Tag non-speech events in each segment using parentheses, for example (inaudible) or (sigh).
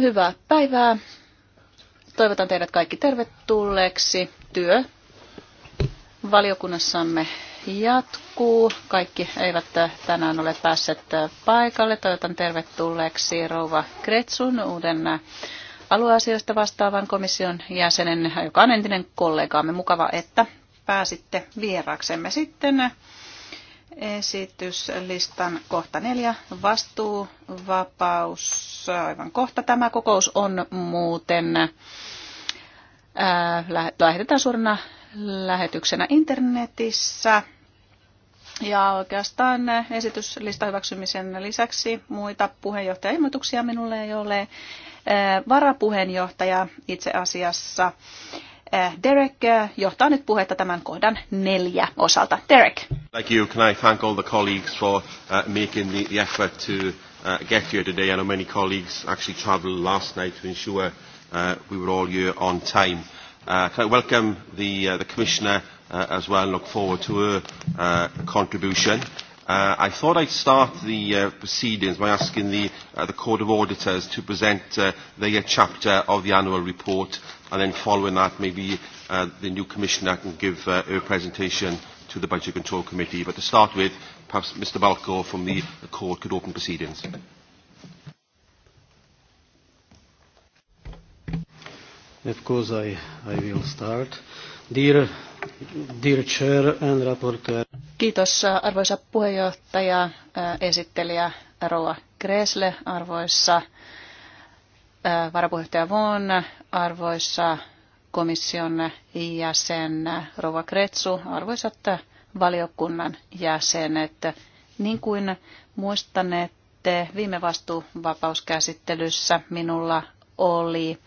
Hyvää päivää. Toivotan teidät kaikki tervetulleeksi. Työ valiokunnassamme jatkuu. Kaikki eivät äh, tänään ole päässeet äh, paikalle. Toivotan tervetulleeksi Rouva Kretsun uuden äh, alueasioista vastaavan komission jäsenen, joka on entinen kollegaamme. Mukava, että pääsitte vieraaksemme Sitten esityslistan kohta neljä, vastuuvapaus. Aivan kohta tämä kokous on muuten, ää, äh, lähetetään suurena lähetyksenä internetissä. Ja oikeastaan esityslista hyväksymisen lisäksi muita puheenjohtajailmoituksia minulle ei ole. Äh, varapuheenjohtaja itse asiassa Eh, Derek eh, johtaa nyt puhetta tämän kohdan neljä osalta. Derek. Like you, can I thank all the colleagues for uh, making the, the effort to uh, get here today. I know many colleagues actually travelled last night to ensure uh, we were all here on time. Uh, can I welcome the, uh, the Commissioner uh, as well and look forward to her uh, contribution. Uh, I thought I'd start the uh, proceedings by asking the, uh, the Court of Auditors to present uh, their chapter of the annual report and then following that, maybe uh, the new commissioner can give uh, her presentation to the Budget Control Committee. But to start with, perhaps Mr Balco from the, the court could open proceedings. Of course, I, I will start. Dear, dear chair and rapporteur. Kiitos uh, arvoisa puheenjohtaja, uh, esittelijä Roa Kresle, arvoissa varapuheenjohtaja Von, arvoisa komission jäsen Rova Kretsu, arvoisat valiokunnan jäsenet. Niin kuin muistanette, viime vastuuvapauskäsittelyssä minulla oli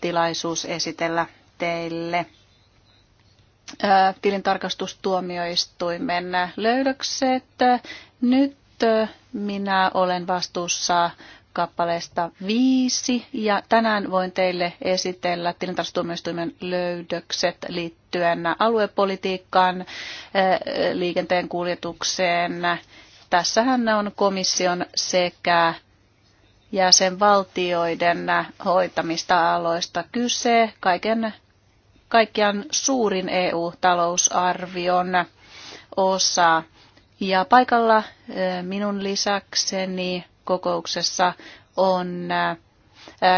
tilaisuus esitellä teille tilintarkastustuomioistuimen löydökset. Nyt minä olen vastuussa kappaleesta viisi ja tänään voin teille esitellä tilintarkastustuomioistuimen löydökset liittyen aluepolitiikkaan, eh, liikenteen kuljetukseen. Tässähän on komission sekä jäsenvaltioiden hoitamista aloista kyse. Kaiken, kaikkiaan suurin EU-talousarvion osa. Ja paikalla eh, minun lisäkseni kokouksessa on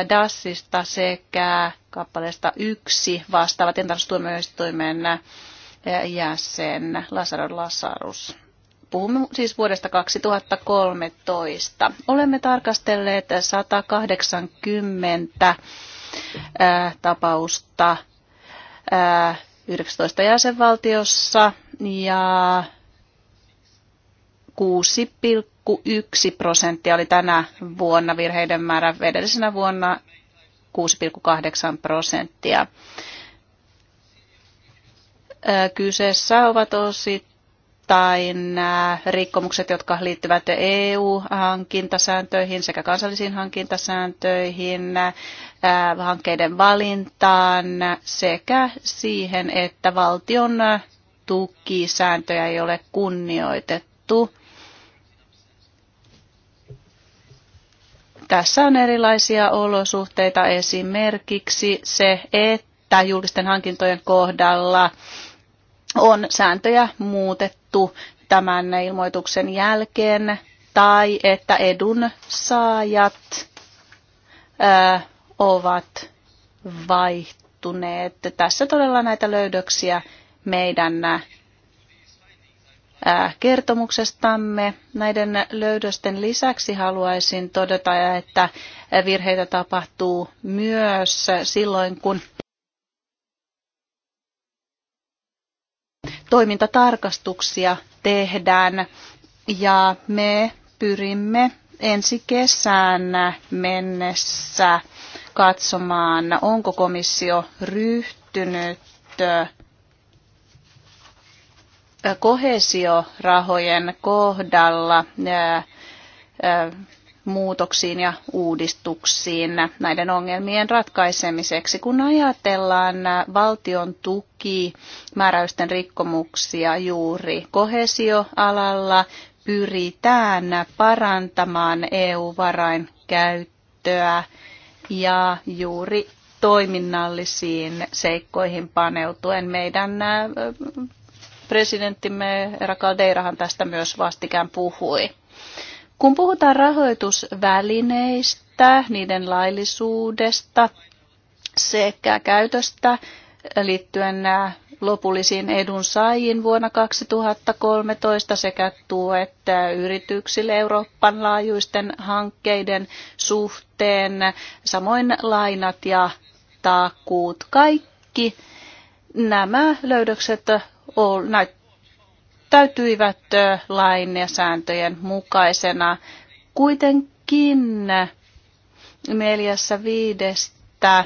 DASista sekä kappaleesta yksi vastaava tentastustuomioistuimen jäsen Lasaro Lasarus. Puhumme siis vuodesta 2013. Olemme tarkastelleet 180 tapausta 19 jäsenvaltiossa ja 6, 6,1 prosenttia oli tänä vuonna virheiden määrä, edellisenä vuonna 6,8 prosenttia. Kyseessä ovat osittain rikkomukset, jotka liittyvät EU-hankintasääntöihin sekä kansallisiin hankintasääntöihin, hankkeiden valintaan sekä siihen, että valtion tukisääntöjä ei ole kunnioitettu. Tässä on erilaisia olosuhteita, esimerkiksi se, että julkisten hankintojen kohdalla on sääntöjä muutettu tämän ilmoituksen jälkeen, tai että edun saajat ovat vaihtuneet. Tässä todella näitä löydöksiä meidän kertomuksestamme. Näiden löydösten lisäksi haluaisin todeta, että virheitä tapahtuu myös silloin, kun toimintatarkastuksia tehdään ja me pyrimme ensi kesänä mennessä katsomaan, onko komissio ryhtynyt kohesiorahojen kohdalla muutoksiin ja uudistuksiin näiden ongelmien ratkaisemiseksi. Kun ajatellaan valtion tuki määräysten rikkomuksia juuri kohesioalalla, pyritään parantamaan EU-varain käyttöä ja juuri toiminnallisiin seikkoihin paneutuen meidän presidenttimme Era Caldeirahan tästä myös vastikään puhui. Kun puhutaan rahoitusvälineistä, niiden laillisuudesta sekä käytöstä liittyen lopullisiin edunsaajiin vuonna 2013 sekä tuet yrityksille Euroopan laajuisten hankkeiden suhteen, samoin lainat ja takuut. Kaikki nämä löydökset näyttäytyivät lain ja sääntöjen mukaisena. Kuitenkin neljässä viidestä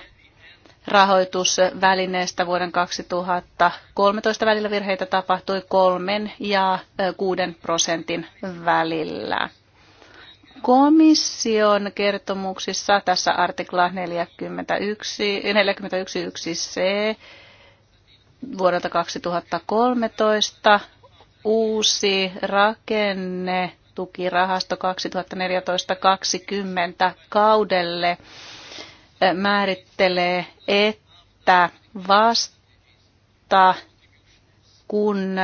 rahoitusvälineestä vuoden 2013 välillä virheitä tapahtui kolmen ja kuuden prosentin välillä. Komission kertomuksissa tässä artikla 41, 41.1c vuodelta 2013 uusi rakenne tukirahasto 2014-2020 kaudelle määrittelee, että vasta kun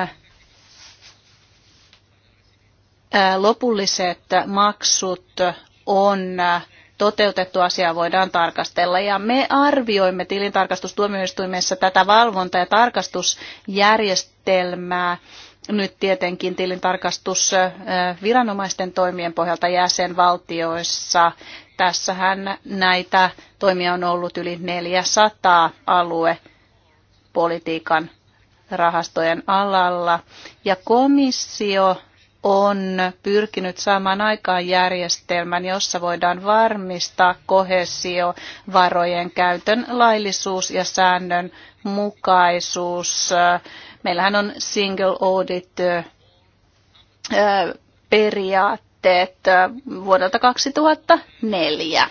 lopulliset maksut on toteutettu asiaa voidaan tarkastella. Ja me arvioimme tilintarkastustuomioistuimessa tätä valvonta- ja tarkastusjärjestelmää nyt tietenkin tilintarkastus viranomaisten toimien pohjalta jäsenvaltioissa. Tässähän näitä toimia on ollut yli 400 aluepolitiikan rahastojen alalla. Ja komissio on pyrkinyt saamaan aikaan järjestelmän, jossa voidaan varmistaa kohesiovarojen käytön laillisuus ja säännön mukaisuus. Meillähän on single audit periaatteet vuodelta 2004.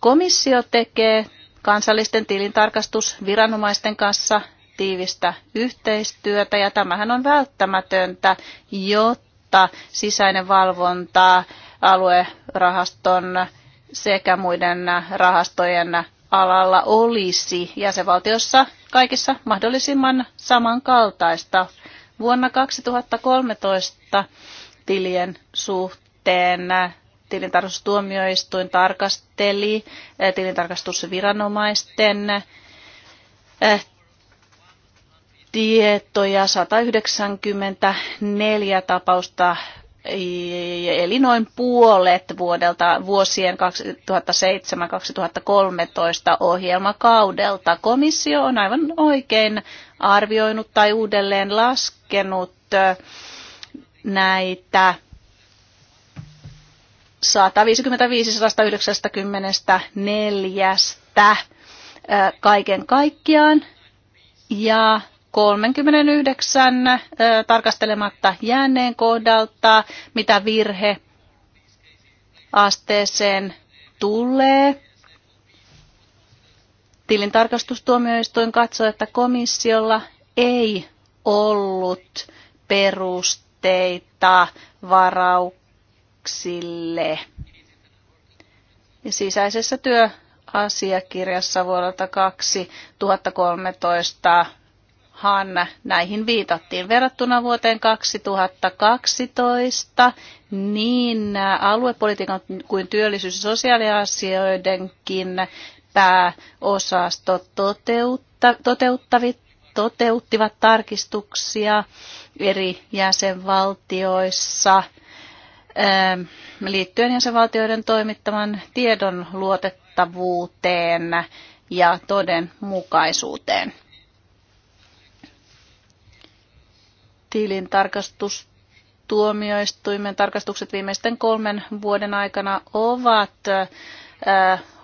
Komissio tekee kansallisten tilintarkastusviranomaisten kanssa tiivistä yhteistyötä ja tämähän on välttämätöntä, jotta sisäinen valvonta aluerahaston sekä muiden rahastojen alalla olisi jäsenvaltiossa kaikissa mahdollisimman samankaltaista. Vuonna 2013 tilien suhteen tilintarkastustuomioistuin tarkasteli tilintarkastusviranomaisten tietoja, 194 tapausta, eli noin puolet vuodelta vuosien 2007-2013 ohjelmakaudelta. Komissio on aivan oikein arvioinut tai uudelleen laskenut näitä 155-194 kaiken kaikkiaan. Ja 39 tarkastelematta jääneen kohdalta, mitä virhe asteeseen tulee. Tilintarkastustuomioistuin katsoi, että komissiolla ei ollut perusteita varauksille. Sisäisessä työasiakirjassa vuodelta 2013 Hanna, näihin viitattiin. Verrattuna vuoteen 2012 niin aluepolitiikan kuin työllisyys- ja sosiaaliasioidenkin pääosasto toteutta, toteuttavit, toteuttivat tarkistuksia eri jäsenvaltioissa ähm, liittyen jäsenvaltioiden toimittaman tiedon luotettavuuteen ja todenmukaisuuteen. tuomioistuimen tarkastukset viimeisten kolmen vuoden aikana ovat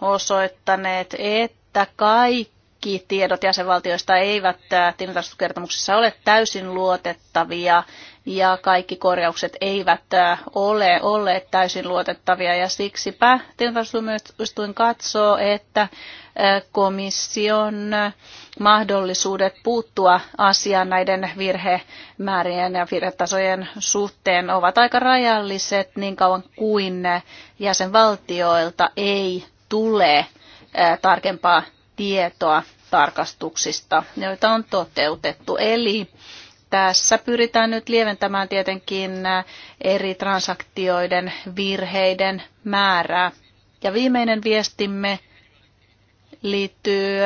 osoittaneet, että kaikki tiedot jäsenvaltioista eivät tilintarkastuskertomuksessa ole täysin luotettavia ja kaikki korjaukset eivät äh, ole olleet täysin luotettavia ja siksipä tilintarkastustuomioistuin katsoo, että äh, komission äh, mahdollisuudet puuttua asiaan näiden virhemäärien ja virhetasojen suhteen ovat aika rajalliset niin kauan kuin jäsenvaltioilta ei tule tarkempaa tietoa tarkastuksista, joita on toteutettu. Eli tässä pyritään nyt lieventämään tietenkin eri transaktioiden virheiden määrää. Ja viimeinen viestimme liittyy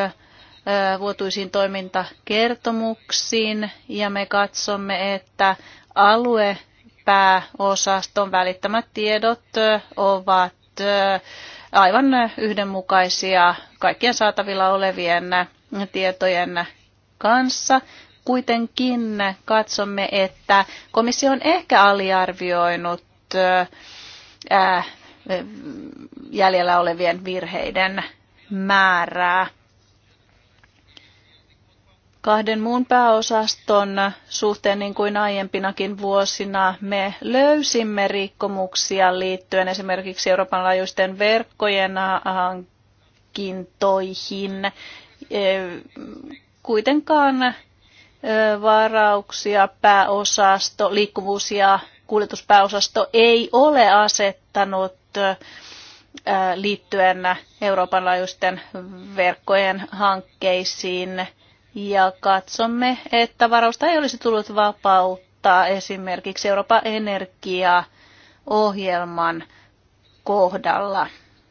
vuotuisiin toimintakertomuksiin ja me katsomme, että aluepääosaston välittämät tiedot ovat aivan yhdenmukaisia kaikkien saatavilla olevien tietojen kanssa kuitenkin katsomme, että komissio on ehkä aliarvioinut jäljellä olevien virheiden määrää. Kahden muun pääosaston suhteen, niin kuin aiempinakin vuosina, me löysimme rikkomuksia liittyen esimerkiksi Euroopan laajuisten verkkojen hankintoihin. Kuitenkaan varauksia pääosasto, liikkuvuus- ja kuljetuspääosasto ei ole asettanut liittyen Euroopan laajuisten verkkojen hankkeisiin. Ja katsomme, että varausta ei olisi tullut vapauttaa esimerkiksi Euroopan energiaohjelman kohdalla.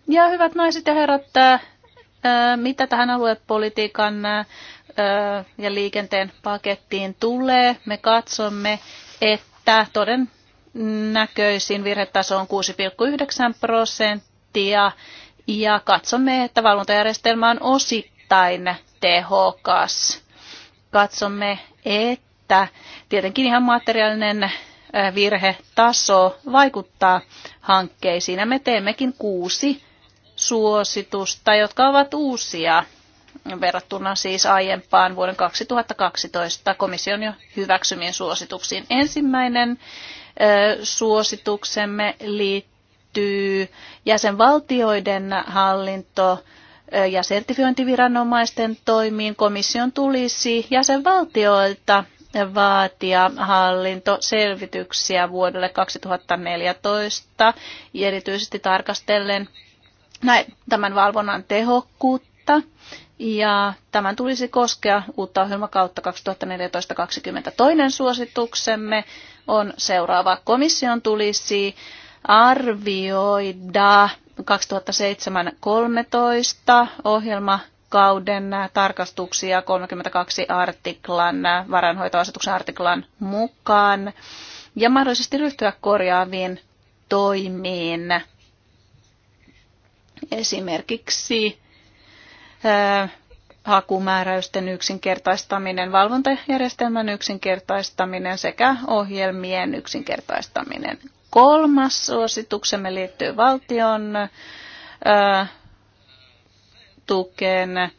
Ja hyvät naiset ja herrat, mitä tähän aluepolitiikan ja liikenteen pakettiin tulee, me katsomme, että todennäköisin virhetaso on 6,9 prosenttia ja katsomme, että valvontajärjestelmä on osittain tehokas. Katsomme, että tietenkin ihan materiaalinen virhetaso vaikuttaa hankkeisiin ja me teemmekin kuusi suositusta, jotka ovat uusia verrattuna siis aiempaan vuoden 2012 komission jo hyväksymiin suosituksiin. Ensimmäinen suosituksemme liittyy jäsenvaltioiden hallinto ja sertifiointiviranomaisten toimiin komission tulisi jäsenvaltioilta vaatia hallintoselvityksiä vuodelle 2014, erityisesti tarkastellen tämän valvonnan tehokkuutta ja tämän tulisi koskea uutta ohjelmakautta 2014-2020. Toinen suosituksemme on seuraava. Komission tulisi arvioida 2007-2013 ohjelmakauden tarkastuksia 32 artiklan, varainhoitoasetuksen artiklan mukaan ja mahdollisesti ryhtyä korjaaviin toimiin. Esimerkiksi hakumääräysten yksinkertaistaminen, valvontajärjestelmän yksinkertaistaminen sekä ohjelmien yksinkertaistaminen. Kolmas suosituksemme liittyy valtion tukeen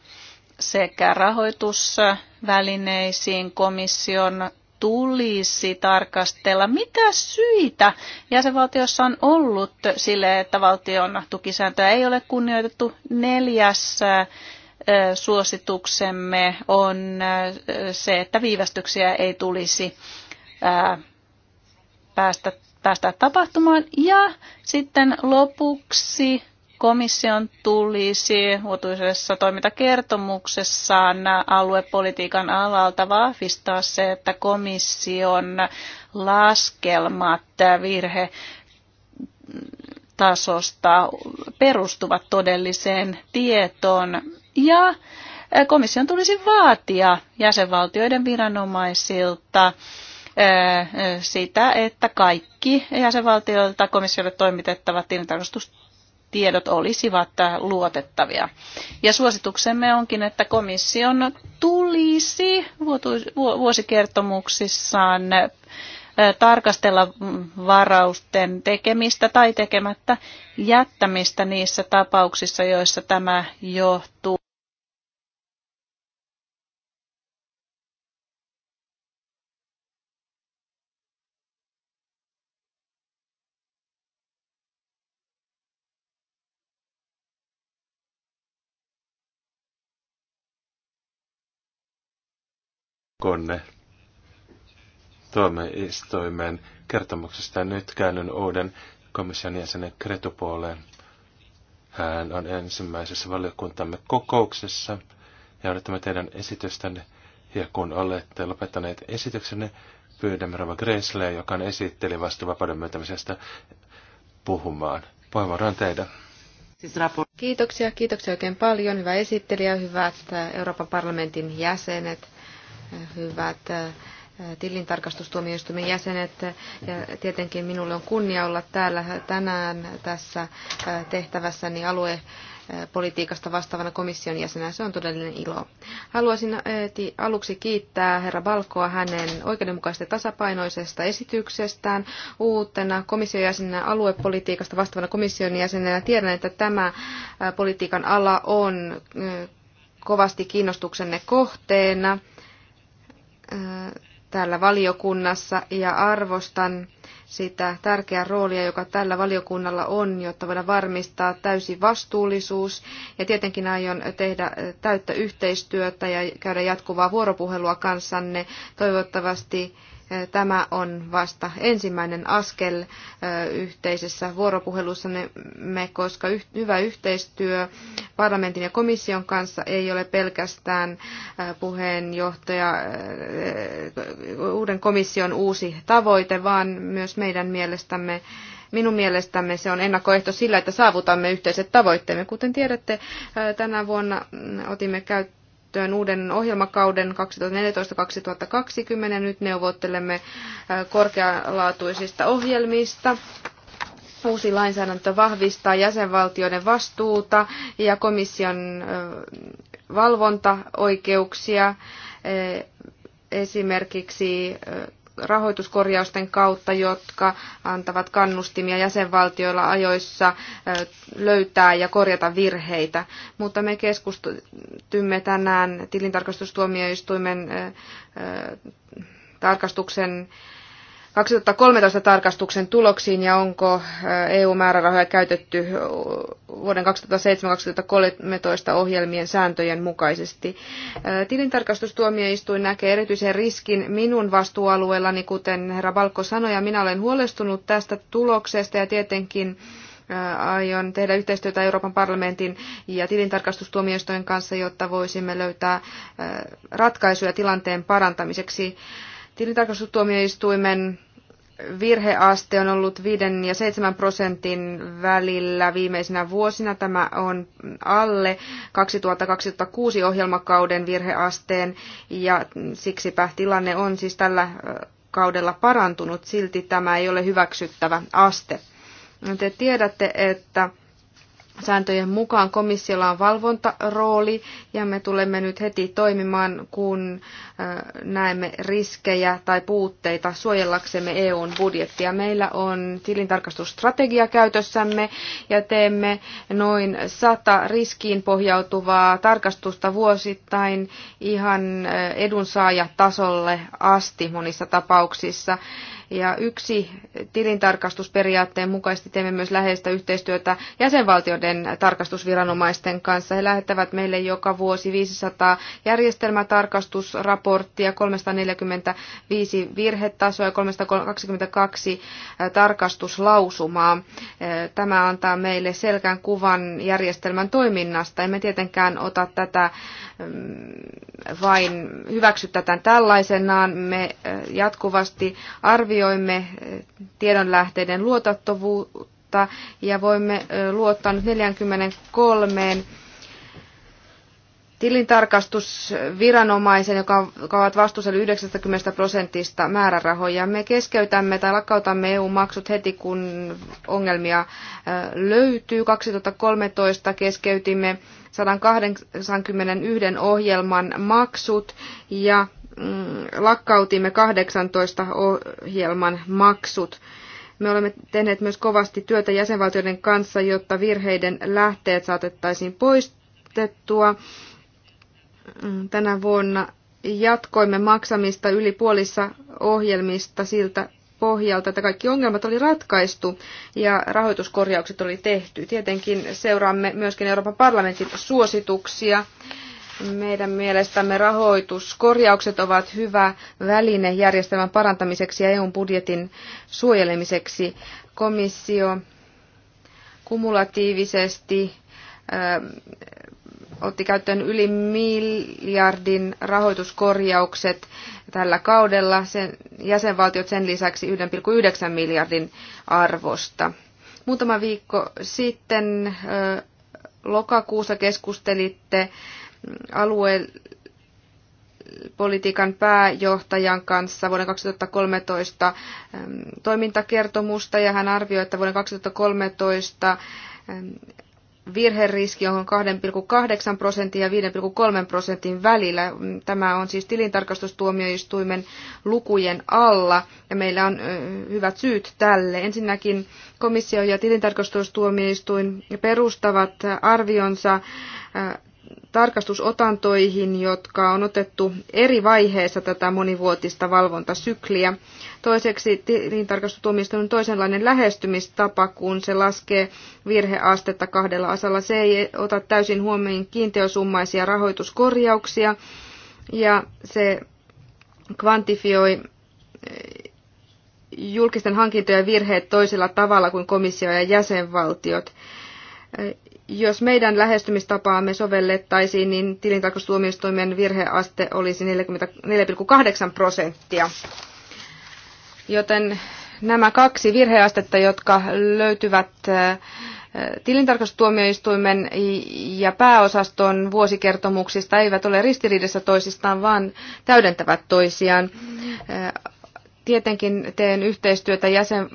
sekä rahoitusvälineisiin komission tulisi tarkastella, mitä syitä jäsenvaltiossa on ollut sille, että valtion tukisääntöä ei ole kunnioitettu. Neljäs suosituksemme on se, että viivästyksiä ei tulisi päästä, päästä tapahtumaan. Ja sitten lopuksi komission tulisi vuotuisessa toimintakertomuksessaan aluepolitiikan alalta vahvistaa se, että komission laskelmat virhe tasosta perustuvat todelliseen tietoon ja komission tulisi vaatia jäsenvaltioiden viranomaisilta sitä, että kaikki jäsenvaltioilta komissiolle toimitettavat tilintarkastustiedot tiedot olisivat äh, luotettavia. Ja suosituksemme onkin, että komission tulisi vuosikertomuksissaan äh, tarkastella varausten tekemistä tai tekemättä jättämistä niissä tapauksissa, joissa tämä johtuu Konne, tuomioistuimen kertomuksesta. Nyt käännyn uuden komission jäsenen Kretupuoleen. Hän on ensimmäisessä valiokuntamme kokouksessa ja odotamme teidän esitystänne. Ja kun olette lopettaneet esityksenne, pyydämme Rova Gresley, joka on esitteli vastuvapauden myöntämisestä, puhumaan. Puheenvuoro on teidän. Kiitoksia, kiitoksia oikein paljon. Hyvä esittelijä, hyvät Euroopan parlamentin jäsenet hyvät tilintarkastustuomioistuimen jäsenet. Ja tietenkin minulle on kunnia olla täällä tänään tässä tehtävässäni alue politiikasta vastaavana komission jäsenä. Se on todellinen ilo. Haluaisin aluksi kiittää herra Balkoa hänen oikeudenmukaisesta tasapainoisesta esityksestään. Uutena komission jäsenenä aluepolitiikasta vastaavana komission jäsenenä tiedän, että tämä politiikan ala on kovasti kiinnostuksenne kohteena täällä valiokunnassa ja arvostan sitä tärkeää roolia, joka tällä valiokunnalla on, jotta voidaan varmistaa täysi vastuullisuus. Ja tietenkin aion tehdä täyttä yhteistyötä ja käydä jatkuvaa vuoropuhelua kanssanne. Toivottavasti Tämä on vasta ensimmäinen askel yhteisessä vuoropuhelussamme, koska hyvä yhteistyö parlamentin ja komission kanssa ei ole pelkästään puheenjohtaja uuden komission uusi tavoite, vaan myös meidän mielestämme minun mielestämme se on ennakkoehto sillä, että saavutamme yhteiset tavoitteemme. Kuten tiedätte, tänä vuonna otimme käyttöön käyttöön uuden ohjelmakauden 2014-2020. Nyt neuvottelemme korkealaatuisista ohjelmista. Uusi lainsäädäntö vahvistaa jäsenvaltioiden vastuuta ja komission valvontaoikeuksia esimerkiksi rahoituskorjausten kautta, jotka antavat kannustimia jäsenvaltioilla ajoissa löytää ja korjata virheitä. Mutta me keskustymme tänään tilintarkastustuomioistuimen tarkastuksen 2013 tarkastuksen tuloksiin ja onko EU-määrärahoja käytetty vuoden 2007-2013 ohjelmien sääntöjen mukaisesti. Tilintarkastustuomioistuin näkee erityisen riskin minun vastuualueellani, kuten herra Balkko sanoi, ja minä olen huolestunut tästä tuloksesta ja tietenkin aion tehdä yhteistyötä Euroopan parlamentin ja tilintarkastustuomioistuin kanssa, jotta voisimme löytää ratkaisuja tilanteen parantamiseksi. Tilintarkastustuomioistuimen virheaste on ollut 5 ja 7 prosentin välillä viimeisinä vuosina. Tämä on alle 2000-2006 ohjelmakauden virheasteen ja siksipä tilanne on siis tällä kaudella parantunut. Silti tämä ei ole hyväksyttävä aste. Te tiedätte, että sääntöjen mukaan komissiolla on valvontarooli ja me tulemme nyt heti toimimaan, kun näemme riskejä tai puutteita suojellaksemme EUn budjettia. Meillä on tilintarkastusstrategia käytössämme ja teemme noin sata riskiin pohjautuvaa tarkastusta vuosittain ihan edunsaajatasolle asti monissa tapauksissa. Ja yksi tilintarkastusperiaatteen mukaisesti teemme myös läheistä yhteistyötä jäsenvaltioiden tarkastusviranomaisten kanssa. He lähettävät meille joka vuosi 500 järjestelmätarkastusraporttia, 345 virhetasoa ja 322 tarkastuslausumaa. Tämä antaa meille selkän kuvan järjestelmän toiminnasta. Emme tietenkään ota tätä mm, vain hyväksy tätä tällaisenaan. Me eh, jatkuvasti arvioimme arvioimme eh, tiedonlähteiden luotettavuutta ja voimme eh, luottaa nyt 43 tilintarkastusviranomaisen, joka, joka ovat vastuussa 90 prosentista määrärahoja. Me keskeytämme tai lakkautamme EU-maksut heti, kun ongelmia eh, löytyy. 2013 keskeytimme 181 ohjelman maksut ja Mm, lakkautimme 18 ohjelman maksut. Me olemme tehneet myös kovasti työtä jäsenvaltioiden kanssa, jotta virheiden lähteet saatettaisiin poistettua. Mm, tänä vuonna jatkoimme maksamista yli puolissa ohjelmista siltä pohjalta, että kaikki ongelmat oli ratkaistu ja rahoituskorjaukset oli tehty. Tietenkin seuraamme myöskin Euroopan parlamentin suosituksia meidän mielestämme rahoituskorjaukset ovat hyvä väline järjestelmän parantamiseksi ja EUn budjetin suojelemiseksi. Komissio kumulatiivisesti ähm, otti käyttöön yli miljardin rahoituskorjaukset tällä kaudella, sen, jäsenvaltiot sen lisäksi 1,9 miljardin arvosta. Muutama viikko sitten äh, lokakuussa keskustelitte aluepolitiikan pääjohtajan kanssa vuoden 2013 toimintakertomusta ja hän arvioi, että vuoden 2013 virheriski on 2,8 prosentin ja 5,3 prosentin välillä. Tämä on siis tilintarkastustuomioistuimen lukujen alla ja meillä on hyvät syyt tälle. Ensinnäkin komissio ja tilintarkastustuomioistuin perustavat arvionsa tarkastusotantoihin, jotka on otettu eri vaiheessa tätä monivuotista valvontasykliä. Toiseksi tilintarkastustuomioistuin on toisenlainen lähestymistapa, kun se laskee virheastetta kahdella asalla. Se ei ota täysin huomioon kiinteosummaisia rahoituskorjauksia ja se kvantifioi eh, julkisten hankintojen virheet toisella tavalla kuin komissio ja jäsenvaltiot. Eh, jos meidän lähestymistapaamme sovellettaisiin, niin tilintarkastustuomioistuimen virheaste olisi 44,8 prosenttia. Joten nämä kaksi virheastetta, jotka löytyvät äh, tilintarkastustuomioistuimen ja pääosaston vuosikertomuksista, eivät ole ristiriidassa toisistaan, vaan täydentävät toisiaan. Äh, tietenkin teen yhteistyötä jäsen,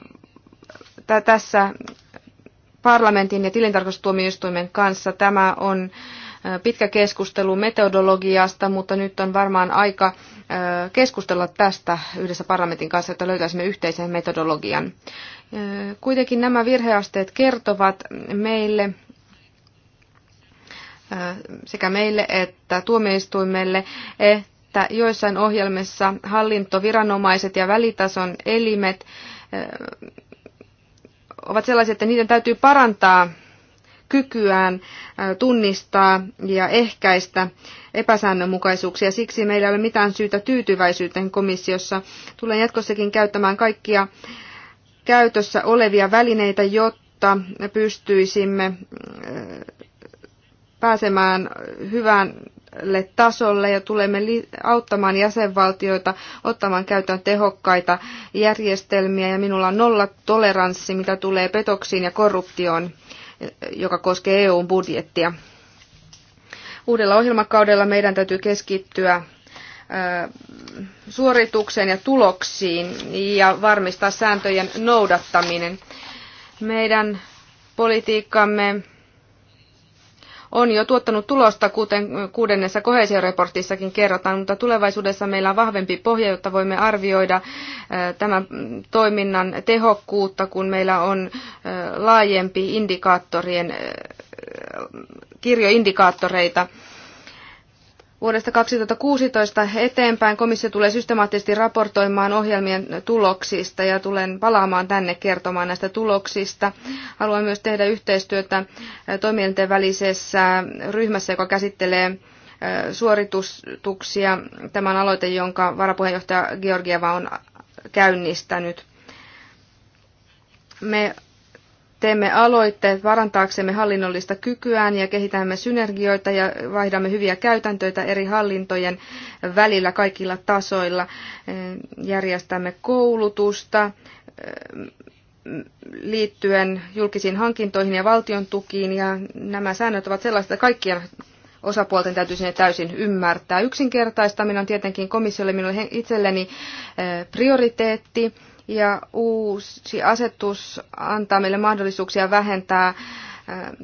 tässä parlamentin ja tilintarkastustuomioistuimen kanssa. Tämä on pitkä keskustelu metodologiasta, mutta nyt on varmaan aika keskustella tästä yhdessä parlamentin kanssa, että löytäisimme yhteisen metodologian. Kuitenkin nämä virheasteet kertovat meille sekä meille että tuomioistuimelle, että joissain ohjelmissa hallintoviranomaiset ja välitason elimet ovat sellaisia, että niiden täytyy parantaa kykyään tunnistaa ja ehkäistä epäsäännönmukaisuuksia. Siksi meillä ei ole mitään syytä tyytyväisyyteen komissiossa. Tulen jatkossakin käyttämään kaikkia käytössä olevia välineitä, jotta pystyisimme pääsemään hyvään tasolle ja tulemme auttamaan jäsenvaltioita ottamaan käyttöön tehokkaita järjestelmiä ja minulla on nolla toleranssi, mitä tulee petoksiin ja korruptioon, joka koskee EUn budjettia. Uudella ohjelmakaudella meidän täytyy keskittyä suoritukseen ja tuloksiin ja varmistaa sääntöjen noudattaminen. Meidän politiikkamme on jo tuottanut tulosta, kuten kuudennessa kohesioreportissakin kerrotaan, mutta tulevaisuudessa meillä on vahvempi pohja, jotta voimme arvioida tämän toiminnan tehokkuutta, kun meillä on laajempi indikaattorien kirjo indikaattoreita Vuodesta 2016 eteenpäin komissio tulee systemaattisesti raportoimaan ohjelmien tuloksista ja tulen palaamaan tänne kertomaan näistä tuloksista. Haluan myös tehdä yhteistyötä toimielinten välisessä ryhmässä, joka käsittelee suoritustuksia. Tämä on aloite, jonka varapuheenjohtaja Georgieva on käynnistänyt. Me Teemme aloitteet varantaaksemme hallinnollista kykyään ja kehitämme synergioita ja vaihdamme hyviä käytäntöitä eri hallintojen välillä kaikilla tasoilla. Järjestämme koulutusta eh, liittyen julkisiin hankintoihin ja valtion tukiin ja nämä säännöt ovat sellaista, että kaikkien osapuolten täytyisi ne täysin ymmärtää. Yksinkertaistaminen on tietenkin komissiolle minulle itselleni eh, prioriteetti ja uusi asetus antaa meille mahdollisuuksia vähentää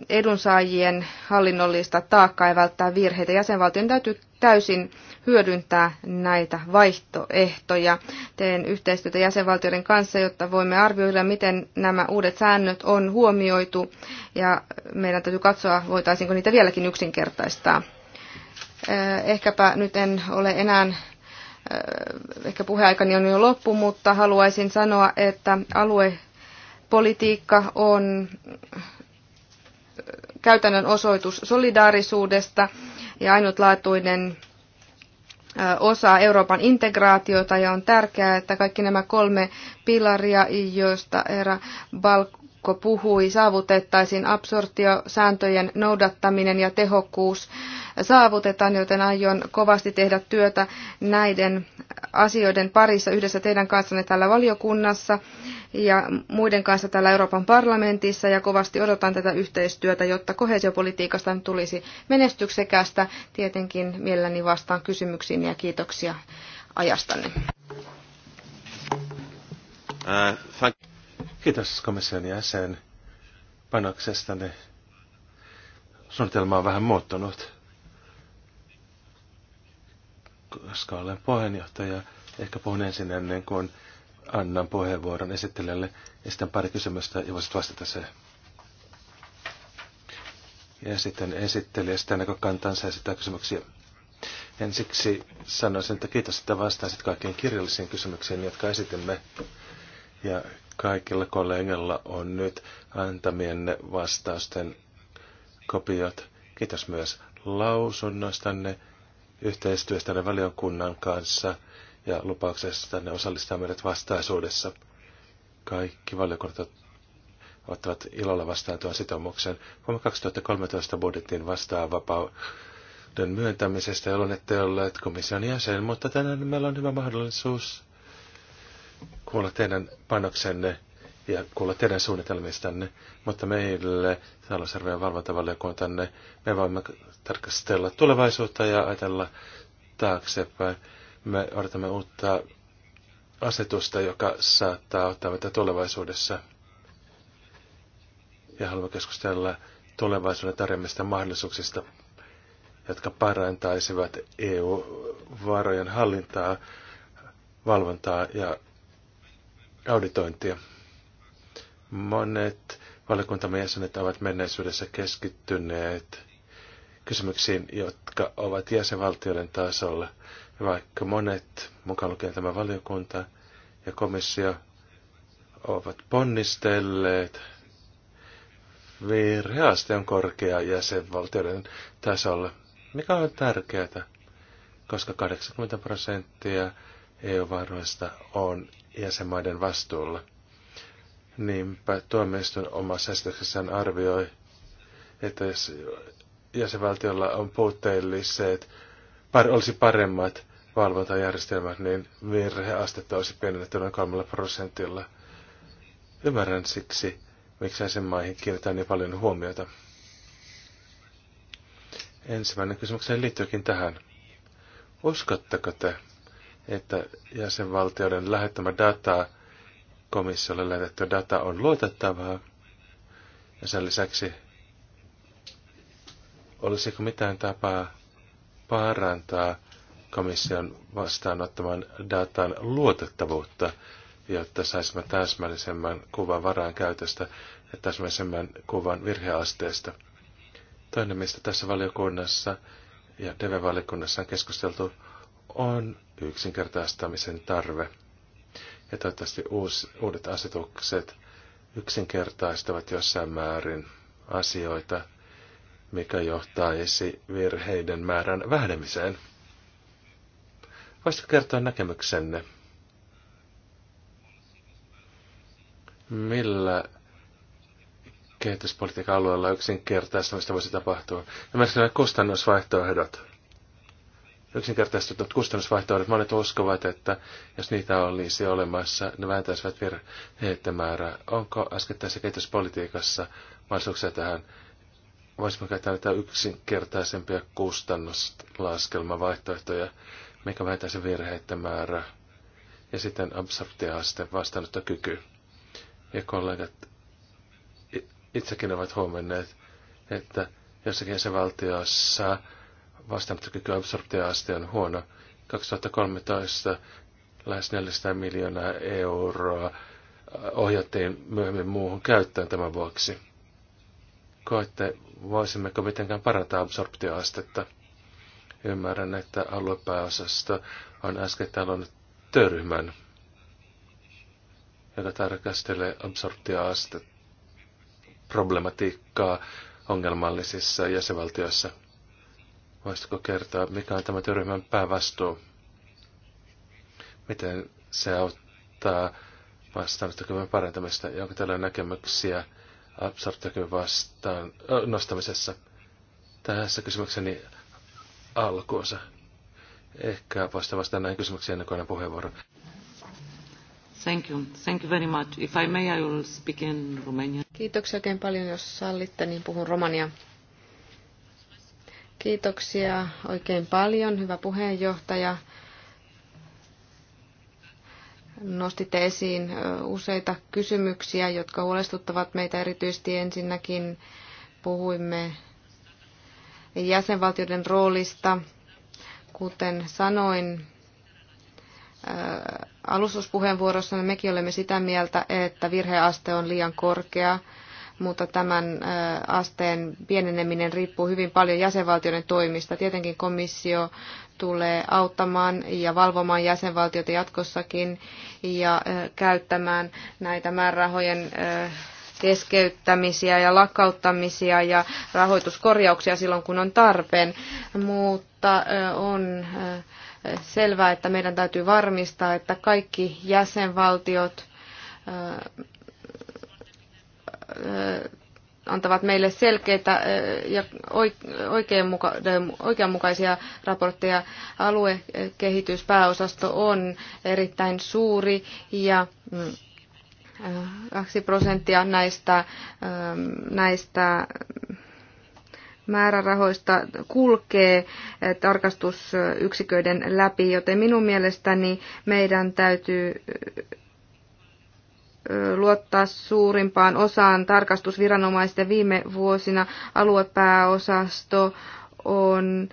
edunsaajien hallinnollista taakkaa ja välttää virheitä. Jäsenvaltion täytyy täysin hyödyntää näitä vaihtoehtoja. Teen yhteistyötä jäsenvaltioiden kanssa, jotta voimme arvioida, miten nämä uudet säännöt on huomioitu ja meidän täytyy katsoa, voitaisiinko niitä vieläkin yksinkertaistaa. Ehkäpä nyt en ole enää Äh, ehkä puheaikani on jo loppu, mutta haluaisin sanoa, että aluepolitiikka on äh, käytännön osoitus solidaarisuudesta ja ainutlaatuinen äh, osa Euroopan integraatiota ja on tärkeää, että kaikki nämä kolme pilaria, joista erä Balk Kokko puhui, saavutettaisiin absorptiosääntöjen noudattaminen ja tehokkuus saavutetaan, joten aion kovasti tehdä työtä näiden asioiden parissa yhdessä teidän kanssanne täällä valiokunnassa ja muiden kanssa täällä Euroopan parlamentissa ja kovasti odotan tätä yhteistyötä, jotta kohesiopolitiikasta tulisi menestyksekästä. Tietenkin mielelläni vastaan kysymyksiin ja kiitoksia ajastanne. Äh, Kiitos komission jäsen panoksestani. Suunnitelma on vähän muuttunut, koska olen puheenjohtaja. Ehkä puhun ensin ennen kuin annan puheenvuoron esittelijälle. Esitän pari kysymystä ja voisit vastata se. Ja sitten esittelijä sitä näkökantansa esittää kysymyksiä. Ensiksi sanoisin, että kiitos, että vastasit kaikkiin kirjallisiin kysymyksiin, jotka esitimme. Ja Kaikilla kollegilla on nyt antamienne vastausten kopiot. Kiitos myös lausunnostanne, yhteistyöstänne valiokunnan kanssa ja lupauksestanne osallistaa meidät vastaisuudessa. Kaikki valiokunnat ottavat ilolla vastaan tuon sitoumuksen. Vuonna 2013 budjettiin vastaa vapauden myöntämisestä, jolloin ette olleet komission jäsen, mutta tänään meillä on hyvä mahdollisuus kuulla teidän panoksenne ja kuulla teidän suunnitelmistanne, mutta meille talousarvojen valvontavaliokuntanne me voimme tarkastella tulevaisuutta ja ajatella taaksepäin. Me odotamme uutta asetusta, joka saattaa ottaa meitä tulevaisuudessa. Ja haluamme keskustella tulevaisuuden tarjoamista mahdollisuuksista, jotka parantaisivat EU-varojen hallintaa, valvontaa ja auditointia. Monet valiokuntamme jäsenet ovat menneisyydessä keskittyneet kysymyksiin, jotka ovat jäsenvaltioiden tasolla. Vaikka monet, mukaan lukien tämä valiokunta ja komissio, ovat ponnistelleet, virheaste on korkea jäsenvaltioiden tasolla, mikä on tärkeää, koska 80 prosenttia EU-varoista on jäsenmaiden vastuulla. Niinpä tuomioistuin omassa esityksessään arvioi, että jos jäsenvaltiolla on puutteelliset, par, olisi paremmat valvontajärjestelmät, niin virheastetta olisi pienennetty noin kolmella prosentilla. Ymmärrän siksi, miksi jäsenmaihin kiinnitetään niin paljon huomiota. Ensimmäinen kysymykseni liittyykin tähän. Uskotteko te, että jäsenvaltioiden lähettämä data, komissiolle lähetetty data on luotettavaa. Ja sen lisäksi, olisiko mitään tapaa parantaa komission vastaanottaman datan luotettavuutta, jotta saisimme täsmällisemmän kuvan varaan käytöstä ja täsmällisemmän kuvan virheasteesta. Toinen, mistä tässä valiokunnassa ja TV-valiokunnassa on keskusteltu, on yksinkertaistamisen tarve. Ja toivottavasti uus, uudet asetukset yksinkertaistavat jossain määrin asioita, mikä johtaisi virheiden määrän vähenemiseen. Voisitko kertoa näkemyksenne? Millä kehityspolitiikan alueella yksinkertaistamista voisi tapahtua? Ja myös nämä kustannusvaihtoehdot. Yksinkertaisesti, että kustannusvaihtoehdot, monet uskovat, että jos niitä olisi olemassa, ne vähentäisivät virheiden määrää. Onko äskettäisessä kehityspolitiikassa mahdollisuuksia tähän? Voisimme käyttää näitä yksinkertaisempia kustannuslaskelmavaihtoehtoja, mikä vähentäisi virheiden ja sitten absorptiaaste vastaanottokyky. Ja kollegat itsekin ovat huomenneet, että jossakin valtiossa vastaanottokyky absorptioaste on huono. 2013 lähes 400 miljoonaa euroa äh, ohjattiin myöhemmin muuhun käyttöön tämän vuoksi. Koette, voisimmeko mitenkään parantaa absorptioastetta? Ymmärrän, että aluepääosasto on äskettäin on työryhmän, joka tarkastelee absorptioastetta problematiikkaa ongelmallisissa jäsenvaltioissa – Voisitko kertoa, mikä on tämä työryhmän päävastuu? Miten se auttaa vastaanottokyvyn parantamista ja onko teillä näkemyksiä absorptiokyvyn vastaan nostamisessa? Tässä kysymykseni alkuosa. Ehkä vasta vastaan näihin kysymyksiin ennen kuin puheenvuoro. Thank you. Thank you very much. If I may, I will speak in Romania. Kiitoksia oikein paljon. Jos sallitte, niin puhun romania. Kiitoksia oikein paljon, hyvä puheenjohtaja. Nostitte esiin useita kysymyksiä, jotka huolestuttavat meitä erityisesti ensinnäkin. Puhuimme jäsenvaltioiden roolista. Kuten sanoin alustuspuheenvuorossa, niin mekin olemme sitä mieltä, että virheaste on liian korkea mutta tämän asteen pieneneminen riippuu hyvin paljon jäsenvaltioiden toimista. Tietenkin komissio tulee auttamaan ja valvomaan jäsenvaltioita jatkossakin ja käyttämään näitä määrärahojen keskeyttämisiä ja lakkauttamisia ja rahoituskorjauksia silloin, kun on tarpeen. Mutta on selvää, että meidän täytyy varmistaa, että kaikki jäsenvaltiot Äh, antavat meille selkeitä äh, ja oikeanmukaisia raportteja. Aluekehityspääosasto on erittäin suuri ja 2 mm, äh, prosenttia näistä, näistä määrärahoista kulkee tarkastusyksiköiden läpi, joten minun mielestäni meidän täytyy luottaa suurimpaan osaan tarkastusviranomaisten viime vuosina aluepääosasto on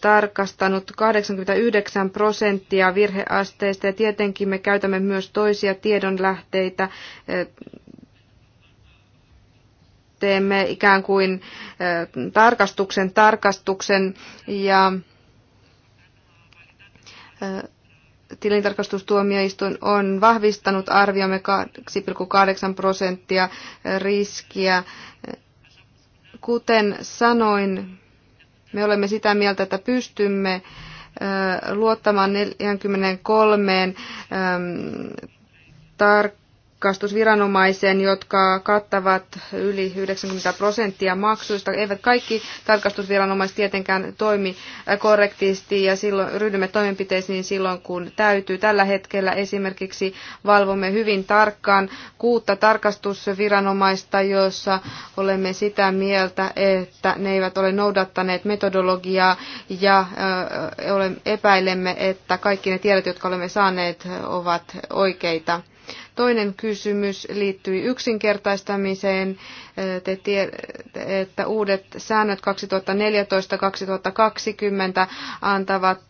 tarkastanut 89 prosenttia virheasteista ja tietenkin me käytämme myös toisia tiedonlähteitä. Teemme ikään kuin tarkastuksen tarkastuksen ja tilintarkastustuomioistuin on vahvistanut arviomme 2,8 prosenttia riskiä. Kuten sanoin, me olemme sitä mieltä, että pystymme luottamaan 43 tarkkaan tarkastusviranomaisen, jotka kattavat yli 90 prosenttia maksuista. Eivät kaikki tarkastusviranomaiset tietenkään toimi äh, korrektisti ja silloin ryhdymme toimenpiteisiin silloin, kun täytyy. Tällä hetkellä esimerkiksi valvomme hyvin tarkkaan kuutta tarkastusviranomaista, joissa olemme sitä mieltä, että ne eivät ole noudattaneet metodologiaa ja äh, epäilemme, että kaikki ne tiedot, jotka olemme saaneet, ovat oikeita Toinen kysymys liittyi yksinkertaistamiseen. Te tiedätte, että uudet säännöt 2014-2020 antavat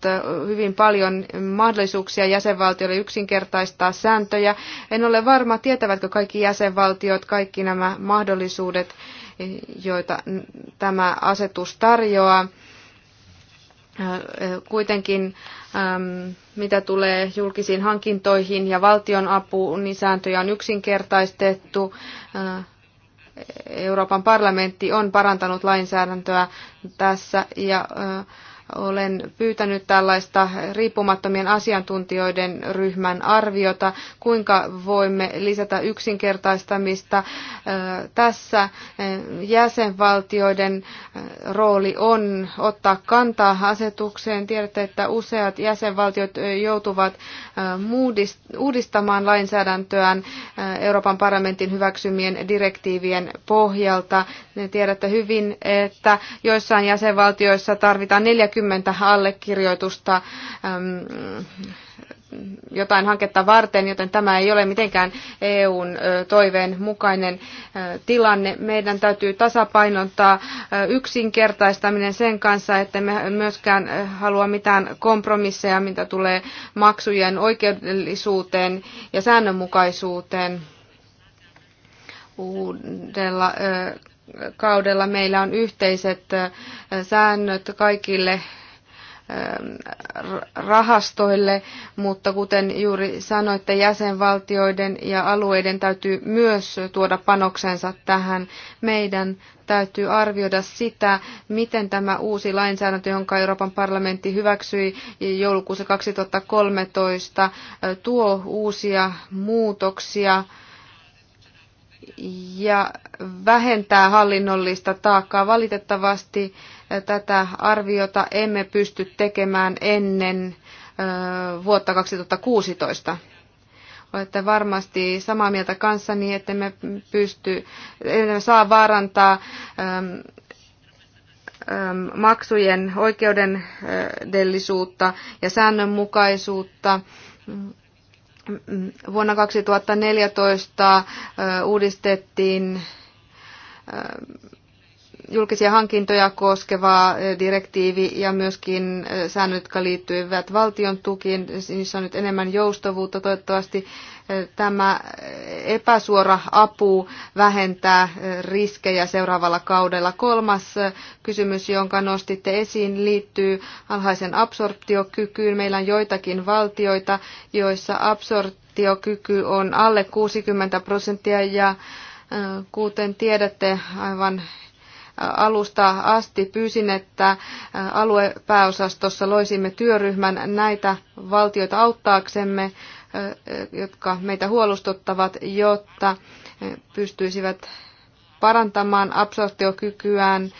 hyvin paljon mahdollisuuksia jäsenvaltioille yksinkertaistaa sääntöjä. En ole varma, tietävätkö kaikki jäsenvaltiot kaikki nämä mahdollisuudet, joita tämä asetus tarjoaa. Kuitenkin ähm, mitä tulee julkisiin hankintoihin ja valtion apuun, niin sääntöjä on yksinkertaistettu. Äh, Euroopan parlamentti on parantanut lainsäädäntöä tässä ja äh, olen pyytänyt tällaista riippumattomien asiantuntijoiden ryhmän arviota, kuinka voimme lisätä yksinkertaistamista. Tässä jäsenvaltioiden rooli on ottaa kantaa asetukseen. Tiedätte, että useat jäsenvaltiot joutuvat uudistamaan lainsäädäntöään Euroopan parlamentin hyväksymien direktiivien pohjalta. Tiedätte hyvin, että joissain jäsenvaltioissa tarvitaan 40 40 allekirjoitusta jotain hanketta varten, joten tämä ei ole mitenkään EUn toiveen mukainen tilanne. Meidän täytyy tasapainottaa yksinkertaistaminen sen kanssa, että me myöskään halua mitään kompromisseja, mitä tulee maksujen oikeudellisuuteen ja säännönmukaisuuteen uudella kaudella meillä on yhteiset säännöt kaikille rahastoille, mutta kuten juuri sanoitte, jäsenvaltioiden ja alueiden täytyy myös tuoda panoksensa tähän. Meidän täytyy arvioida sitä, miten tämä uusi lainsäädäntö, jonka Euroopan parlamentti hyväksyi joulukuussa 2013, tuo uusia muutoksia ja vähentää hallinnollista taakkaa. Valitettavasti eh, tätä arviota emme pysty tekemään ennen eh, vuotta 2016. Olette varmasti samaa mieltä kanssani, että me pysty, emme saa vaarantaa ehm, ehm, maksujen oikeudellisuutta ja säännönmukaisuutta Vuonna 2014 uudistettiin julkisia hankintoja koskeva direktiivi ja myöskin säännöt, jotka liittyivät valtion tukiin. Niissä on nyt enemmän joustavuutta. Toivottavasti Tämä epäsuora apu vähentää riskejä seuraavalla kaudella. Kolmas kysymys, jonka nostitte esiin, liittyy alhaisen absorptiokykyyn. Meillä on joitakin valtioita, joissa absorptiokyky on alle 60 prosenttia ja kuten tiedätte aivan alusta asti pyysin, että aluepääosastossa loisimme työryhmän näitä valtioita auttaaksemme jotka meitä huolustuttavat, jotta pystyisivät parantamaan absorptiokykyään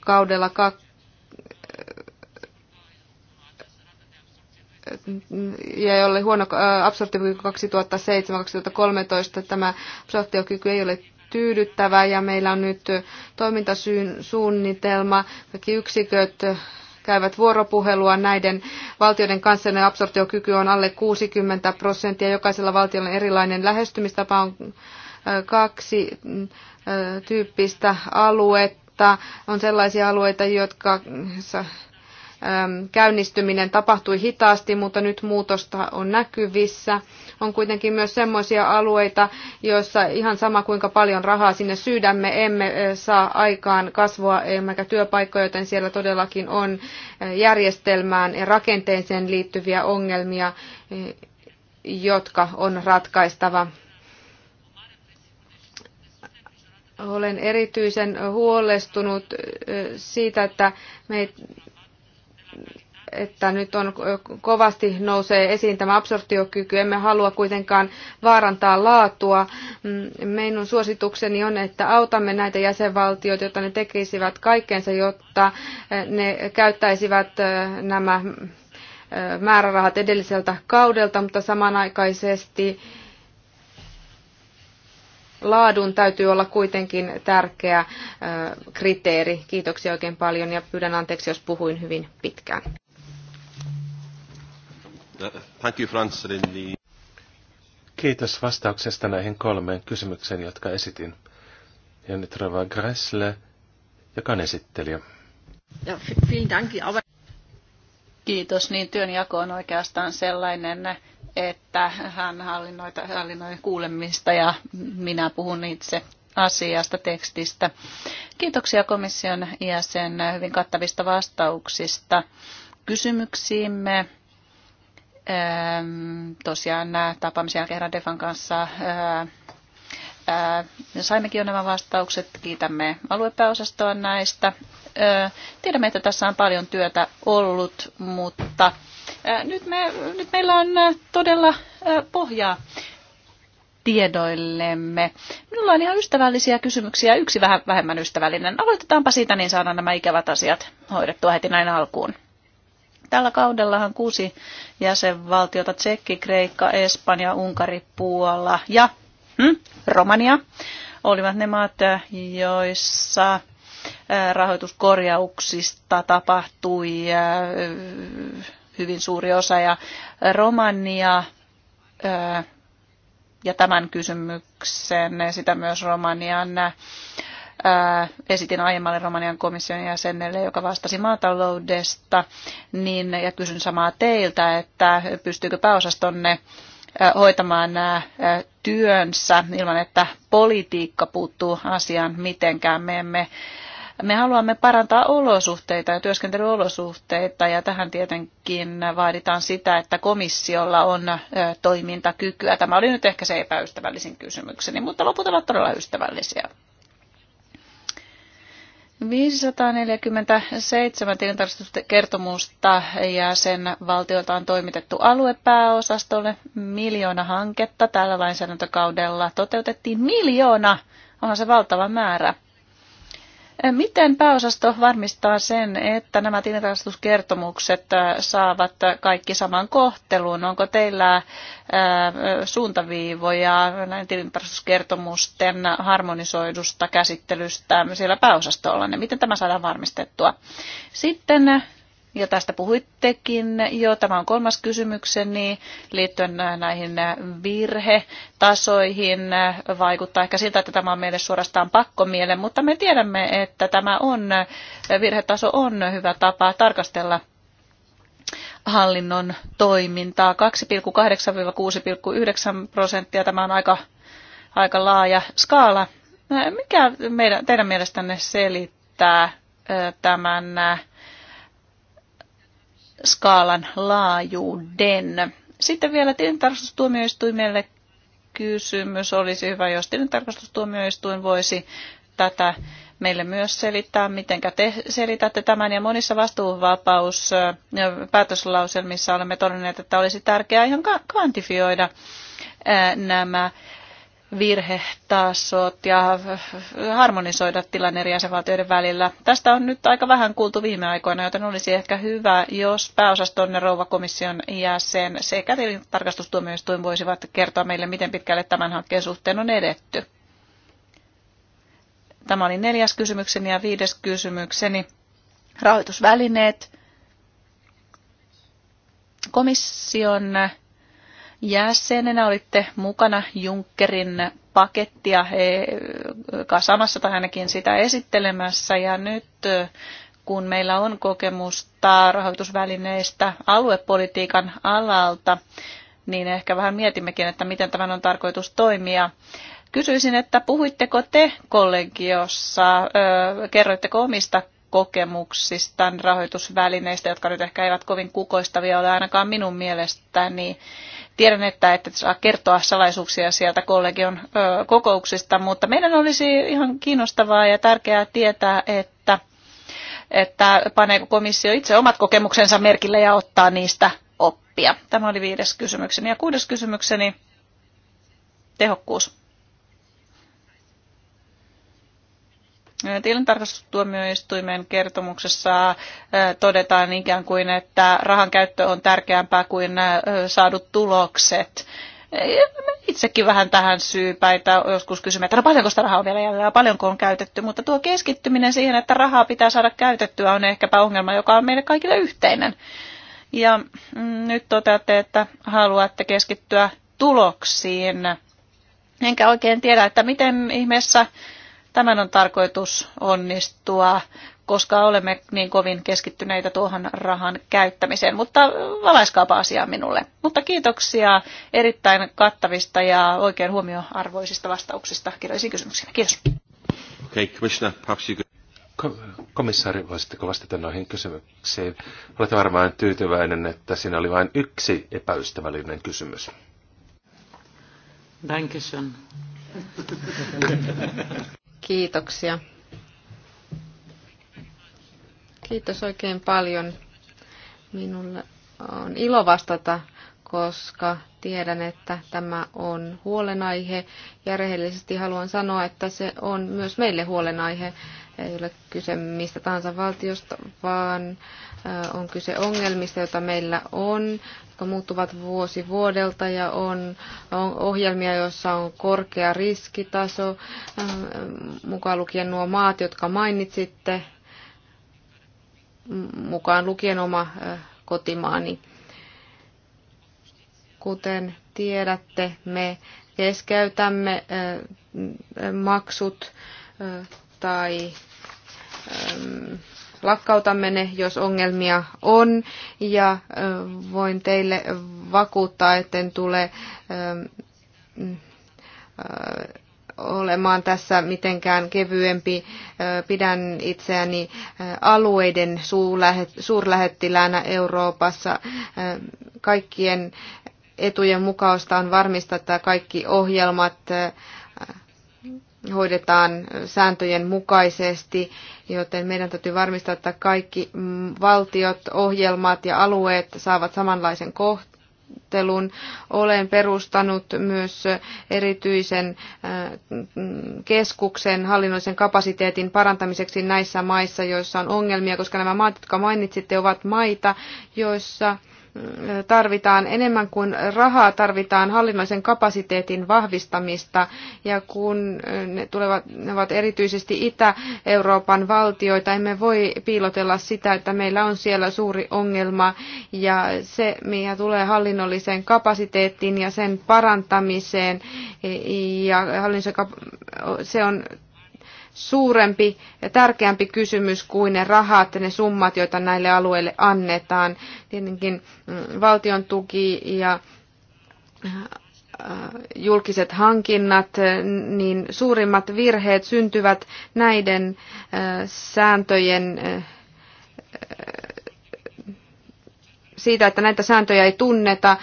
kaudella kak- ja jolle huono absorptiokyky 2007-2013 tämä absorptiokyky ei ole tyydyttävä ja meillä on nyt toimintasuunnitelma, kaikki yksiköt käyvät vuoropuhelua näiden valtioiden kanssa, ne absorptiokyky on alle 60 prosenttia. Jokaisella valtiolla on erilainen lähestymistapa on kaksi tyyppistä aluetta. On sellaisia alueita, jotka käynnistyminen tapahtui hitaasti, mutta nyt muutosta on näkyvissä. On kuitenkin myös sellaisia alueita, joissa ihan sama kuinka paljon rahaa sinne sydämme emme saa aikaan kasvua emmekä työpaikkoja, joten siellä todellakin on järjestelmään ja rakenteeseen liittyviä ongelmia, jotka on ratkaistava. Olen erityisen huolestunut siitä, että meitä että nyt on kovasti nousee esiin tämä absorptiokyky. Emme halua kuitenkaan vaarantaa laatua. Mm, meidän suositukseni on, että autamme näitä jäsenvaltioita, jotta ne tekisivät kaikkensa, jotta eh, ne käyttäisivät eh, nämä eh, määrärahat edelliseltä kaudelta, mutta samanaikaisesti laadun täytyy olla kuitenkin tärkeä kriteeri. Kiitoksia oikein paljon ja pyydän anteeksi, jos puhuin hyvin pitkään. Thank you, Franz, Kiitos vastauksesta näihin kolmeen kysymykseen, jotka esitin. Ja nyt Rava Gressle, joka on esittelijä. Ja, Kiitos. Niin työnjako on oikeastaan sellainen että hän hallinnoi, hallinnoi kuulemista ja minä puhun itse asiasta, tekstistä. Kiitoksia komission jäsen hyvin kattavista vastauksista kysymyksiimme. Ähm, tosiaan tapaamisen jälkeen Radefan kanssa äh, äh, saimmekin jo nämä vastaukset. Kiitämme aluepääosastoa näistä. Äh, tiedämme, että tässä on paljon työtä ollut, mutta nyt, me, nyt meillä on todella pohjaa tiedoillemme. Minulla on ihan ystävällisiä kysymyksiä, yksi vähän vähemmän ystävällinen. Aloitetaanpa siitä, niin saadaan nämä ikävät asiat hoidettua heti näin alkuun. Tällä kaudellahan kuusi jäsenvaltiota, Tsekki, Kreikka, Espanja, Unkari, Puola ja hmm, Romania olivat ne maat, joissa rahoituskorjauksista tapahtui hyvin suuri osa. Ja Romania ja tämän kysymyksen sitä myös Romanian esitin aiemmalle Romanian komission jäsenelle, joka vastasi maataloudesta, niin, ja kysyn samaa teiltä, että pystyykö pääosastonne hoitamaan nämä työnsä ilman, että politiikka puuttuu asiaan mitenkään. Me emme me haluamme parantaa olosuhteita ja työskentelyolosuhteita ja tähän tietenkin vaaditaan sitä, että komissiolla on toimintakykyä. Tämä oli nyt ehkä se epäystävällisin kysymykseni, mutta loput ovat todella ystävällisiä. 547 tilintarkastuskertomusta valtiolta on toimitettu aluepääosastolle. Miljoona hanketta tällä lainsäädäntökaudella toteutettiin. Miljoona! Onhan se valtava määrä. Miten pääosasto varmistaa sen, että nämä tilintarkastuskertomukset äh, saavat kaikki saman kohtelun? Onko teillä äh, suuntaviivoja näin tilintarkastuskertomusten harmonisoidusta käsittelystä siellä pääosastolla? Miten tämä saadaan varmistettua? Sitten ja tästä puhuittekin jo, tämä on kolmas kysymykseni liittyen näihin virhetasoihin. Vaikuttaa ehkä siltä, että tämä on meille suorastaan pakkomiele, mutta me tiedämme, että tämä on, virhetaso on hyvä tapa tarkastella hallinnon toimintaa. 2,8-6,9 prosenttia, tämä on aika, aika laaja skaala. Mikä meidän, teidän mielestänne selittää tämän skaalan laajuuden. Sitten vielä tilintarkastustuomioistuimelle kysymys olisi hyvä, jos tilintarkastustuomioistuin voisi tätä meille myös selittää, miten te selitätte tämän. Ja monissa vastuuvapaus päätöslauselmissa olemme todenneet, että olisi tärkeää ihan kvantifioida nämä virhetasot ja harmonisoida tilanne eri jäsenvaltioiden välillä. Tästä on nyt aika vähän kuultu viime aikoina, joten olisi ehkä hyvä, jos pääosastonne rouva komission jäsen sekä tarkastustuomioistuin voisivat kertoa meille, miten pitkälle tämän hankkeen suhteen on edetty. Tämä oli neljäs kysymykseni ja viides kysymykseni. Rahoitusvälineet. Komission jäsenenä, olitte mukana Junckerin pakettia e, kasamassa tai ainakin sitä esittelemässä ja nyt e, kun meillä on kokemusta rahoitusvälineistä aluepolitiikan alalta, niin ehkä vähän mietimmekin, että miten tämän on tarkoitus toimia. Kysyisin, että puhuitteko te kollegiossa, e, kerroitteko omista kokemuksista, rahoitusvälineistä, jotka nyt ehkä eivät kovin kukoistavia ole ainakaan minun mielestäni. Tiedän, että ette saa kertoa salaisuuksia sieltä kollegion ö, kokouksista, mutta meidän olisi ihan kiinnostavaa ja tärkeää tietää, että, että paneeko komissio itse omat kokemuksensa merkille ja ottaa niistä oppia. Tämä oli viides kysymykseni. Ja kuudes kysymykseni, tehokkuus Tilintarkastustuomioistuimen kertomuksessa todetaan ikään kuin, että rahan käyttö on tärkeämpää kuin saadut tulokset. Itsekin vähän tähän syypäitä joskus kysymme, että no paljonko sitä rahaa on vielä jäljellä, paljonko on käytetty, mutta tuo keskittyminen siihen, että rahaa pitää saada käytettyä, on ehkäpä ongelma, joka on meille kaikille yhteinen. Ja mm, nyt toteatte, että haluatte keskittyä tuloksiin. Enkä oikein tiedä, että miten ihmeessä Tämän on tarkoitus onnistua, koska olemme niin kovin keskittyneitä tuohon rahan käyttämiseen. Mutta valaiskaapa asiaa minulle. Mutta kiitoksia erittäin kattavista ja oikein huomioarvoisista vastauksista kirjallisiin kysymyksiin. Kiitos. Okay, Commissioner, perhaps komissaari, voisitteko vastata noihin kysymyksiin? Olet varmaan tyytyväinen, että siinä oli vain yksi epäystävällinen kysymys. Dankeschön. (laughs) Kiitoksia. Kiitos oikein paljon. Minulle on ilo vastata, koska tiedän, että tämä on huolenaihe ja rehellisesti haluan sanoa, että se on myös meille huolenaihe. Ei ole kyse mistä tahansa valtiosta, vaan äh, on kyse ongelmista, joita meillä on, jotka muuttuvat vuosi vuodelta ja on, ohjelmia, joissa on korkea riskitaso, äh, mukaan lukien nuo maat, jotka mainitsitte, mukaan lukien oma äh, kotimaani. Kuten tiedätte, me keskeytämme maksut tai lakkautamme ne, jos ongelmia on. Ja voin teille vakuuttaa, etten tule olemaan tässä mitenkään kevyempi. Pidän itseäni alueiden suurlähettiläänä Euroopassa. Kaikkien etujen mukausta on varmistaa, että kaikki ohjelmat hoidetaan sääntöjen mukaisesti, joten meidän täytyy varmistaa, että kaikki valtiot, ohjelmat ja alueet saavat samanlaisen kohtelun. Olen perustanut myös erityisen äh, keskuksen hallinnollisen kapasiteetin parantamiseksi näissä maissa, joissa on ongelmia, koska nämä maat, jotka mainitsitte, ovat maita, joissa tarvitaan enemmän kuin rahaa, tarvitaan hallinnollisen kapasiteetin vahvistamista ja kun ne, tulevat, ne ovat erityisesti Itä-Euroopan valtioita, emme voi piilotella sitä, että meillä on siellä suuri ongelma ja se, mikä tulee hallinnolliseen kapasiteettiin ja sen parantamiseen ja hallinnollisen se on suurempi ja tärkeämpi kysymys kuin ne rahat, ne summat, joita näille alueille annetaan. Tietenkin mm, valtion tuki ja äh, äh, julkiset hankinnat, äh, niin suurimmat virheet syntyvät näiden sääntöjen siitä, että näitä sääntöjä ei tunneta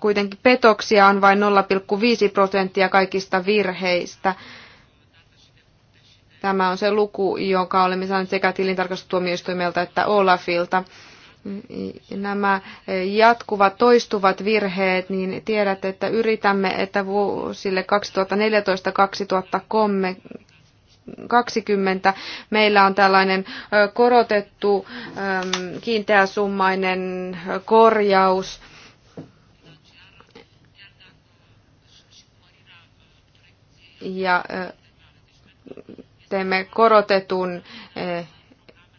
Kuitenkin petoksia on vain 0,5 prosenttia kaikista virheistä. Tämä on se luku, jonka olemme saaneet sekä tilintarkastustuomioistuimelta että Olafilta. Nämä jatkuvat, toistuvat virheet, niin tiedät, että yritämme, että vuosille 2014-2020 meillä on tällainen korotettu kiinteäsummainen korjaus ja teemme korotetun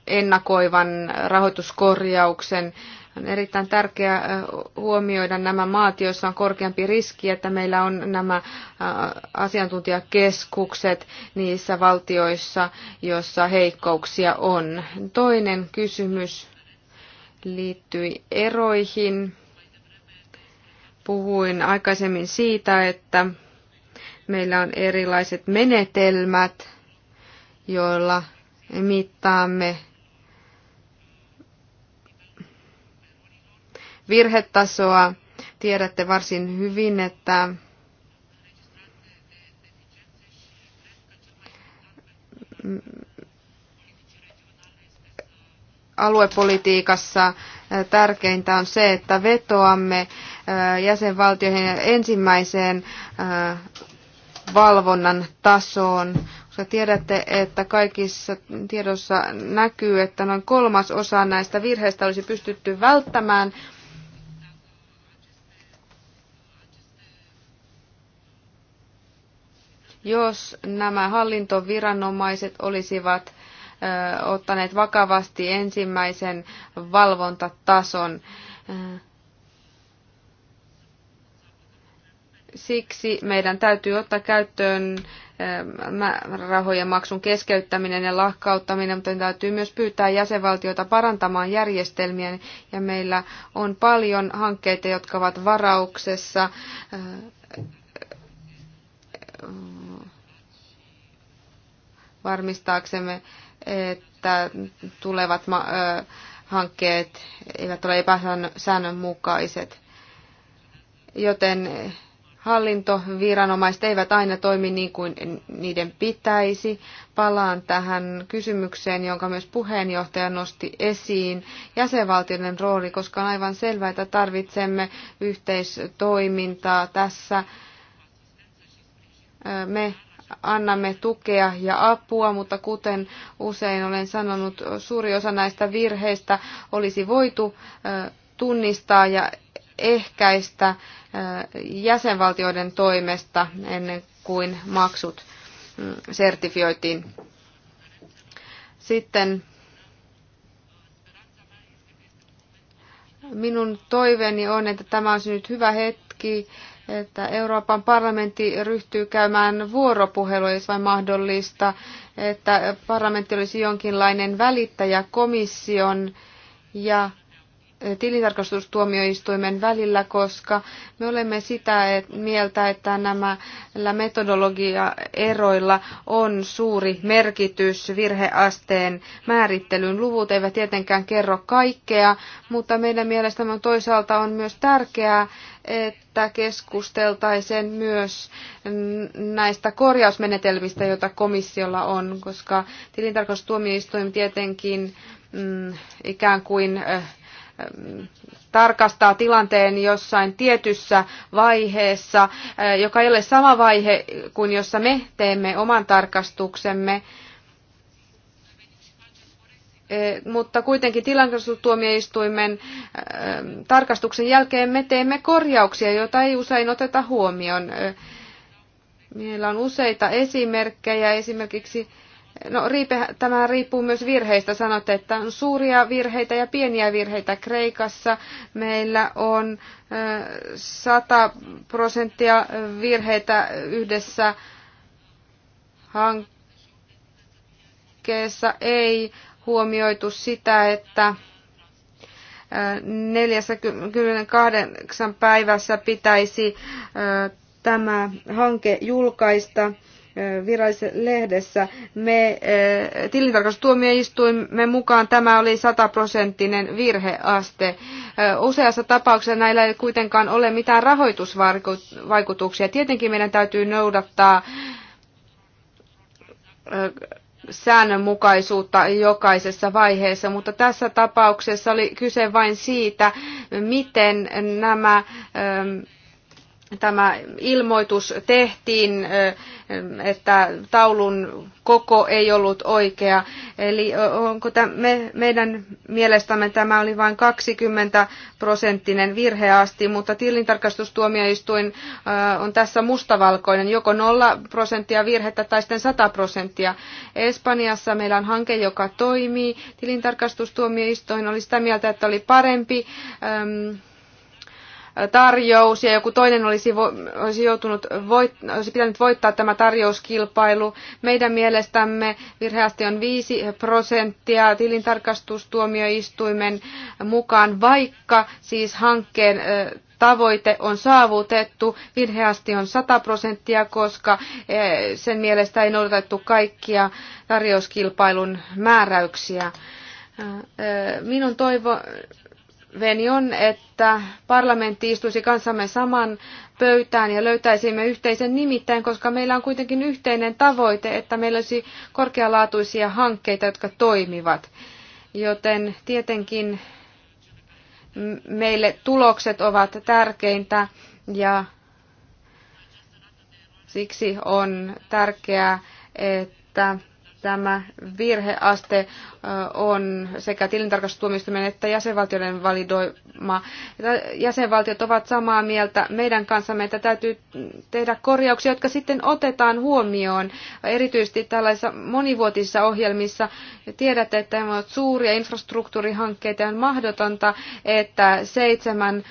ennakoivan rahoituskorjauksen. On erittäin tärkeää huomioida nämä maat, joissa on korkeampi riski, että meillä on nämä asiantuntijakeskukset niissä valtioissa, joissa heikkouksia on. Toinen kysymys liittyi eroihin. Puhuin aikaisemmin siitä, että Meillä on erilaiset menetelmät, joilla mittaamme virhetasoa. Tiedätte varsin hyvin, että aluepolitiikassa tärkeintä on se, että vetoamme jäsenvaltioihin ensimmäiseen valvonnan tasoon. Koska tiedätte, että kaikissa tiedossa näkyy, että noin kolmas osa näistä virheistä olisi pystytty välttämään. Jos nämä hallintoviranomaiset olisivat ottaneet vakavasti ensimmäisen valvontatason. Ö, Siksi meidän täytyy ottaa käyttöön ähm, rahojen maksun keskeyttäminen ja lakkauttaminen, mutta täytyy myös pyytää jäsenvaltioita parantamaan järjestelmiä. Ja meillä on paljon hankkeita, jotka ovat varauksessa äh, varmistaaksemme, että tulevat äh, hankkeet eivät ole epäsäännönmukaiset. Joten hallintoviranomaiset eivät aina toimi niin kuin niiden pitäisi. Palaan tähän kysymykseen, jonka myös puheenjohtaja nosti esiin, jäsenvaltioiden rooli, koska on aivan selvää, että tarvitsemme yhteistoimintaa tässä. Me annamme tukea ja apua, mutta kuten usein olen sanonut, suuri osa näistä virheistä olisi voitu tunnistaa ja ehkäistä jäsenvaltioiden toimesta ennen kuin maksut mm, sertifioitiin. Sitten minun toiveeni on, että tämä on nyt hyvä hetki, että Euroopan parlamentti ryhtyy käymään vuoropuhelua, jos vain mahdollista, että parlamentti olisi jonkinlainen välittäjä komission ja tilintarkastustuomioistuimen välillä, koska me olemme sitä et, mieltä, että nämä metodologiaeroilla on suuri merkitys virheasteen määrittelyn. Luvut eivät tietenkään kerro kaikkea, mutta meidän mielestämme toisaalta on myös tärkeää, että keskusteltaisiin myös näistä korjausmenetelmistä, joita komissiolla on, koska tilintarkastustuomioistuin tietenkin mm, ikään kuin äh, tarkastaa tilanteen jossain tietyssä vaiheessa, eh, joka ei ole sama vaihe kuin jossa me teemme oman tarkastuksemme, eh, mutta kuitenkin tilankäsitystuomioistuimen eh, tarkastuksen jälkeen me teemme korjauksia, joita ei usein oteta huomioon. Meillä on useita esimerkkejä, esimerkiksi No, riipe, tämä riippuu myös virheistä. Sanotte, että on suuria virheitä ja pieniä virheitä Kreikassa. Meillä on 100 prosenttia virheitä yhdessä hankkeessa. Ei huomioitu sitä, että 48 päivässä pitäisi tämä hanke julkaista Eh, virallislehdessä. Me eh, tilintarkastustuomioistuimme mukaan tämä oli sataprosenttinen virheaste. Eh, useassa tapauksessa näillä ei kuitenkaan ole mitään rahoitusvaikutuksia. Tietenkin meidän täytyy noudattaa säännönmukaisuutta jokaisessa vaiheessa, mutta tässä tapauksessa oli kyse vain siitä, miten nämä tämä ilmoitus tehtiin, että taulun koko ei ollut oikea. Eli onko tämä, me, meidän mielestämme tämä oli vain 20 prosenttinen asti, mutta tilintarkastustuomioistuin on tässä mustavalkoinen, joko 0 prosenttia virhettä tai sitten 100 prosenttia. Espanjassa meillä on hanke, joka toimii. Tilintarkastustuomioistuin oli sitä mieltä, että oli parempi. Ähm, tarjous ja joku toinen olisi, vo, olisi, joutunut voit, olisi pitänyt voittaa tämä tarjouskilpailu. Meidän mielestämme virheasti on 5 prosenttia tilintarkastustuomioistuimen mukaan, vaikka siis hankkeen tavoite on saavutettu. Virheasti on 100 prosenttia, koska sen mielestä ei noudatettu kaikkia tarjouskilpailun määräyksiä. Minun toivo, Veni on, että parlamentti istuisi kanssamme saman pöytään ja löytäisimme yhteisen nimittäin, koska meillä on kuitenkin yhteinen tavoite, että meillä olisi korkealaatuisia hankkeita, jotka toimivat. Joten tietenkin meille tulokset ovat tärkeintä ja siksi on tärkeää, että tämä virheaste on sekä tilintarkastustuomioistuimen että jäsenvaltioiden validoima. Jäsenvaltiot ovat samaa mieltä meidän kanssamme, että täytyy tehdä korjauksia, jotka sitten otetaan huomioon. Erityisesti tällaisissa monivuotisissa ohjelmissa tiedätte, että ne ovat suuria infrastruktuurihankkeita ja on mahdotonta, että seitsemän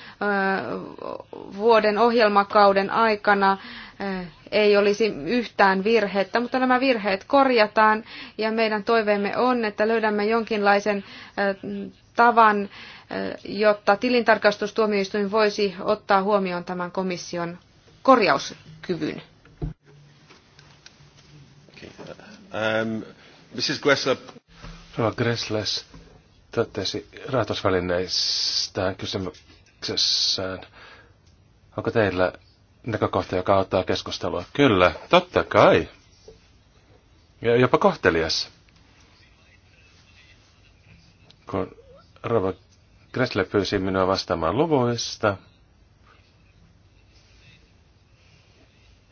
vuoden ohjelmakauden aikana Äh, ei olisi yhtään virhettä, mutta nämä virheet korjataan ja meidän toiveemme on, että löydämme jonkinlaisen äh, tavan, äh, jotta tilintarkastustuomioistuin voisi ottaa huomioon tämän komission korjauskyvyn. Okay. Um, Rova Gressles totesi rahoitusvälineistään kysymyksessään. Onko teillä näkökohta, joka auttaa keskustelua. Kyllä, totta kai. Ja jopa kohtelias. Kun Rova Kressle pyysi minua vastaamaan luvuista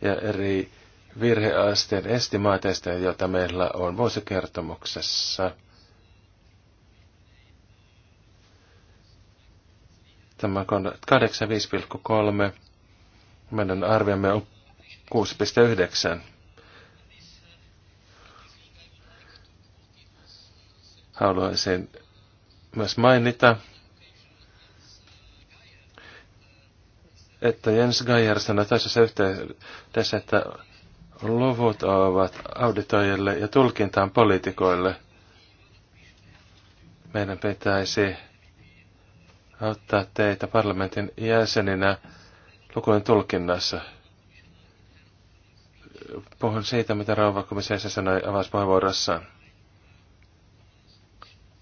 ja eri virheasteen estimaateista, joita meillä on vuosikertomuksessa. Tämä on 85,3 meidän arviomme on 6,9. Haluaisin myös mainita, että Jens Geier sanoi tässä yhteydessä, että luvut ovat auditoijille ja tulkintaan poliitikoille. Meidän pitäisi auttaa teitä parlamentin jäseninä lukujen tulkinnassa. Puhun siitä, mitä Rauva komissaari sanoi avauspuheenvuorossaan.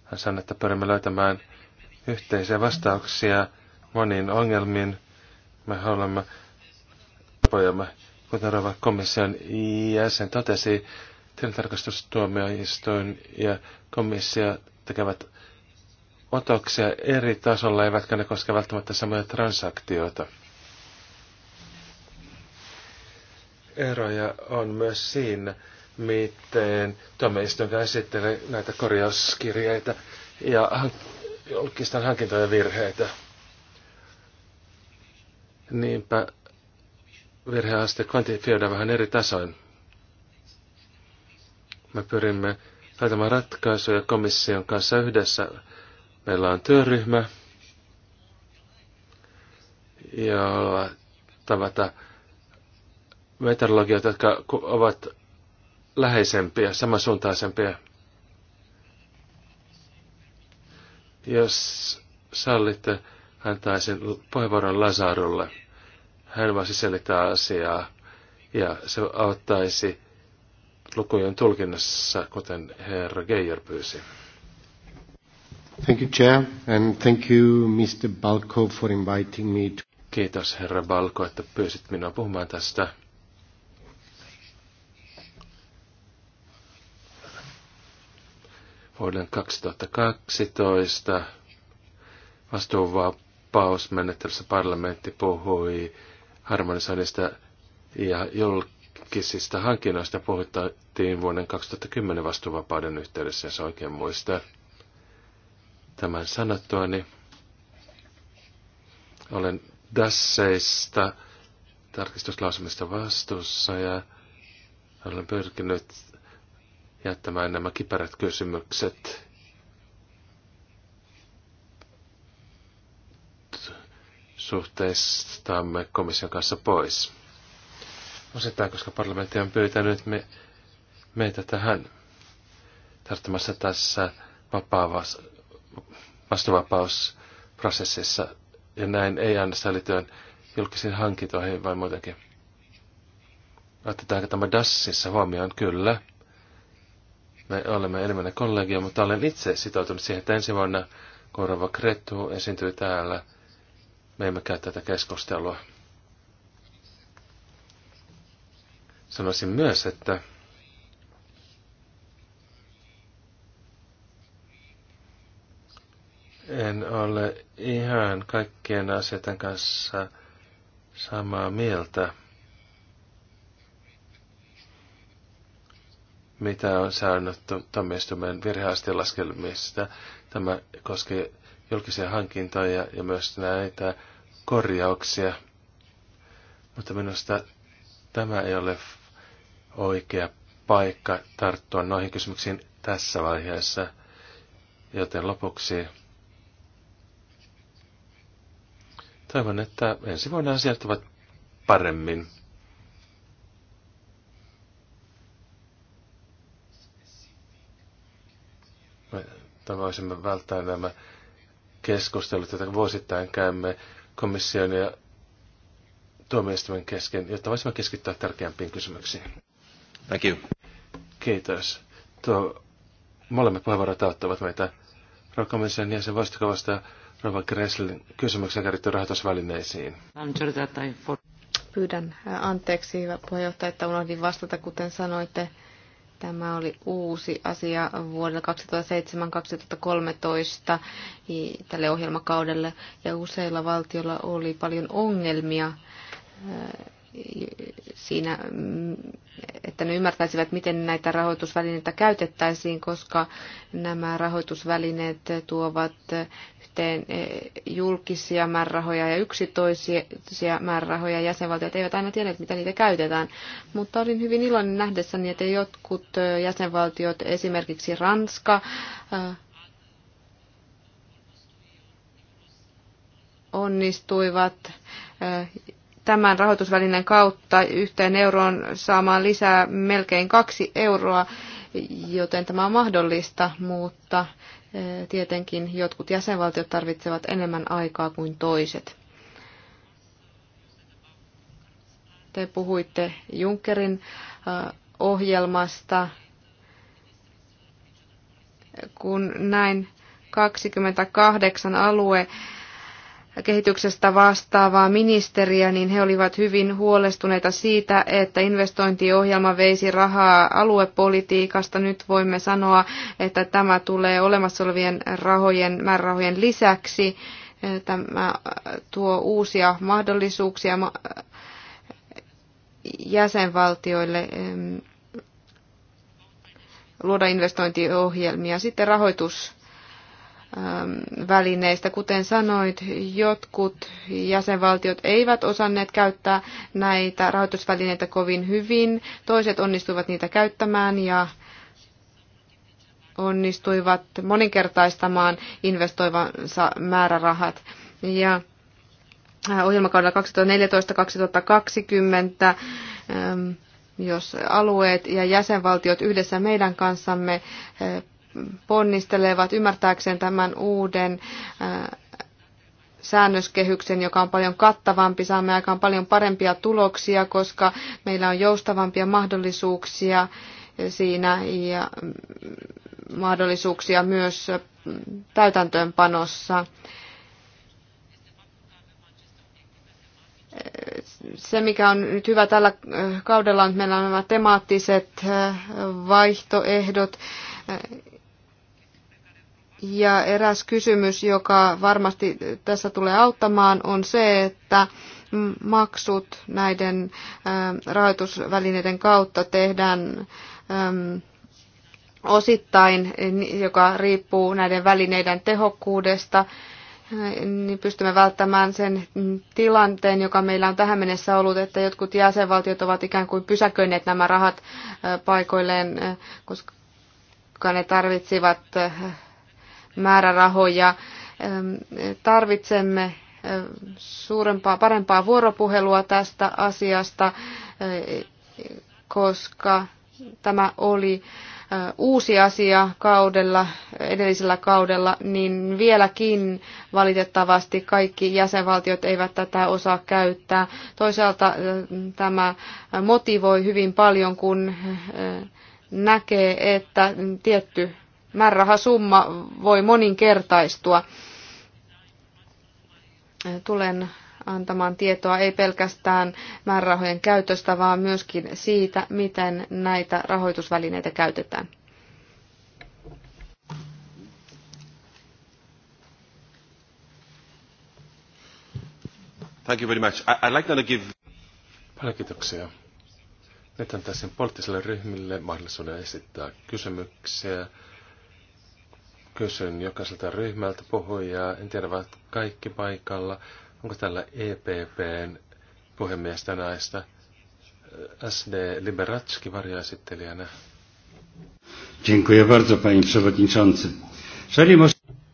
Hän sanoi, että pyrimme löytämään yhteisiä vastauksia moniin ongelmiin. Me haluamme tapojamme, kuten Rauva komission jäsen totesi, tilintarkastustuomioistuin ja komissio tekevät otoksia eri tasolla, eivätkä ne koske välttämättä samoja transaktioita. eroja on myös siinä, miten tuomioistuin käsittelee näitä korjauskirjeitä ja julkisten hankintojen virheitä. Niinpä virheaste kvantifioidaan vähän eri tasoin. Me pyrimme laitamaan ratkaisuja komission kanssa yhdessä. Meillä on työryhmä, jolla tavata meteorologiat, jotka ovat läheisempiä, samansuuntaisempia. Jos sallitte, antaisin puheenvuoron Lazarulle. Hän voisi selittää asiaa ja se auttaisi lukujen tulkinnassa, kuten herra Geijer pyysi. Thank you, Chair, and thank you, Mr. Balko, for inviting me to... Kiitos, herra Balko, että pyysit minua puhumaan tästä vuoden 2012 vastuuvapausmenettelyssä parlamentti puhui harmonisoinnista ja julkisista hankinnoista puhuttiin vuoden 2010 vastuuvapauden yhteydessä, jos oikein muista. Tämän sanottuani olen Dasseista tarkistuslausumista vastuussa ja olen pyrkinyt jättämään nämä kiperät kysymykset suhteistamme komission kanssa pois. Osittain, koska parlamentti on pyytänyt me, meitä tähän tarttumassa tässä vastuvapausprosessissa, ja näin ei anna säilytyön julkisiin hankintoihin vai muutenkin. Otetaanko tämä DASSissa huomioon? Kyllä. Me olemme enemmän kollegia, mutta olen itse sitoutunut siihen, että ensi vuonna kun Rova Kretu esiintyy täällä, me emme käy tätä keskustelua. Sanoisin myös, että en ole ihan kaikkien asioiden kanssa samaa mieltä. mitä on saanut tuomioistuimen virheasteen laskelmista. Tämä koskee julkisia hankintoja ja myös näitä korjauksia. Mutta minusta tämä ei ole oikea paikka tarttua noihin kysymyksiin tässä vaiheessa. Joten lopuksi toivon, että ensi vuonna asiat ovat paremmin. jotta voisimme välttää nämä keskustelut, joita vuosittain käymme komission ja tuomioistuimen kesken, jotta voisimme keskittyä tärkeämpiin kysymyksiin. Thank you. Kiitos. Tuo, molemmat puheenvuorot auttavat meitä. komission jäsen, voisitko vastata Rova Gresslin kysymykseen kerrottu rahoitusvälineisiin? Pyydän äh, anteeksi, hyvä puheenjohtaja, että unohdin vastata, kuten sanoitte Tämä oli uusi asia vuodelle 2007-2013 tälle ohjelmakaudelle ja useilla valtiolla oli paljon ongelmia siinä, että ne ymmärtäisivät, miten näitä rahoitusvälineitä käytettäisiin, koska nämä rahoitusvälineet tuovat yhteen e, julkisia määrärahoja ja yksitoisia määrärahoja. Jäsenvaltiot eivät aina tiedä, mitä niitä käytetään, mutta olin hyvin iloinen nähdessäni, että jotkut jäsenvaltiot, esimerkiksi Ranska, onnistuivat tämän rahoitusvälineen kautta yhteen euroon saamaan lisää melkein kaksi euroa, joten tämä on mahdollista, mutta eh, tietenkin jotkut jäsenvaltiot tarvitsevat enemmän aikaa kuin toiset. Te puhuitte Junckerin eh, ohjelmasta, kun näin 28 alue kehityksestä vastaavaa ministeriä, niin he olivat hyvin huolestuneita siitä, että investointiohjelma veisi rahaa aluepolitiikasta. Nyt voimme sanoa, että tämä tulee olemassa olevien rahojen, määrärahojen lisäksi. Tämä tuo uusia mahdollisuuksia jäsenvaltioille luoda investointiohjelmia. Sitten rahoitus Ähm, välineistä. Kuten sanoit, jotkut jäsenvaltiot eivät osanneet käyttää näitä rahoitusvälineitä kovin hyvin, toiset onnistuivat niitä käyttämään ja onnistuivat moninkertaistamaan investoivansa määrärahat. Ja äh, ohjelmakaudella 2014-2020, ähm, jos alueet ja jäsenvaltiot yhdessä meidän kanssamme äh, ponnistelevat ymmärtääkseen tämän uuden äh, säännöskehyksen, joka on paljon kattavampi. Saamme aikaan paljon parempia tuloksia, koska meillä on joustavampia mahdollisuuksia siinä ja mm, mahdollisuuksia myös äh, täytäntöönpanossa. Se, mikä on nyt hyvä tällä äh, kaudella, on, että meillä on nämä temaattiset vaihtoehdot, ja eräs kysymys, joka varmasti tässä tulee auttamaan, on se, että maksut näiden ähm, rahoitusvälineiden kautta tehdään ähm, osittain, joka riippuu näiden välineiden tehokkuudesta, äh, niin pystymme välttämään sen tilanteen, joka meillä on tähän mennessä ollut, että jotkut jäsenvaltiot ovat ikään kuin pysäköineet nämä rahat äh, paikoilleen, äh, koska ne tarvitsivat määrärahoja. Tarvitsemme suurempaa, parempaa vuoropuhelua tästä asiasta, e, koska tämä oli e, uusi asia kaudella, edellisellä kaudella, niin vieläkin valitettavasti kaikki jäsenvaltiot eivät tätä osaa käyttää. Toisaalta e, tämä motivoi hyvin paljon, kun näkee, että tietty määrärahasumma voi moninkertaistua. Tulen antamaan tietoa ei pelkästään määrärahojen käytöstä, vaan myöskin siitä, miten näitä rahoitusvälineitä käytetään. Thank you very much. I'd like to give... Paljon kiitoksia. Nyt antaisin poliittiselle ryhmille mahdollisuuden esittää kysymyksiä kysyn jokaiselta ryhmältä puhujaa. En tiedä, ovat kaikki paikalla. Onko täällä EPPn puhemiestä naista? SD Liberatski varjaesittelijänä.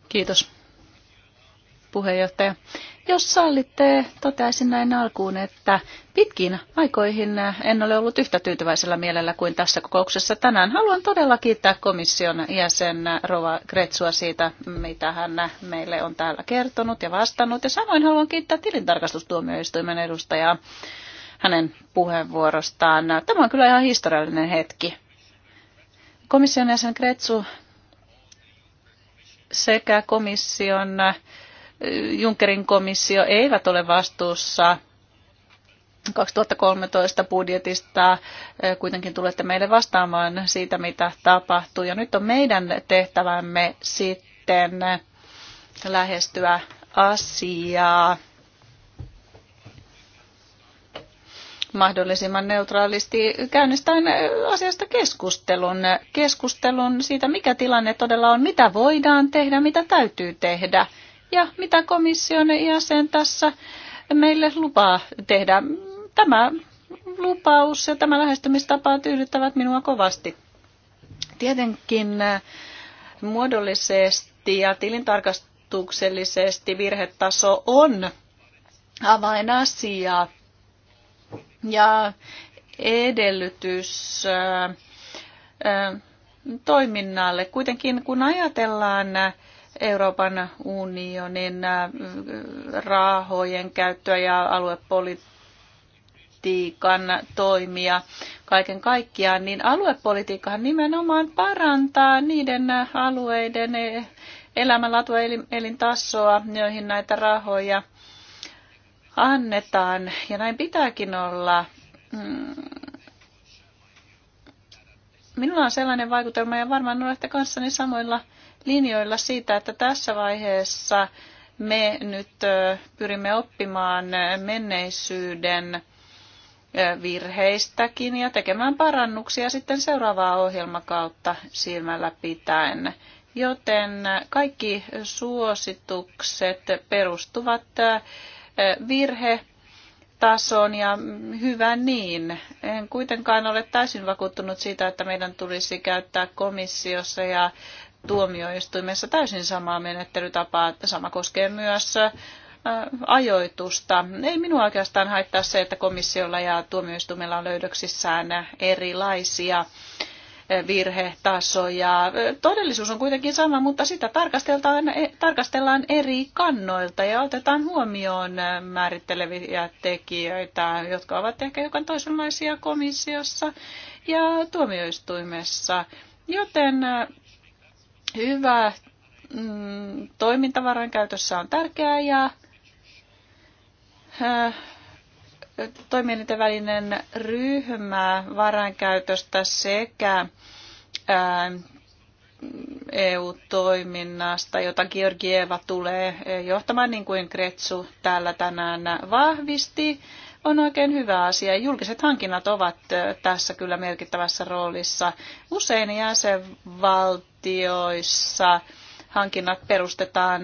Kiitos, puheenjohtaja. Jos sallitte, toteaisin näin alkuun, että pitkin aikoihin en ole ollut yhtä tyytyväisellä mielellä kuin tässä kokouksessa tänään. Haluan todella kiittää komission jäsen Rova Kretsua siitä, mitä hän meille on täällä kertonut ja vastannut. Ja samoin haluan kiittää tilintarkastustuomioistuimen edustajaa hänen puheenvuorostaan. Tämä on kyllä ihan historiallinen hetki. Komission jäsen Kretsu sekä komission Junckerin komissio eivät ole vastuussa 2013 budjetista kuitenkin tulette meille vastaamaan siitä, mitä tapahtuu. Ja nyt on meidän tehtävämme sitten lähestyä asiaa mahdollisimman neutraalisti käynnistään asiasta keskustelun. Keskustelun siitä, mikä tilanne todella on, mitä voidaan tehdä, mitä täytyy tehdä ja mitä komission jäsen tässä meille lupaa tehdä. Tämä lupaus ja tämä lähestymistapa tyydyttävät minua kovasti. Tietenkin äh, muodollisesti ja tilintarkastuksellisesti virhetaso on avainasia ja edellytys äh, äh, toiminnalle. Kuitenkin kun ajatellaan Euroopan unionin äh, rahojen käyttöä ja aluepolitiikan toimia kaiken kaikkiaan, niin aluepolitiikkahan nimenomaan parantaa niiden äh, alueiden e, elämänlaatua elintasoa, joihin näitä rahoja annetaan. Ja näin pitääkin olla. Mm. Minulla on sellainen vaikutelma, ja varmaan olette kanssani samoilla linjoilla siitä, että tässä vaiheessa me nyt pyrimme oppimaan menneisyyden virheistäkin ja tekemään parannuksia sitten seuraavaa ohjelmakautta silmällä pitäen. Joten kaikki suositukset perustuvat virhe tason ja hyvä niin. En kuitenkaan ole täysin vakuuttunut siitä, että meidän tulisi käyttää komissiossa ja tuomioistuimessa täysin samaa menettelytapaa, että sama koskee myös ajoitusta. Ei minua oikeastaan haittaa se, että komissiolla ja tuomioistuimella on löydöksissään erilaisia virhetasoja. Todellisuus on kuitenkin sama, mutta sitä tarkastellaan, e, tarkastellaan eri kannoilta ja otetaan huomioon määritteleviä tekijöitä, jotka ovat ehkä hiukan toisenlaisia komissiossa ja tuomioistuimessa. Joten hyvä mm, toimintavaran käytössä on tärkeää ja äh, toimielinten välinen ryhmä varankäytöstä sekä ää, äh, EU-toiminnasta, jota Georgieva tulee äh, johtamaan, niin kuin Kretsu täällä tänään vahvisti, on oikein hyvä asia. Julkiset hankinnat ovat äh, tässä kyllä merkittävässä roolissa. Usein jäsenvaltio jäsenvaltioissa hankinnat perustetaan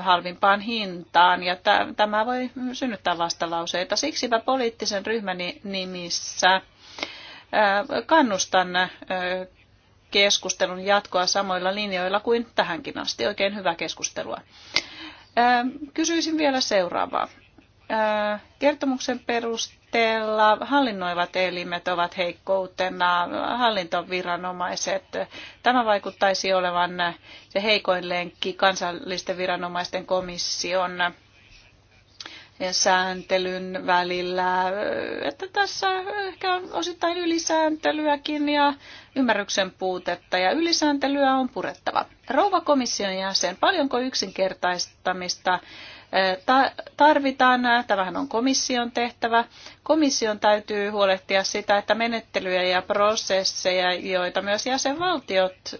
halvimpaan hintaan ja tämä voi synnyttää vastalauseita. Siksipä poliittisen ryhmäni nimissä kannustan keskustelun jatkoa samoilla linjoilla kuin tähänkin asti. Oikein hyvää keskustelua. Kysyisin vielä seuraavaa. Kertomuksen perusteella alueella hallinnoivat elimet ovat heikkoutena, hallintoviranomaiset. Tämä vaikuttaisi olevan se heikoin lenkki kansallisten viranomaisten komission ja sääntelyn välillä, että tässä ehkä on osittain ylisääntelyäkin ja ymmärryksen puutetta ja ylisääntelyä on purettava. Rouva komission jäsen, paljonko yksinkertaistamista tarvitaan. Tämähän on komission tehtävä. Komission täytyy huolehtia sitä, että menettelyjä ja prosesseja, joita myös jäsenvaltiot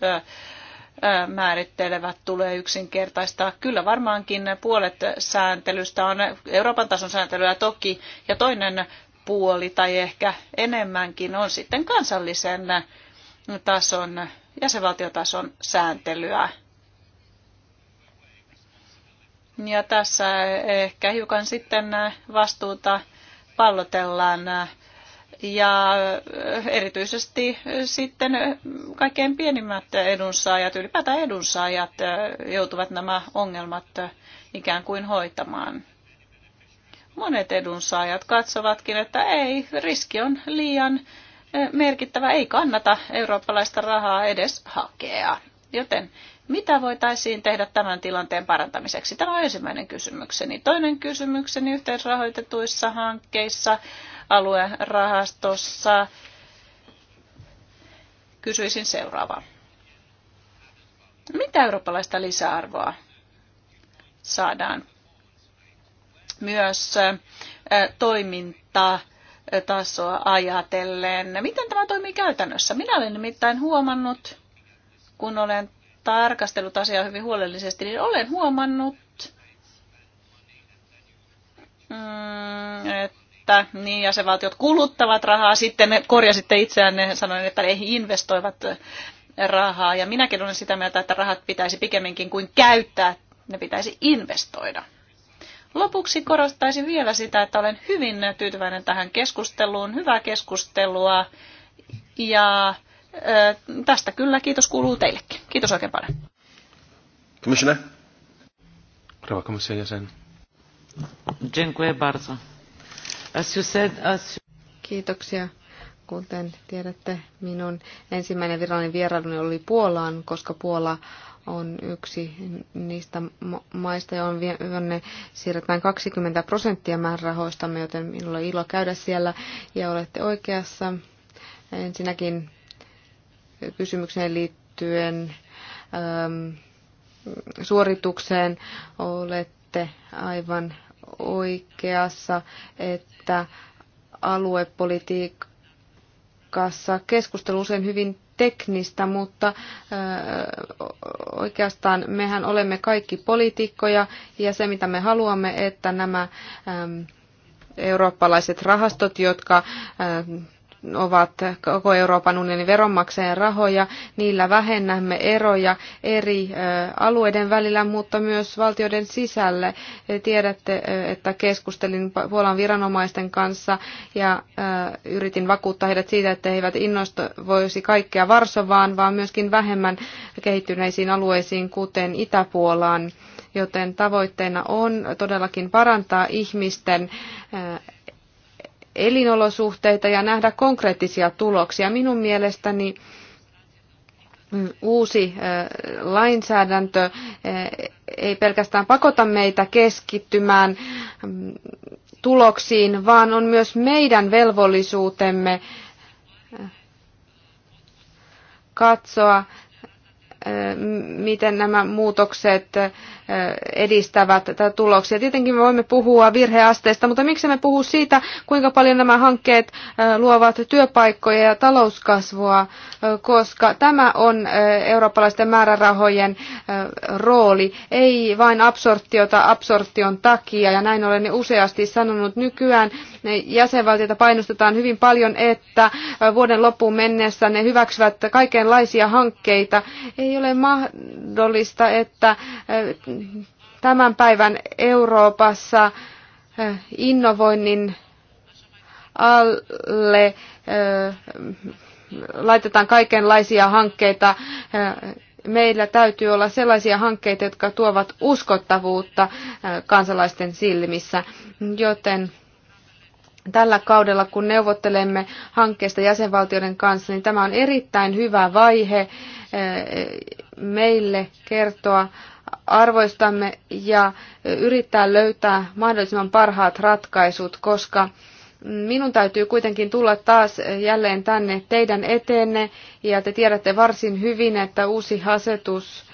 määrittelevät tulee yksinkertaistaa. Kyllä varmaankin puolet sääntelystä on Euroopan tason sääntelyä toki, ja toinen puoli tai ehkä enemmänkin on sitten kansallisen tason, jäsenvaltiotason sääntelyä. Ja tässä ehkä hiukan sitten vastuuta pallotellaan ja erityisesti sitten kaikkein pienimmät edunsaajat, ylipäätään edunsaajat joutuvat nämä ongelmat ikään kuin hoitamaan. Monet edunsaajat katsovatkin, että ei, riski on liian merkittävä, ei kannata eurooppalaista rahaa edes hakea. Joten mitä voitaisiin tehdä tämän tilanteen parantamiseksi? Tämä on ensimmäinen kysymykseni. Toinen kysymykseni yhteisrahoitetuissa hankkeissa, aluerahastossa. Kysyisin seuraavaa. Mitä eurooppalaista lisäarvoa saadaan myös toimintaa tasoa ajatellen. Miten tämä toimii käytännössä? Minä olen nimittäin huomannut, kun olen tarkastellut asiaa hyvin huolellisesti, niin olen huomannut, mm, että niin jäsenvaltiot kuluttavat rahaa, sitten ne korjasitte ne sanoin, että ne investoivat rahaa. Ja minäkin olen sitä mieltä, että rahat pitäisi pikemminkin kuin käyttää, ne pitäisi investoida. Lopuksi korostaisin vielä sitä, että olen hyvin tyytyväinen tähän keskusteluun, hyvää keskustelua ja tästä kyllä kiitos kuuluu teillekin. Kiitos oikein paljon. Commissioner. Rouva komission jäsen. Dziękuję bardzo. As you said, as you... Kiitoksia. Kuten tiedätte, minun ensimmäinen virallinen vierailuni oli Puolaan, koska Puola on yksi niistä maista, jonne siirretään 20 prosenttia määrärahoistamme, joten minulla on ilo käydä siellä ja olette oikeassa. Ensinnäkin kysymykseen liittyen ähm, suoritukseen olette aivan oikeassa, että aluepolitiikassa keskustelu usein hyvin teknistä, mutta äh, oikeastaan mehän olemme kaikki poliitikkoja ja se mitä me haluamme, että nämä ähm, eurooppalaiset rahastot, jotka ähm, ovat koko Euroopan unionin veronmaksajien rahoja. Niillä vähennämme eroja eri alueiden välillä, mutta myös valtioiden sisälle. Tiedätte, että keskustelin Puolan viranomaisten kanssa ja yritin vakuuttaa heidät siitä, että he eivät innoista voisi kaikkea Varsovaan, vaan myöskin vähemmän kehittyneisiin alueisiin, kuten Itäpuolaan joten tavoitteena on todellakin parantaa ihmisten elinolosuhteita ja nähdä konkreettisia tuloksia. Minun mielestäni mm, uusi lainsäädäntö ei pelkästään pakota meitä keskittymään mm, tuloksiin, vaan on myös meidän velvollisuutemme katsoa miten nämä muutokset edistävät tätä tuloksia. Tietenkin me voimme puhua virheasteista, mutta miksi me puhu siitä, kuinka paljon nämä hankkeet luovat työpaikkoja ja talouskasvua, koska tämä on eurooppalaisten määrärahojen rooli, ei vain absorptiota absorption takia, ja näin olen useasti sanonut nykyään. Jäsenvaltioita painostetaan hyvin paljon, että vuoden loppuun mennessä ne hyväksyvät kaikenlaisia hankkeita. Ei ei ole mahdollista, että äh, tämän päivän Euroopassa äh, innovoinnin alle äh, laitetaan kaikenlaisia hankkeita. Meillä täytyy olla sellaisia hankkeita, jotka tuovat uskottavuutta kansalaisten silmissä, joten tällä kaudella, kun neuvottelemme hankkeesta jäsenvaltioiden kanssa, niin tämä on erittäin hyvä vaihe eh, meille kertoa arvoistamme ja yrittää löytää mahdollisimman parhaat ratkaisut, koska minun täytyy kuitenkin tulla taas jälleen tänne teidän eteenne ja te tiedätte varsin hyvin, että uusi asetus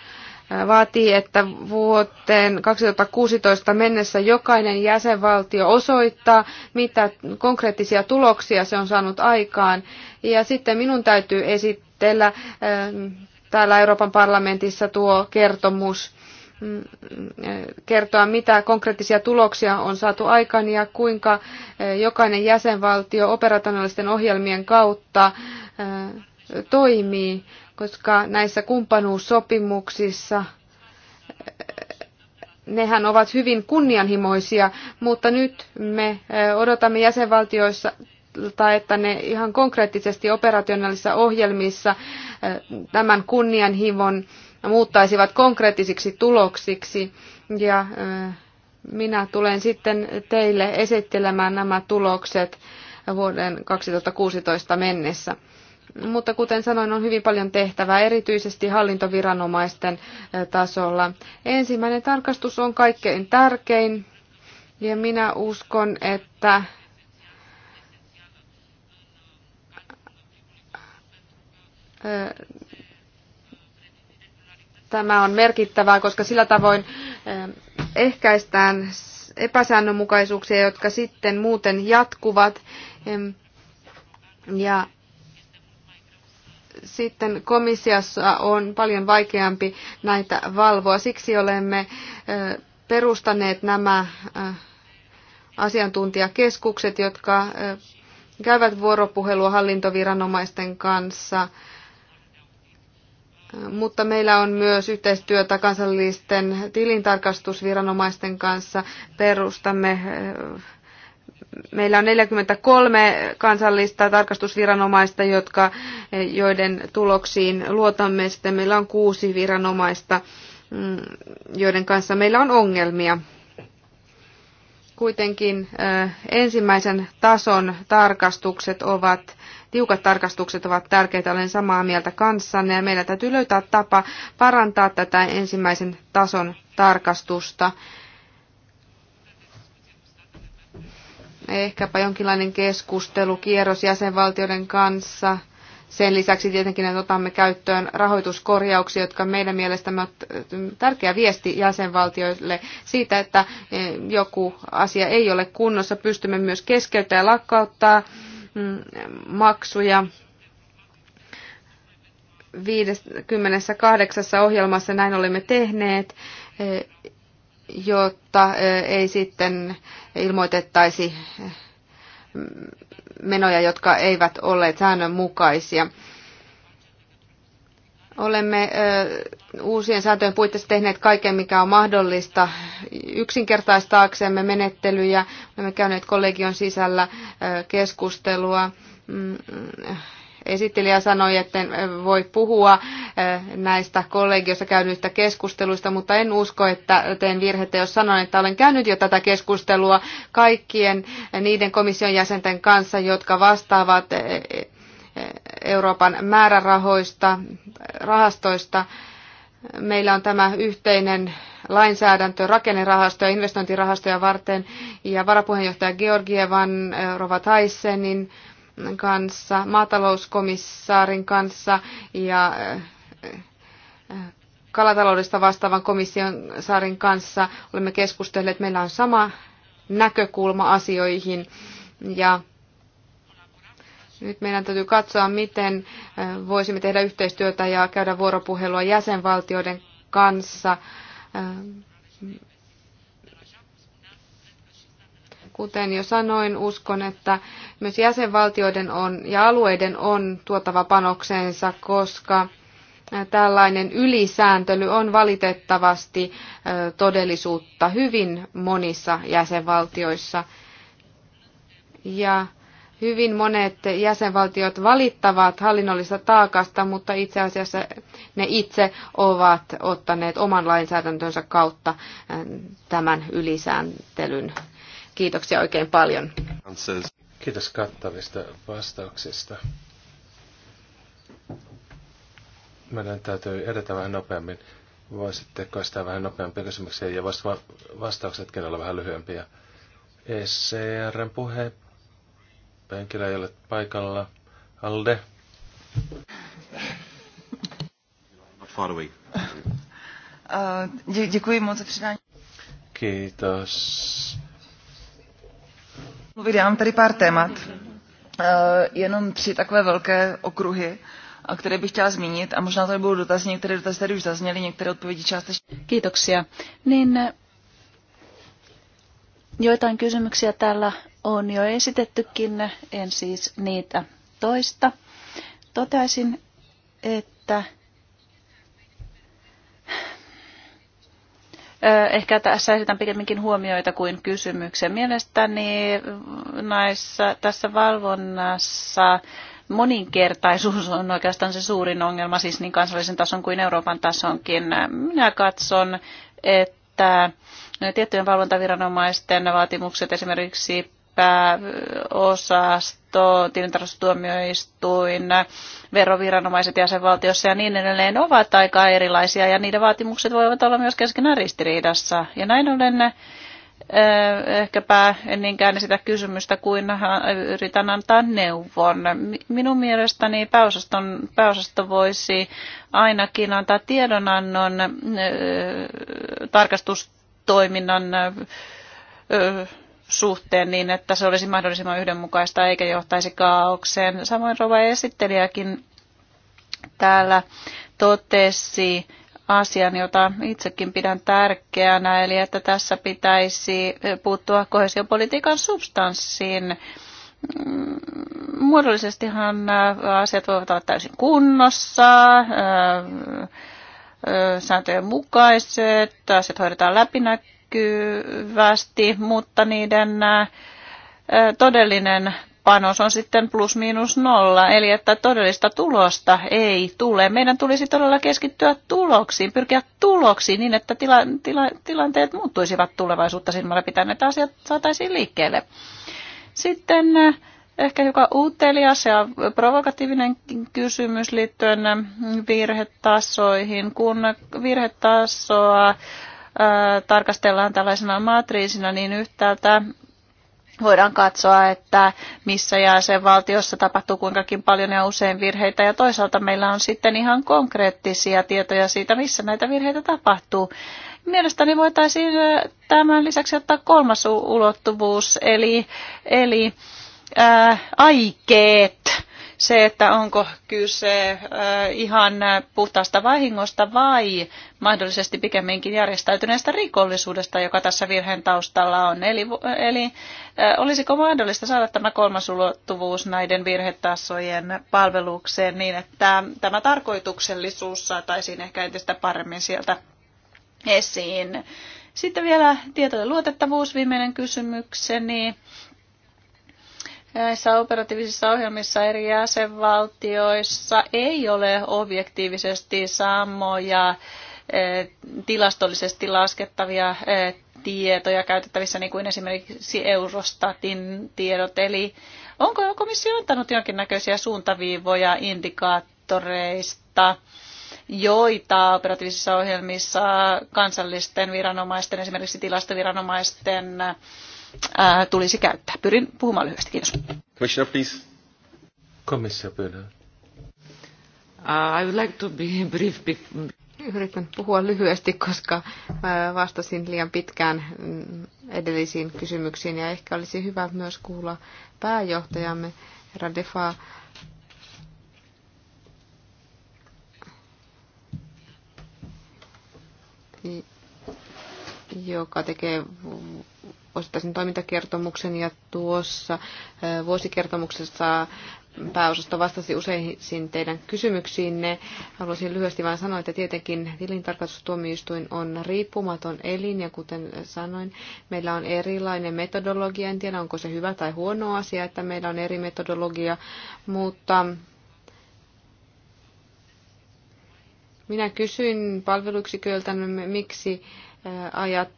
vaatii, että vuoteen 2016 mennessä jokainen jäsenvaltio osoittaa, mitä konkreettisia tuloksia se on saanut aikaan. Ja sitten minun täytyy esitellä täällä Euroopan parlamentissa tuo kertomus, kertoa mitä konkreettisia tuloksia on saatu aikaan ja kuinka jokainen jäsenvaltio operationaalisten ohjelmien kautta toimii koska näissä kumppanuussopimuksissa nehän ovat hyvin kunnianhimoisia, mutta nyt me e, odotamme jäsenvaltioissa tai että ne ihan konkreettisesti operationaalisissa ohjelmissa e, tämän kunnianhimon muuttaisivat konkreettisiksi tuloksiksi. Ja e, minä tulen sitten teille esittelemään nämä tulokset vuoden 2016 mennessä mutta kuten sanoin, on hyvin paljon tehtävää, erityisesti hallintoviranomaisten tasolla. Ensimmäinen tarkastus on kaikkein tärkein, ja minä uskon, että tämä on merkittävää, koska sillä tavoin ehkäistään epäsäännönmukaisuuksia, jotka sitten muuten jatkuvat. Ja sitten komissiossa on paljon vaikeampi näitä valvoa. Siksi olemme perustaneet nämä asiantuntijakeskukset, jotka käyvät vuoropuhelua hallintoviranomaisten kanssa. Mutta meillä on myös yhteistyötä kansallisten tilintarkastusviranomaisten kanssa. Perustamme Meillä on 43 kansallista tarkastusviranomaista, jotka, eh, joiden tuloksiin luotamme. Sitten meillä on kuusi viranomaista, mm, joiden kanssa meillä on ongelmia. Kuitenkin eh, ensimmäisen tason tarkastukset ovat tiukat tarkastukset ovat tärkeitä, olen samaa mieltä kanssanne ja meidän täytyy löytää tapa parantaa tätä ensimmäisen tason tarkastusta. ehkäpä jonkinlainen keskustelu kierros jäsenvaltioiden kanssa. Sen lisäksi tietenkin, että otamme käyttöön rahoituskorjauksia, jotka meidän mielestämme on tärkeä viesti jäsenvaltioille siitä, että joku asia ei ole kunnossa. Pystymme myös keskeyttämään ja lakkauttaa mm, maksuja. 58 ohjelmassa näin olemme tehneet jotta ei sitten ilmoitettaisi menoja, jotka eivät olleet säännönmukaisia. Olemme uusien sääntöjen puitteissa tehneet kaiken, mikä on mahdollista yksinkertaistaaksemme menettelyjä. Olemme käyneet kollegion sisällä keskustelua mm, esittelijä sanoi, että en äh, voi puhua äh, näistä kollegiossa käydyistä keskusteluista, mutta en usko, että teen virhettä, jos sanon, että olen käynyt jo tätä keskustelua kaikkien niiden komission jäsenten kanssa, jotka vastaavat äh, Euroopan määrärahoista, rahastoista. Meillä on tämä yhteinen lainsäädäntö ja investointirahastoja varten ja varapuheenjohtaja Georgievan, Rovataisenin kanssa, maatalouskomissaarin kanssa ja eh, kalataloudesta vastaavan komission saarin kanssa olemme keskustelleet. Meillä on sama näkökulma asioihin ja nyt meidän täytyy katsoa, miten eh, voisimme tehdä yhteistyötä ja käydä vuoropuhelua jäsenvaltioiden kanssa eh, Kuten jo sanoin, uskon, että myös jäsenvaltioiden on ja alueiden on tuotava panoksensa, koska tällainen ylisääntely on valitettavasti todellisuutta hyvin monissa jäsenvaltioissa. Ja hyvin monet jäsenvaltiot valittavat hallinnollista taakasta, mutta itse asiassa ne itse ovat ottaneet oman lainsäädäntönsä kautta tämän ylisääntelyn Kiitoksia oikein paljon. Kiitos kattavista vastauksista. Meidän täytyy edetä vähän nopeammin. Voisitte koistaa vähän nopeampia kysymyksiä ja vois vastauksetkin olla vähän lyhyempiä. ECRn puhe. Penkillä ei ole paikalla. Alde. Kiitos mluvit. Já mám tady pár témat, eh, jenom tři takové velké okruhy, které bych chtěla zmínit a možná tady budou dotazy, některé dotazy tady už zazněly, některé odpovědi částečně. Kiitoksia. Niin joitain kysymyksiä täällä on jo esitettykin, en siis niitä toista. Toteaisin, että Ehkä tässä esitän pikemminkin huomioita kuin kysymyksiä. Mielestäni näissä, tässä valvonnassa moninkertaisuus on oikeastaan se suurin ongelma, siis niin kansallisen tason kuin Euroopan tasonkin. Minä katson, että tiettyjen valvontaviranomaisten vaatimukset esimerkiksi pääosasto, tilintarkastustuomioistuin, veroviranomaiset jäsenvaltiossa ja niin edelleen ovat aika erilaisia ja niiden vaatimukset voivat olla myös keskenään ristiriidassa. Ja näin ollen eh, ehkäpä en niinkään sitä kysymystä kuin yritän antaa neuvon. Minun mielestäni pääosaston, pääosasto voisi ainakin antaa tiedonannon eh, tarkastustoiminnan eh, suhteen niin, että se olisi mahdollisimman yhdenmukaista eikä johtaisi kaaukseen. Samoin rova esittelijäkin täällä totesi asian, jota itsekin pidän tärkeänä, eli että tässä pitäisi puuttua kohesiopolitiikan substanssiin. Mm, muodollisestihan äh, asiat voivat olla täysin kunnossa, äh, äh, sääntöjen mukaiset, asiat hoidetaan läpinäkyvästi näkyvästi, mutta niiden todellinen panos on sitten plus miinus nolla, eli että todellista tulosta ei tule. Meidän tulisi todella keskittyä tuloksiin, pyrkiä tuloksiin niin, että tila, tila, tilanteet muuttuisivat tulevaisuutta silmällä pitäen, että asiat saataisiin liikkeelle. Sitten ehkä joka uutelias ja provokatiivinen kysymys liittyen virhetasoihin. Kun virhetasoa tarkastellaan tällaisena matriisina, niin yhtäältä voidaan katsoa, että missä jäsenvaltiossa tapahtuu kuinkakin paljon ja usein virheitä. Ja toisaalta meillä on sitten ihan konkreettisia tietoja siitä, missä näitä virheitä tapahtuu. Mielestäni voitaisiin tämän lisäksi ottaa kolmas ulottuvuus, eli, eli ää, aikeet se, että onko kyse eh, ihan puhtaasta vahingosta vai mahdollisesti pikemminkin järjestäytyneestä rikollisuudesta, joka tässä virheen taustalla on. Eli, eli eh, olisiko mahdollista saada tämä kolmas ulottuvuus näiden virhetasojen palvelukseen niin, että tämä tarkoituksellisuus saataisiin ehkä entistä paremmin sieltä esiin. Sitten vielä tietojen luotettavuus, viimeinen kysymykseni näissä operatiivisissa ohjelmissa eri jäsenvaltioissa ei ole objektiivisesti samoja e, tilastollisesti laskettavia e, tietoja käytettävissä, niin kuin esimerkiksi Eurostatin tiedot. Eli onko komissio antanut jonkinnäköisiä suuntaviivoja indikaattoreista, joita operatiivisissa ohjelmissa kansallisten viranomaisten, esimerkiksi tilastoviranomaisten Äh, tulisi käyttää. Pyrin puhumaan lyhyesti. Kiitos. Commissioner, please. Komissio Uh, I would like to be brief. Yritän puhua lyhyesti, koska äh, vastasin liian pitkään mm, edellisiin kysymyksiin ja ehkä olisi hyvä myös kuulla pääjohtajamme Radefa. joka tekee osittaisen toimintakertomuksen ja tuossa vuosikertomuksessa pääosasto vastasi useisiin teidän kysymyksiinne. Haluaisin lyhyesti vain sanoa, että tietenkin tilintarkastustuomioistuin on riippumaton elin ja kuten sanoin, meillä on erilainen metodologia. En tiedä, onko se hyvä tai huono asia, että meillä on eri metodologia, mutta minä kysyin palveluyksiköiltä, niin miksi ajat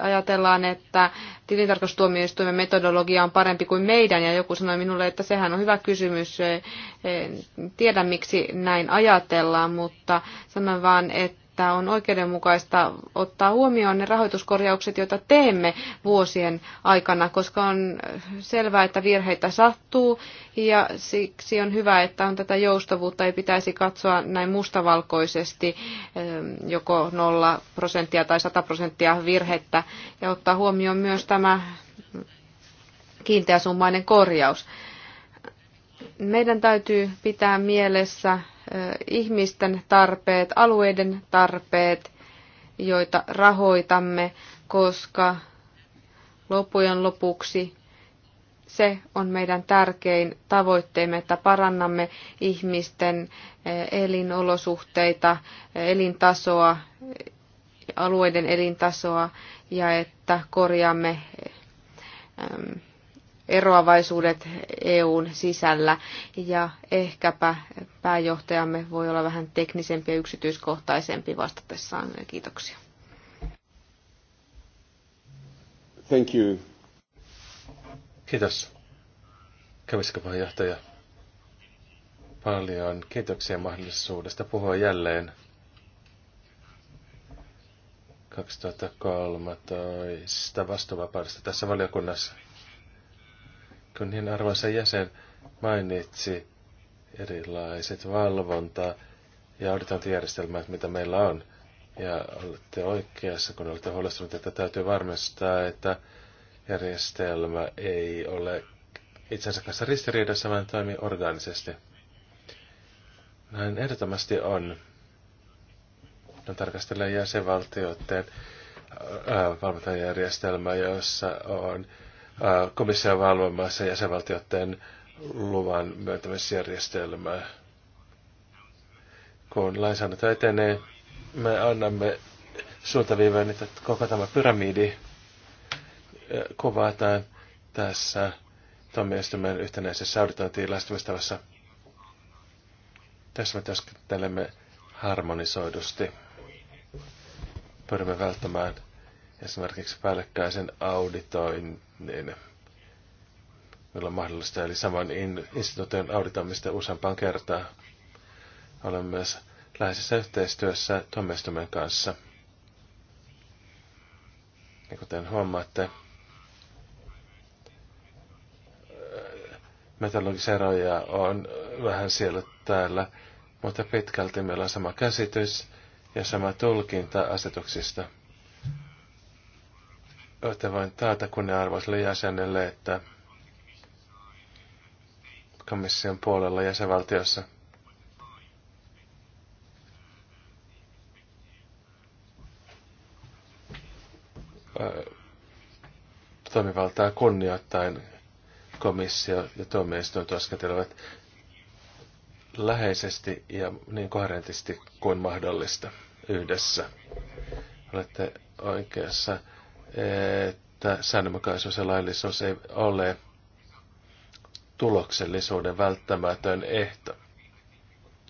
ajatellaan, että tilintarkastustuomioistuimen metodologia on parempi kuin meidän, ja joku sanoi minulle, että sehän on hyvä kysymys. En tiedä, miksi näin ajatellaan, mutta sanon vaan, että että on oikeudenmukaista ottaa huomioon ne rahoituskorjaukset, joita teemme vuosien aikana, koska on selvää, että virheitä sattuu ja siksi on hyvä, että on tätä joustavuutta, ei pitäisi katsoa näin mustavalkoisesti ähm, joko nolla prosenttia tai sata prosenttia virhettä ja ottaa huomioon myös tämä kiinteäsummainen korjaus. Meidän täytyy pitää mielessä ihmisten tarpeet, alueiden tarpeet, joita rahoitamme, koska loppujen lopuksi se on meidän tärkein tavoitteemme, että parannamme ihmisten elinolosuhteita, elintasoa, alueiden elintasoa ja että korjaamme eroavaisuudet EUn sisällä ja ehkäpä pääjohtajamme voi olla vähän teknisempi ja yksityiskohtaisempi vastatessaan. Kiitoksia. Thank you. Kiitos. Kävisikö puheenjohtaja? Paljon kiitoksia mahdollisuudesta puhua jälleen. 2013 vastuvapaudesta tässä valiokunnassa kun niin arvoisa jäsen mainitsi erilaiset valvonta- ja auditointijärjestelmät, mitä meillä on. Ja olette oikeassa, kun olette huolestunut, että täytyy varmistaa, että järjestelmä ei ole itsensä kanssa ristiriidassa, vaan toimii organisesti. Näin ehdottomasti on. Ne tarkastelee jäsenvaltioiden valvontajärjestelmä, jossa on Äh, komission valvomassa jäsenvaltioiden luvan myöntämisjärjestelmää. Kun lainsäädäntö etenee, me annamme suuntaviivoja, että koko tämä pyramidi äh, kuvataan tässä tuomioistuimen yhtenäisessä auditointiin lähestymistavassa. Tässä me työskentelemme harmonisoidusti. Pyrimme välttämään esimerkiksi päällekkäisen auditoin niin meillä on mahdollista. Eli saman instituution auditoimista useampaan kertaan. Olemme myös läheisessä yhteistyössä tuomioistuimen kanssa. Ja kuten huomaatte, eroja on vähän siellä täällä, mutta pitkälti meillä on sama käsitys ja sama tulkinta asetuksista – Joten vain taata kunnianarvoiselle jäsenelle, että komission puolella jäsenvaltiossa toimivaltaa kunnioittain komissio ja tuomioistuin työskentelevät läheisesti ja niin koherentisti kuin mahdollista yhdessä. Olette oikeassa että säännönmukaisuus ja laillisuus ei ole tuloksellisuuden välttämätön ehto.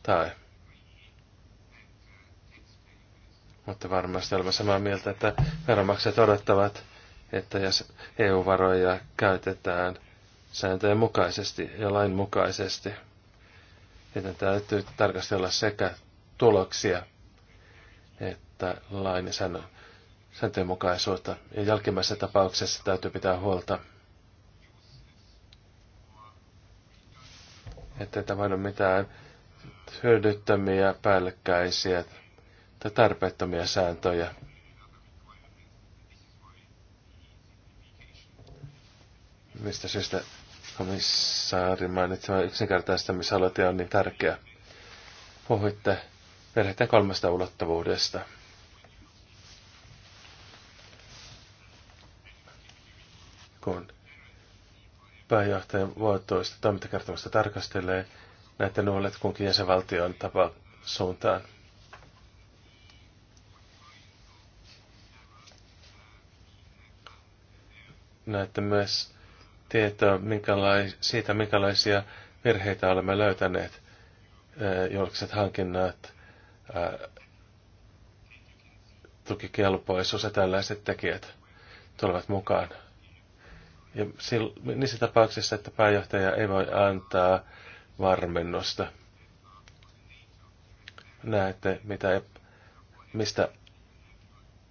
Tai. Mutta varmasti olemme samaa mieltä, että veronmaksajat odottavat, että jos EU-varoja käytetään sääntöjen mukaisesti ja lain mukaisesti, niin täytyy tarkastella sekä tuloksia että lain ja sääntöjenmukaisuutta. Ja jälkimmäisessä tapauksessa täytyy pitää huolta, ettei tämä ole mitään hyödyttömiä, päällekkäisiä tai tarpeettomia sääntöjä. Mistä syystä komissaari mainitsema yksinkertaistamisaloite on niin tärkeä? Puhuitte perheiden kolmesta ulottuvuudesta – kun pääjohtajan vuotoista toimintakertomusta tarkastelee näiden nuolet kunkin jäsenvaltion tapa suuntaan. Näette myös tietoa minkälai, siitä, minkälaisia virheitä olemme löytäneet. Eh, julkiset hankinnat, eh, tukikelpoisuus ja tällaiset tekijät tulevat mukaan. Ja niissä tapauksissa, että pääjohtaja ei voi antaa varmennosta. Näette, mitä, mistä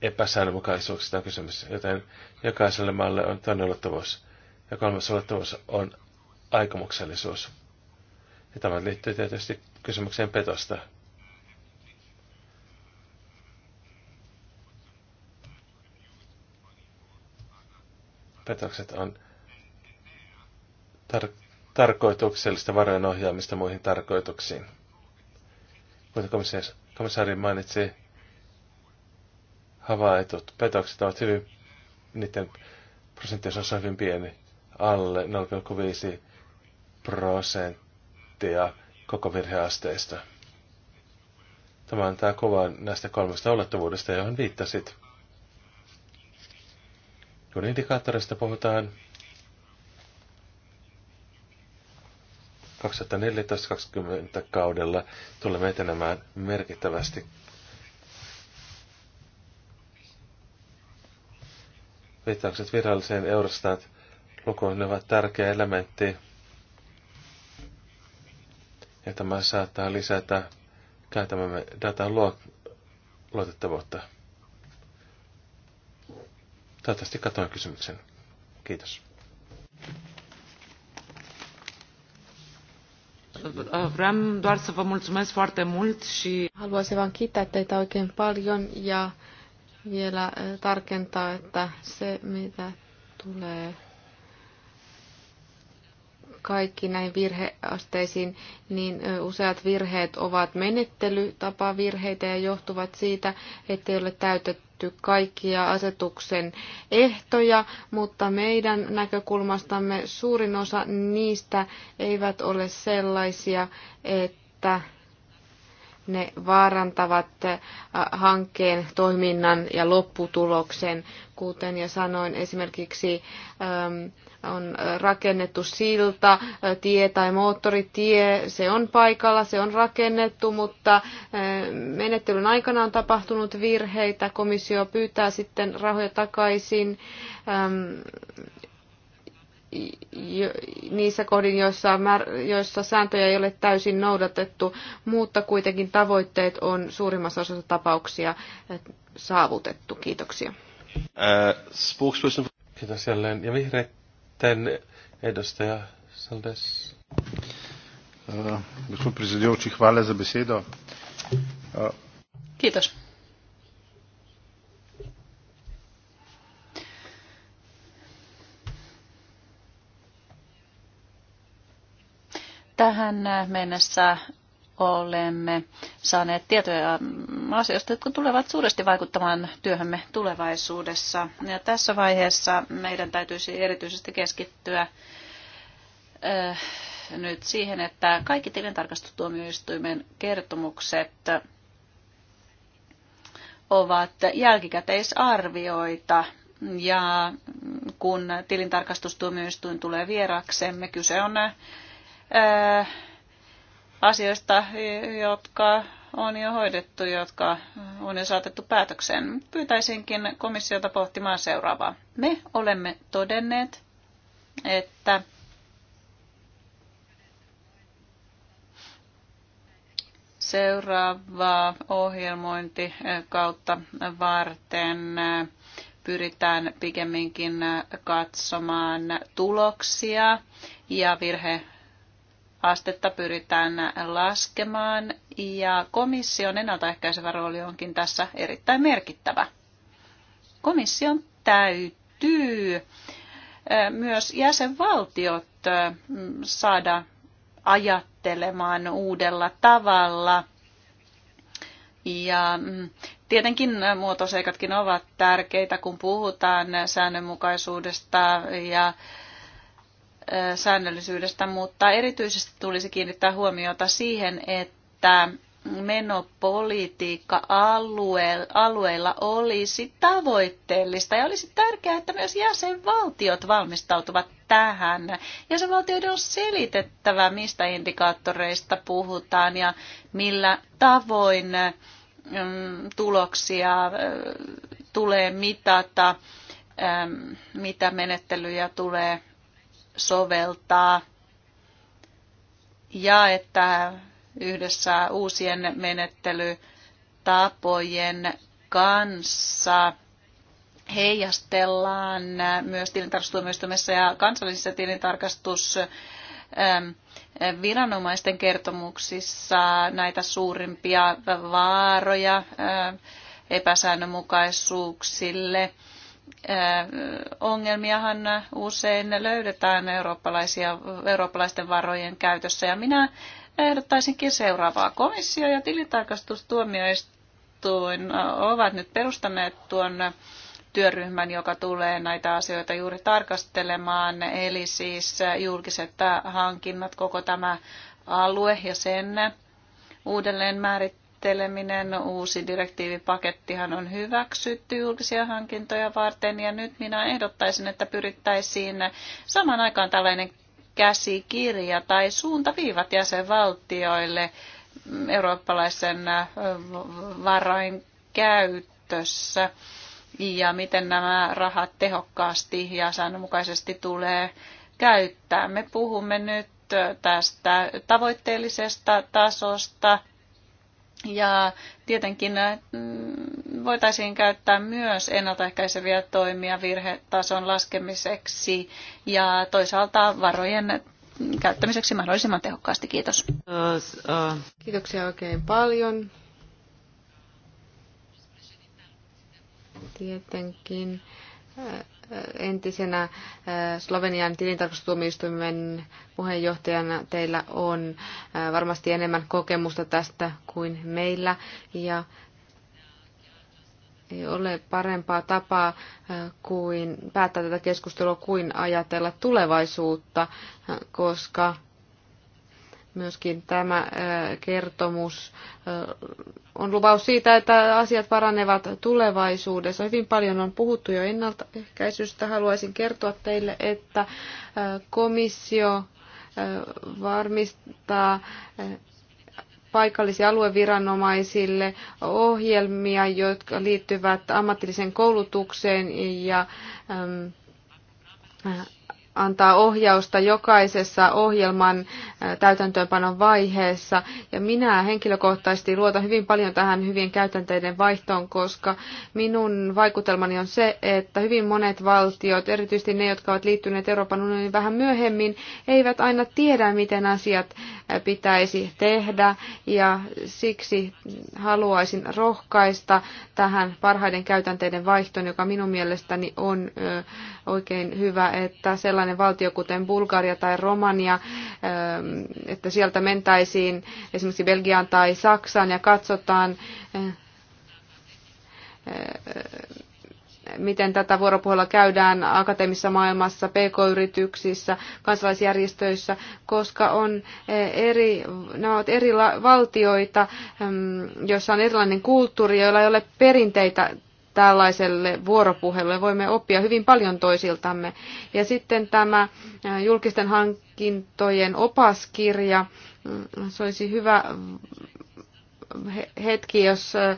epäsäännönmukaisuuksista on kysymys, joten jokaiselle maalle on toinen ulottuvuus. Ja kolmas ulottuvuus on aikomuksellisuus. Ja tämä liittyy tietysti kysymykseen petosta. petokset on tar- tarkoituksellista varojen ohjaamista muihin tarkoituksiin. Kuten komissaari mainitsi, havaitut petokset ovat hyvin, niiden prosenttiosuus on hyvin pieni, alle 0,5 prosenttia koko virheasteista. Tämä antaa kuvan näistä kolmesta ulottuvuudesta, johon viittasit. Kun indikaattoreista puhutaan 2014-2020 kaudella tulemme etenemään merkittävästi. Viittaukset viralliseen Eurostat lukuun ovat tärkeä elementti. Ja tämä saattaa lisätä käytämämme datan luotettavuutta. Toivottavasti katoin kysymyksen. Kiitos. Vreau doar să vă mulțumesc foarte mult și... Haluaisin vain kiittää teitä oikein paljon ja vielä tarkentaa, että se mitä tulee kaikki näihin virheasteisiin, niin useat virheet ovat menettelytapavirheitä ja johtuvat siitä, ei ole täytetty kaikkia asetuksen ehtoja, mutta meidän näkökulmastamme suurin osa niistä eivät ole sellaisia, että ne vaarantavat hankkeen toiminnan ja lopputuloksen, kuten ja sanoin esimerkiksi ähm, on rakennettu silta, tie tai moottoritie, se on paikalla, se on rakennettu, mutta menettelyn aikana on tapahtunut virheitä, komissio pyytää sitten rahoja takaisin niissä kohdin, joissa, joissa sääntöjä ei ole täysin noudatettu, mutta kuitenkin tavoitteet on suurimmassa osassa tapauksia saavutettu. Kiitoksia. Äh, Kiitos jälleen. Ja vihreät Ten edustaja Saldes. Uh, gospod predsedujoči, hvala za besedo. Uh. Kiitos. Tähän mennessä olemme saaneet tietoja asioista, jotka tulevat suuresti vaikuttamaan työhömme tulevaisuudessa. Ja tässä vaiheessa meidän täytyisi erityisesti keskittyä äh, nyt siihen, että kaikki tilintarkastustuomioistuimen kertomukset ovat jälkikäteisarvioita ja kun tilintarkastustuomioistuin tulee vieraksemme, kyse on äh, asioista, jotka on jo hoidettu, jotka on jo saatettu päätökseen. Pyytäisinkin komissiota pohtimaan seuraavaa. Me olemme todenneet, että seuraava ohjelmointi kautta varten pyritään pikemminkin katsomaan tuloksia ja virhe astetta pyritään laskemaan ja komission ennaltaehkäisevä rooli onkin tässä erittäin merkittävä. Komission täytyy myös jäsenvaltiot saada ajattelemaan uudella tavalla. Ja mm, tietenkin muotoseikatkin ovat tärkeitä, kun puhutaan säännönmukaisuudesta ja säännöllisyydestä, mutta erityisesti tulisi kiinnittää huomiota siihen, että menopolitiikka alueilla olisi tavoitteellista ja olisi tärkeää, että myös jäsenvaltiot valmistautuvat tähän. Jäsenvaltioiden on selitettävä, mistä indikaattoreista puhutaan ja millä tavoin mm, tuloksia tulee mitata, mitä menettelyjä tulee soveltaa ja että yhdessä uusien menettelytapojen kanssa heijastellaan myös tilintarkastustuomioistuimessa ja kansallisissa tilintarkastus ähm, viranomaisten kertomuksissa näitä suurimpia vaaroja äh, epäsäännönmukaisuuksille ongelmiahan usein löydetään eurooppalaisia, eurooppalaisten varojen käytössä. Ja minä ehdottaisinkin seuraavaa. Komissio ja tilintarkastustuomioistuin ovat nyt perustaneet tuon työryhmän, joka tulee näitä asioita juuri tarkastelemaan, eli siis julkiset hankinnat, koko tämä alue ja sen uudelleen määrittely käsitteleminen. uusi direktiivipakettihan on hyväksytty julkisia hankintoja varten ja nyt minä ehdottaisin, että pyrittäisiin saman aikaan tällainen käsikirja tai suuntaviivat jäsenvaltioille eurooppalaisen varain käytössä ja miten nämä rahat tehokkaasti ja säännönmukaisesti tulee käyttää. Me puhumme nyt tästä tavoitteellisesta tasosta, ja tietenkin äh, mm, voitaisiin käyttää myös ennaltaehkäiseviä toimia virhetason laskemiseksi ja toisaalta varojen käyttämiseksi mahdollisimman tehokkaasti. Kiitos. Kiitoksia oikein paljon. Tietenkin äh, entisenä äh, Slovenian tilintarkastustuomioistuimen puheenjohtajana teillä on äh, varmasti enemmän kokemusta tästä kuin meillä. Ja ei ole parempaa tapaa äh, kuin päättää tätä keskustelua kuin ajatella tulevaisuutta, koska myöskin tämä äh, kertomus äh, on lupaus siitä, että asiat paranevat tulevaisuudessa. Hyvin paljon on puhuttu jo ennaltaehkäisystä. Haluaisin kertoa teille, että äh, komissio varmistaa paikallisia alueviranomaisille ohjelmia, jotka liittyvät ammatilliseen koulutukseen ja antaa ohjausta jokaisessa ohjelman täytäntöönpanon vaiheessa. Ja minä henkilökohtaisesti luotan hyvin paljon tähän hyvien käytänteiden vaihtoon, koska minun vaikutelmani on se, että hyvin monet valtiot, erityisesti ne, jotka ovat liittyneet Euroopan unioniin vähän myöhemmin, eivät aina tiedä, miten asiat pitäisi tehdä ja siksi haluaisin rohkaista tähän parhaiden käytänteiden vaihtoon, joka minun mielestäni on oikein hyvä, että sellainen valtio kuten Bulgaria tai Romania, että sieltä mentäisiin esimerkiksi Belgiaan tai Saksaan ja katsotaan, miten tätä vuoropuhelua käydään akateemisessa maailmassa, pk-yrityksissä, kansalaisjärjestöissä, koska on e, eri, nämä ovat eri valtioita, mm, joissa on erilainen kulttuuri, joilla ei ole perinteitä tällaiselle vuoropuhelulle. Voimme oppia hyvin paljon toisiltamme. Ja sitten tämä e, julkisten hankintojen opaskirja, mm, se olisi hyvä hetki, jos e,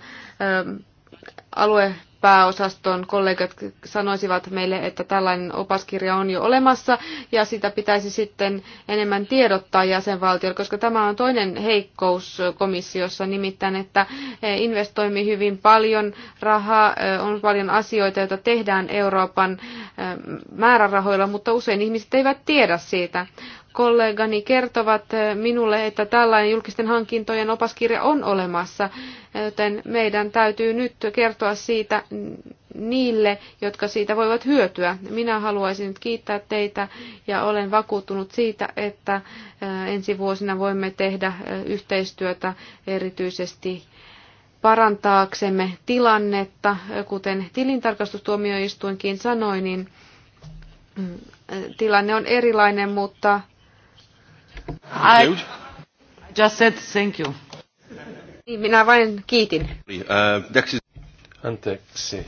aluepääosaston kollegat sanoisivat meille, että tällainen opaskirja on jo olemassa ja sitä pitäisi sitten enemmän tiedottaa jäsenvaltioille, koska tämä on toinen heikkous komissiossa, nimittäin että eh, investoimme hyvin paljon rahaa, eh, on paljon asioita, joita tehdään Euroopan eh, määrärahoilla, mutta usein ihmiset eivät tiedä siitä kollegani kertovat eh, minulle, että tällainen julkisten hankintojen opaskirja on olemassa, joten meidän täytyy nyt kertoa siitä niille, jotka siitä voivat hyötyä. Minä haluaisin nyt kiittää teitä ja olen vakuuttunut siitä, että eh, ensi vuosina voimme tehdä eh, yhteistyötä erityisesti parantaaksemme tilannetta. Kuten tilintarkastustuomioistuinkin sanoi, niin mm, tilanne on erilainen, mutta I just said thank you. Niin, minä vain kiitin. Uh, Anteeksi.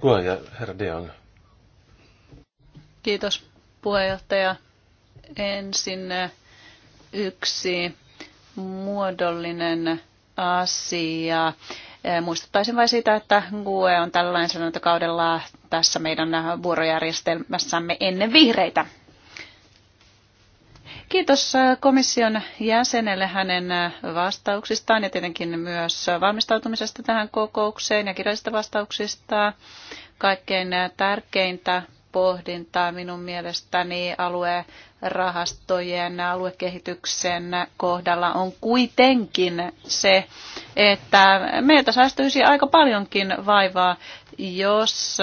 Kuoja, herra Deon. Kiitos puheenjohtaja. Ensin äh, yksi muodollinen asia. Äh, muistuttaisin vain siitä, että GUE on tällainen lainsäädäntökaudella tässä meidän vuorojärjestelmässämme ennen vihreitä. Kiitos äh, komission jäsenelle hänen äh, vastauksistaan ja tietenkin myös valmistautumisesta tähän kokoukseen ja kirjallisista vastauksista. Kaikkein äh, tärkeintä pohdintaa minun mielestäni aluerahastojen aluekehityksen kohdalla on kuitenkin se, että meiltä säästyisi aika paljonkin vaivaa, jos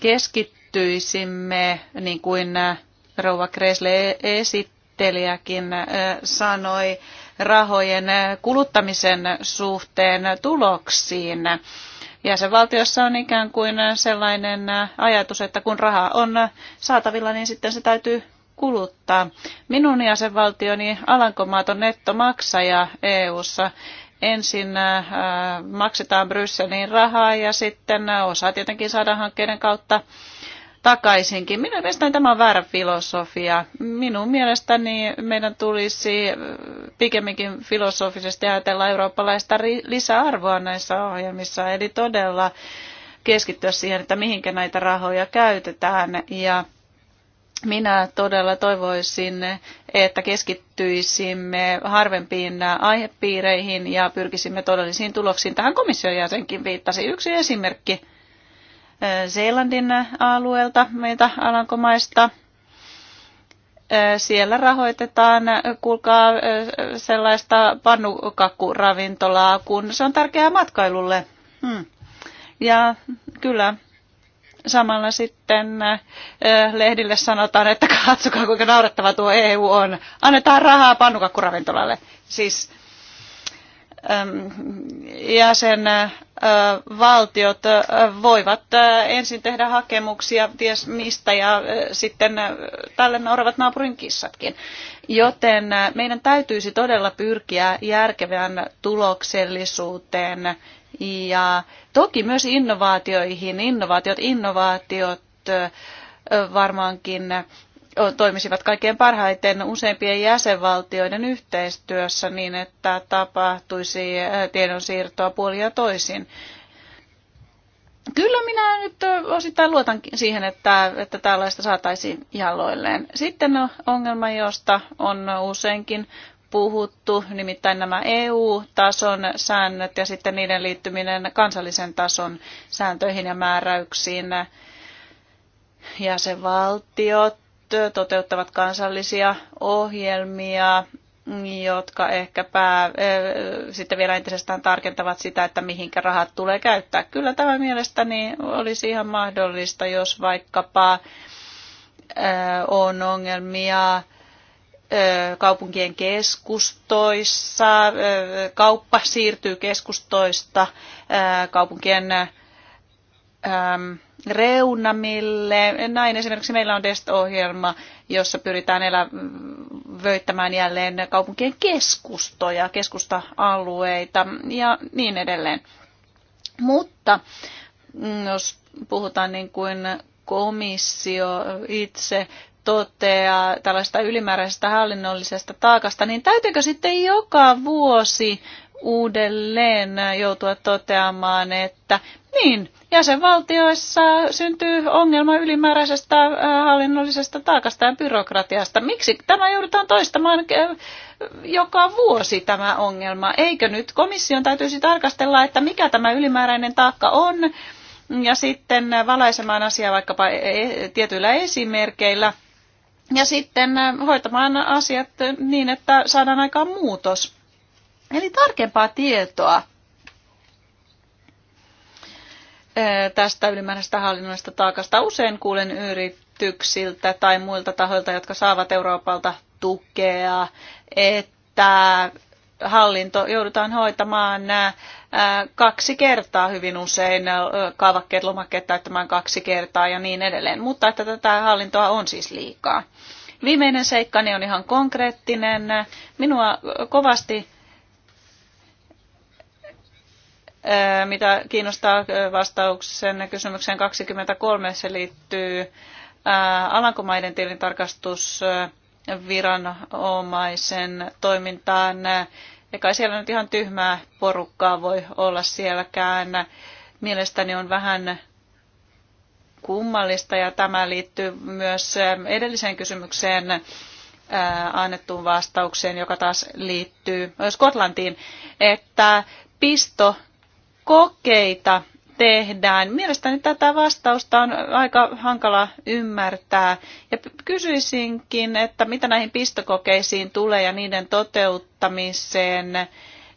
keskittyisimme niin kuin rouva Kresle esittelijäkin sanoi rahojen kuluttamisen suhteen tuloksiin. Jäsenvaltiossa on ikään kuin sellainen ajatus, että kun raha on saatavilla, niin sitten se täytyy kuluttaa. Minun jäsenvaltioni Alankomaat on nettomaksaja EU-ssa ensin maksetaan Brysseliin rahaa ja sitten osa tietenkin saadaan hankkeiden kautta takaisinkin. Minun mielestäni tämä on väärä filosofia. Minun mielestäni meidän tulisi äh, pikemminkin filosofisesti ajatella eurooppalaista lisäarvoa näissä ohjelmissa, eli todella keskittyä siihen, että mihinkä näitä rahoja käytetään ja minä todella toivoisin, että keskittyisimme harvempiin aihepiireihin ja pyrkisimme todellisiin tuloksiin. Tähän komission jäsenkin viittasi yksi esimerkki Zeelandin alueelta, meitä Alankomaista. Siellä rahoitetaan, kuulkaa, sellaista pannukakkuravintolaa, kun se on tärkeää matkailulle. Hmm. Ja kyllä, samalla sitten lehdille sanotaan, että (laughs) katsokaa kuinka naurettava tuo EU on. Annetaan rahaa pannukakkuravintolalle. Siis Ähm, jäsenvaltiot äh, äh, voivat äh, ensin tehdä hakemuksia ties mistä ja sitten tälle nauravat naapurin kissatkin. Joten meidän täytyisi todella pyrkiä järkevään tuloksellisuuteen ja toki myös innovaatioihin. Innovaatiot, innovaatiot varmaankin toimisivat kaikkein parhaiten useimpien jäsenvaltioiden yhteistyössä niin, että tapahtuisi tiedonsiirtoa puolia ja toisin. Kyllä minä nyt osittain luotan siihen, että, että tällaista saataisiin jaloilleen. Sitten ongelma, josta on useinkin puhuttu, nimittäin nämä EU-tason säännöt ja sitten niiden liittyminen kansallisen tason sääntöihin ja määräyksiin. Jäsenvaltiot toteuttavat kansallisia ohjelmia, jotka ehkäpä äh, sitten vielä entisestään tarkentavat sitä, että mihinkä rahat tulee käyttää. Kyllä tämä mielestäni olisi ihan mahdollista, jos vaikkapa äh, on ongelmia kaupunkien keskustoissa, kauppa siirtyy keskustoista kaupunkien reunamille. Näin esimerkiksi meillä on DEST-ohjelma, jossa pyritään elävöittämään jälleen kaupunkien keskustoja, keskusta-alueita ja niin edelleen. Mutta mm, jos puhutaan niin kuin komissio itse toteaa tällaista ylimääräisestä hallinnollisesta taakasta, niin täytyykö sitten joka vuosi uudelleen joutua toteamaan, että niin, jäsenvaltioissa syntyy ongelma ylimääräisestä äh, hallinnollisesta taakasta ja byrokratiasta. Miksi tämä joudutaan toistamaan äh, joka vuosi tämä ongelma? Eikö nyt komission täytyisi tarkastella, että mikä tämä ylimääräinen taakka on, ja sitten valaisemaan asiaa vaikkapa e, e, tietyillä esimerkkeillä, ja sitten äh, hoitamaan asiat niin, että saadaan aikaan muutos. Eli tarkempaa tietoa tästä ylimääräisestä hallinnollisesta taakasta usein kuulen yrityksiltä tai muilta tahoilta, jotka saavat Euroopalta tukea, että hallinto joudutaan hoitamaan kaksi kertaa hyvin usein, kaavakkeet, lomakkeet täyttämään kaksi kertaa ja niin edelleen, mutta että tätä hallintoa on siis liikaa. Viimeinen seikkani on ihan konkreettinen. Minua kovasti mitä kiinnostaa vastauksen kysymykseen 23, se liittyy Alankomaiden tilintarkastusviranomaisen toimintaan. Eikä siellä nyt ihan tyhmää porukkaa voi olla sielläkään. Mielestäni on vähän kummallista ja tämä liittyy myös edelliseen kysymykseen annettuun vastaukseen, joka taas liittyy Skotlantiin, että pisto kokeita tehdään. Mielestäni tätä vastausta on aika hankala ymmärtää. Ja kysyisinkin, että mitä näihin pistokokeisiin tulee ja niiden toteuttamiseen,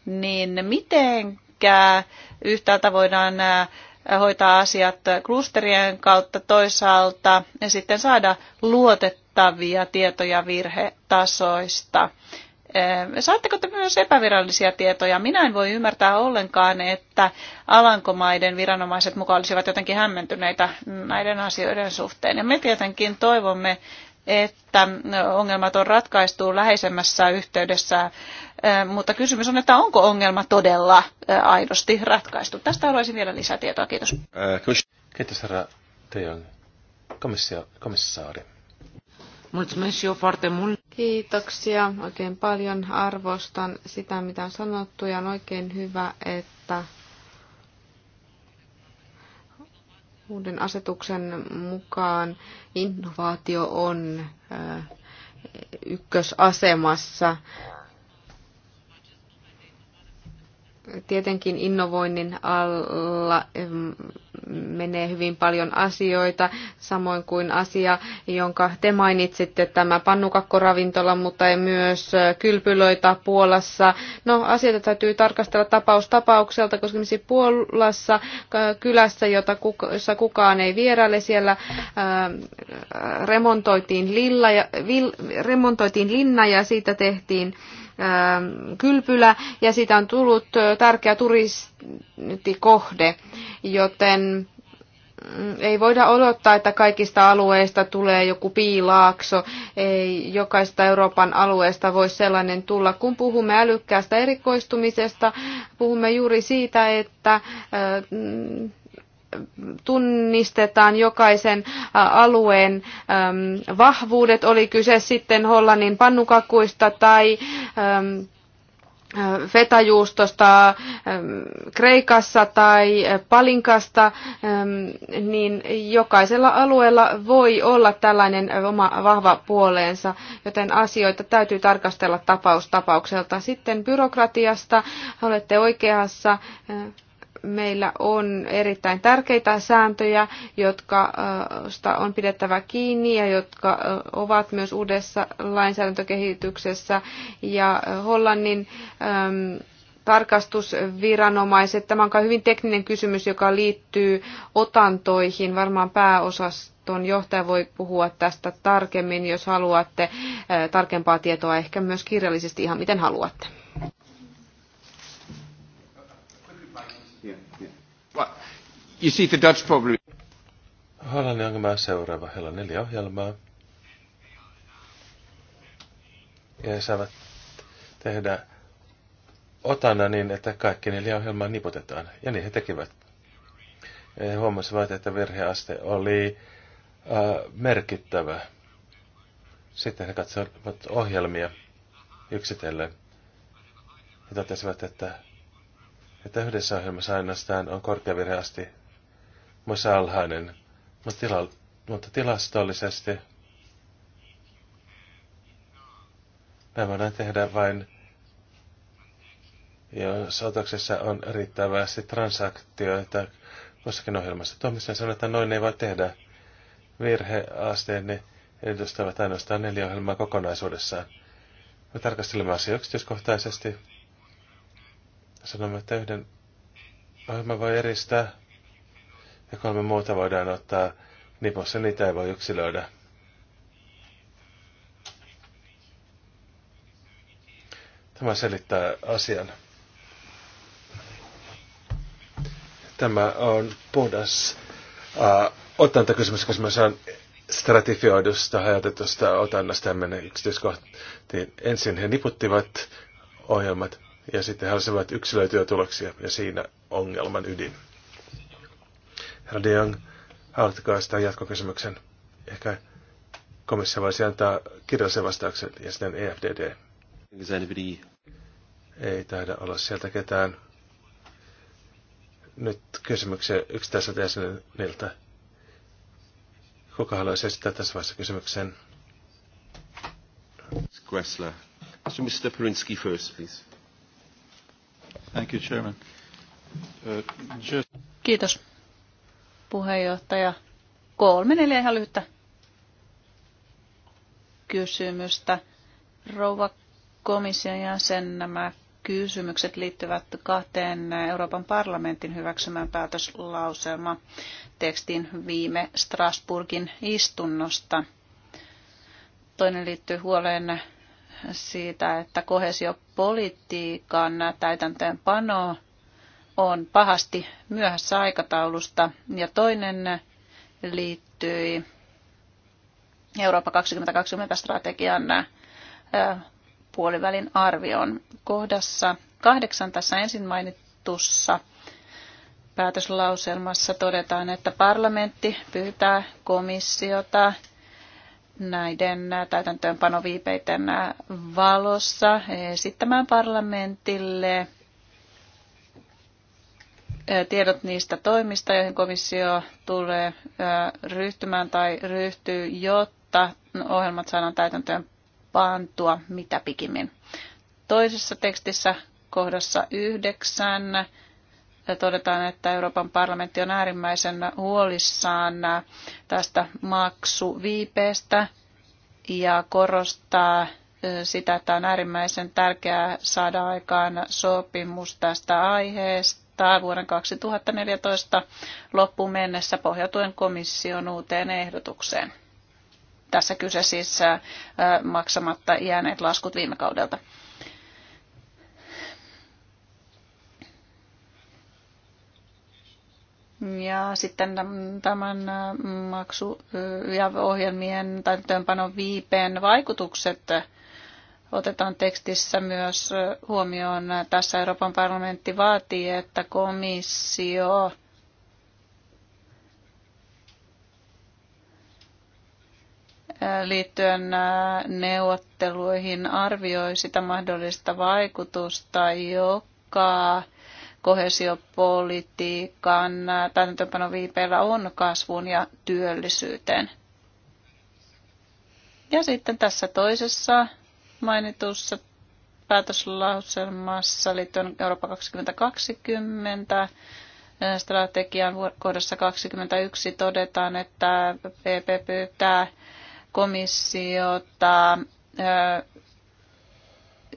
niin mitenkä yhtäältä voidaan hoitaa asiat klusterien kautta toisaalta ja sitten saada luotettavia tietoja virhetasoista. Saatteko te myös epävirallisia tietoja? Minä en voi ymmärtää ollenkaan, että Alankomaiden viranomaiset mukaan olisivat jotenkin hämmentyneitä näiden asioiden suhteen. Ja me tietenkin toivomme, että ongelmat on ratkaistu läheisemmässä yhteydessä, mutta kysymys on, että onko ongelma todella aidosti ratkaistu. Tästä haluaisin vielä lisää tietoa. Kiitos. Kiitos herra Teijon, komissaari. Mulțumesc eu foarte mult. Kiitoksia oikein paljon. Arvostan sitä, mitä on sanottu ja on oikein hyvä, että uuden asetuksen mukaan innovaatio on ykkösasemassa tietenkin innovoinnin alla menee hyvin paljon asioita, samoin kuin asia, jonka te mainitsitte, tämä pannukakkoravintola, mutta ei myös kylpylöitä Puolassa. No, asioita täytyy tarkastella tapaus tapaukselta, koska esimerkiksi Puolassa kylässä, jota kuka, jossa kukaan ei vieraile, siellä ää, remontoitiin, lilla ja, vil, remontoitiin linna ja siitä tehtiin Ähm, kylpylä ja siitä on tullut tärkeä turistikohde, joten mm, ei voida odottaa, että kaikista alueista tulee joku piilaakso. Ei jokaista Euroopan alueesta voi sellainen tulla. Kun puhumme älykkäästä erikoistumisesta, puhumme juuri siitä, että mm, tunnistetaan jokaisen alueen vahvuudet, oli kyse sitten Hollannin pannukakuista tai fetajuustosta Kreikassa tai Palinkasta, niin jokaisella alueella voi olla tällainen oma vahva puoleensa, joten asioita täytyy tarkastella tapaus tapaukselta. Sitten byrokratiasta olette oikeassa meillä on erittäin tärkeitä sääntöjä, jotka on pidettävä kiinni ja jotka ovat myös uudessa lainsäädäntökehityksessä. Ja Hollannin tarkastusviranomaiset, tämä on hyvin tekninen kysymys, joka liittyy otantoihin, varmaan pääosaston johtaja voi puhua tästä tarkemmin, jos haluatte tarkempaa tietoa, ehkä myös kirjallisesti ihan miten haluatte. You see the Dutch problem. Hollannin ongelma seuraava. Hella neljä ohjelmaa. Ja he saavat tehdä otana niin, että kaikki neljä ohjelmaa niputetaan. Ja niin he tekivät. Ja he huomasivat, että virheaste oli äh, merkittävä. Sitten he katsoivat ohjelmia yksitellen. He totesivat, että, että yhdessä ohjelmassa ainoastaan on korkea virheaste muissa alhainen, mutta, tila, mutta tilastollisesti me voidaan tehdä vain, jos otoksessa on riittävästi transaktioita kussakin ohjelmassa. Tuomisen sanoi, että noin ei voi tehdä niin edustavat ainoastaan neljä ohjelmaa kokonaisuudessaan. Me tarkastelemme asiaa yksityiskohtaisesti. Sanomme, että yhden ohjelman voi eristää ja kolme muuta voidaan ottaa nipossa, niitä ei voi yksilöidä. Tämä selittää asian. Tämä on puhdas uh, äh, ottantakysymys, koska mä saan stratifioidusta, hajautetusta otannasta ja mennä yksityiskohtiin. Ensin he niputtivat ohjelmat ja sitten he halusivat yksilöityjä tuloksia ja siinä ongelman ydin. Herra de Jong, haluatteko sitä jatkokysymyksen? Ehkä komissio voisi antaa kirjallisen vastauksen ja sitten EFDD. Ei taida olla sieltä ketään. Nyt kysymyksiä yksittäiseltä jäseniltä. Kuka haluaisi esittää tässä vaiheessa kysymyksen? Gressler. So Mr. Perinsky first, please. Thank you, Chairman. Uh, just... Kiitos puheenjohtaja. Kolme, neljä ihan lyhyttä kysymystä. Rouva komission jäsen, nämä kysymykset liittyvät kahteen Euroopan parlamentin hyväksymään päätöslauselma tekstin viime Strasburgin istunnosta. Toinen liittyy huoleen siitä, että kohesiopolitiikan täytäntöönpano on pahasti myöhässä aikataulusta. Ja toinen liittyi Eurooppa 2020-strategian äh, puolivälin arvioon. Kohdassa kahdeksan tässä ensin mainitussa päätöslauselmassa todetaan, että parlamentti pyytää komissiota näiden täytäntöönpanoviipeiden valossa esittämään parlamentille tiedot niistä toimista, joihin komissio tulee ryhtymään tai ryhtyy, jotta ohjelmat saadaan täytäntöön pantua mitä pikimmin. Toisessa tekstissä kohdassa yhdeksän todetaan, että Euroopan parlamentti on äärimmäisen huolissaan tästä maksuviipeestä ja korostaa sitä, että on äärimmäisen tärkeää saada aikaan sopimus tästä aiheesta saattaa vuoden 2014 loppuun mennessä pohjautuen komission uuteen ehdotukseen. Tässä kyse siis maksamatta jääneet laskut viime kaudelta. Ja sitten tämän maksu- ja ohjelmien täytäntöönpanon viipeen vaikutukset otetaan tekstissä myös huomioon. Tässä Euroopan parlamentti vaatii, että komissio liittyen neuvotteluihin arvioi sitä mahdollista vaikutusta, joka kohesiopolitiikan viipeillä on kasvuun ja työllisyyteen. Ja sitten tässä toisessa mainitussa päätöslauselmassa liittyen Eurooppa 2020 strategian kohdassa 21 todetaan, että PP pyytää komissiota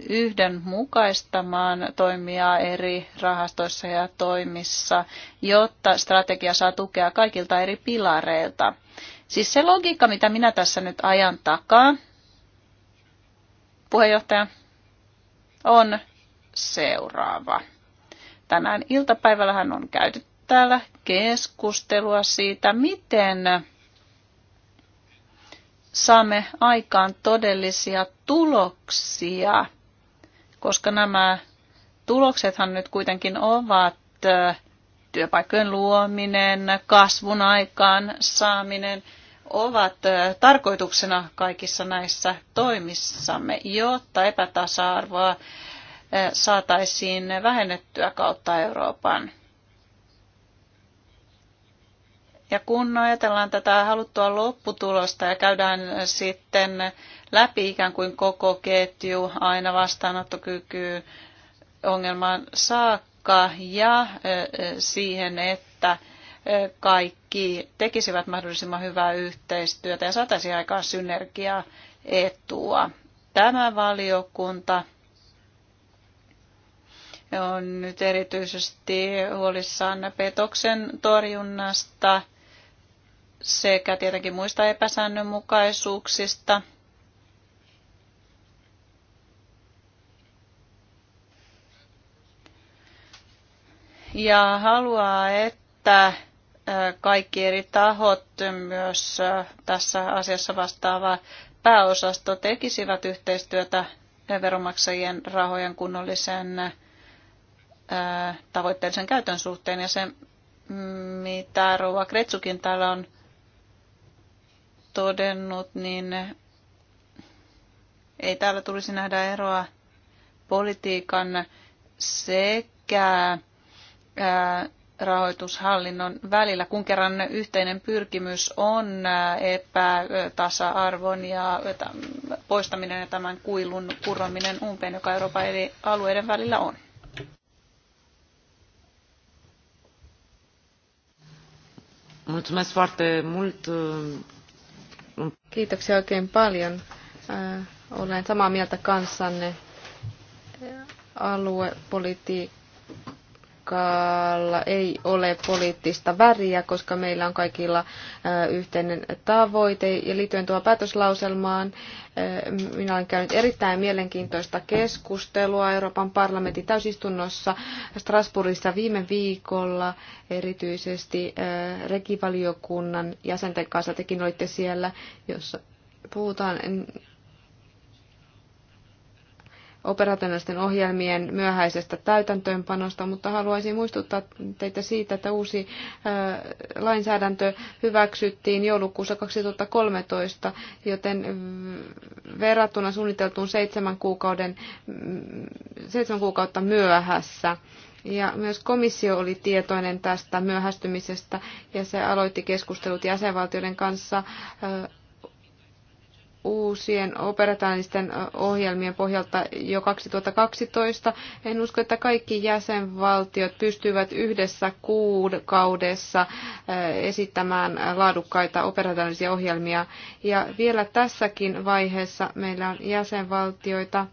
yhdenmukaistamaan toimia eri rahastoissa ja toimissa, jotta strategia saa tukea kaikilta eri pilareilta. Siis se logiikka, mitä minä tässä nyt ajan takaa, puheenjohtaja on seuraava. Tänään iltapäivällähän on käyty täällä keskustelua siitä, miten saamme aikaan todellisia tuloksia, koska nämä tuloksethan nyt kuitenkin ovat työpaikkojen luominen, kasvun aikaan saaminen – ovat tarkoituksena kaikissa näissä toimissamme, jotta epätasa-arvoa saataisiin vähennettyä kautta Euroopan. Ja kun ajatellaan tätä haluttua lopputulosta ja käydään sitten läpi ikään kuin koko ketju aina vastaanottokyky ongelman saakka ja siihen, että kaikki teki, tekisivät mahdollisimman hyvää yhteistyötä ja saataisiin aikaan synergiaa etua. Tämä valiokunta on nyt erityisesti huolissaan petoksen torjunnasta sekä tietenkin muista epäsäännönmukaisuuksista. Ja haluaa, että kaikki eri tahot, myös tässä asiassa vastaava pääosasto tekisivät yhteistyötä veronmaksajien rahojen kunnollisen tavoitteellisen käytön suhteen. Ja se, mitä Rouva Kretsukin täällä on todennut, niin ei täällä tulisi nähdä eroa politiikan sekä rahoitushallinnon välillä, kun kerran yhteinen pyrkimys on äh, epätasa-arvon ja äh, poistaminen ja tämän kuilun kurominen umpeen, joka Euroopan eri alueiden välillä on. Mulțumesc foarte mult. Uh, Kiitoksia oikein paljon. Äh, olen samaa mieltä kanssanne aluepolitiikka politiikalla ei ole poliittista väriä, koska meillä on kaikilla yhteinen tavoite. Ja liittyen tuohon päätöslauselmaan, minä olen käynyt erittäin mielenkiintoista keskustelua Euroopan parlamentin täysistunnossa Strasbourgissa viime viikolla, erityisesti regivaliokunnan jäsenten kanssa, tekin olitte siellä, jossa puhutaan operationaalisten ohjelmien myöhäisestä täytäntöönpanosta, mutta haluaisin muistuttaa teitä siitä, että uusi lainsäädäntö hyväksyttiin joulukuussa 2013, joten verrattuna suunniteltuun seitsemän, kuukauden, mm, seitsemän kuukautta myöhässä. Ja myös komissio oli tietoinen tästä myöhästymisestä ja se aloitti keskustelut jäsenvaltioiden kanssa uusien operatiivisten ohjelmien pohjalta jo 2012. En usko, että kaikki jäsenvaltiot pystyvät yhdessä kuukaudessa esittämään laadukkaita operatiivisia ohjelmia. Ja vielä tässäkin vaiheessa meillä on jäsenvaltioita,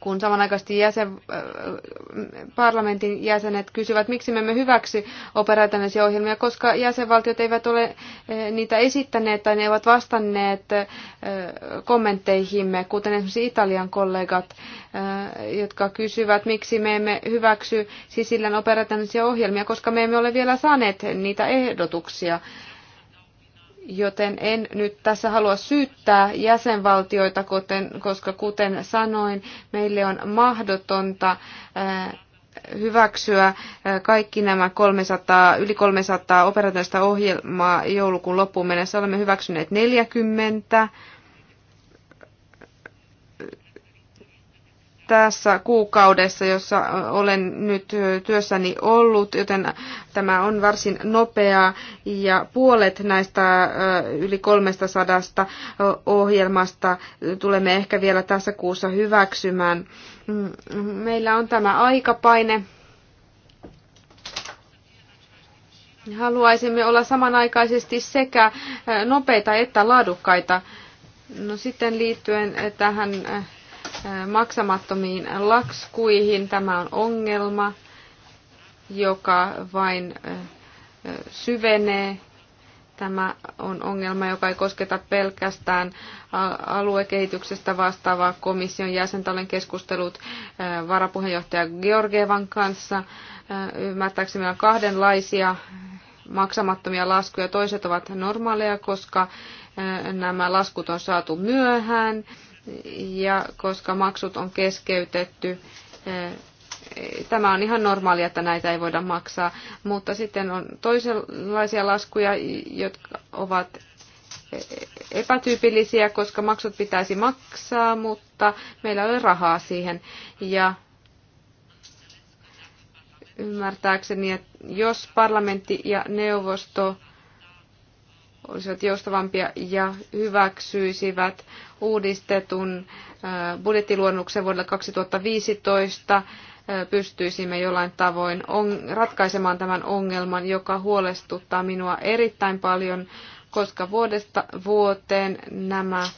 kun samanaikaisesti jäsen, äh, parlamentin jäsenet kysyvät, miksi me emme hyväksy operaatioisia ohjelmia, koska jäsenvaltiot eivät ole äh, niitä esittäneet tai ne ovat vastanneet äh, kommentteihimme, kuten esimerkiksi Italian kollegat, jotka kysyvät, miksi me emme hyväksy sisillän operaatioisia ohjelmia, koska me emme ole vielä saaneet niitä ehdotuksia joten en nyt tässä halua syyttää jäsenvaltioita, koska kuten sanoin, meille on mahdotonta äh, hyväksyä äh, kaikki nämä 300, yli 300 operatiivista ohjelmaa joulukuun loppuun mennessä. Olemme hyväksyneet 40 tässä kuukaudessa, jossa olen nyt työssäni ollut, joten tämä on varsin nopeaa ja puolet näistä yli 300 ohjelmasta tulemme ehkä vielä tässä kuussa hyväksymään. Mm, meillä on tämä aikapaine. Haluaisimme olla samanaikaisesti sekä nopeita että laadukkaita. No sitten liittyen tähän maksamattomiin lakskuihin. Tämä on ongelma, joka vain syvenee. Tämä on ongelma, joka ei kosketa pelkästään aluekehityksestä vastaavaa komission jäsentä. Olen keskustellut varapuheenjohtaja Georgievan kanssa. Ymmärtääkseni meillä on kahdenlaisia maksamattomia laskuja. Toiset ovat normaaleja, koska nämä laskut on saatu myöhään ja koska maksut on keskeytetty, eh, tämä on ihan normaalia, että näitä ei voida maksaa, mutta sitten on toisenlaisia laskuja, jotka ovat epätyypillisiä, koska maksut pitäisi maksaa, mutta meillä ei ole rahaa siihen. Ja ymmärtääkseni, että jos parlamentti ja neuvosto olisivat joustavampia ja hyväksyisivät uudistetun budjettiluonnoksen vuodelle 2015, pystyisimme jollain tavoin ratkaisemaan tämän ongelman, joka huolestuttaa minua erittäin paljon, koska vuodesta vuoteen nämä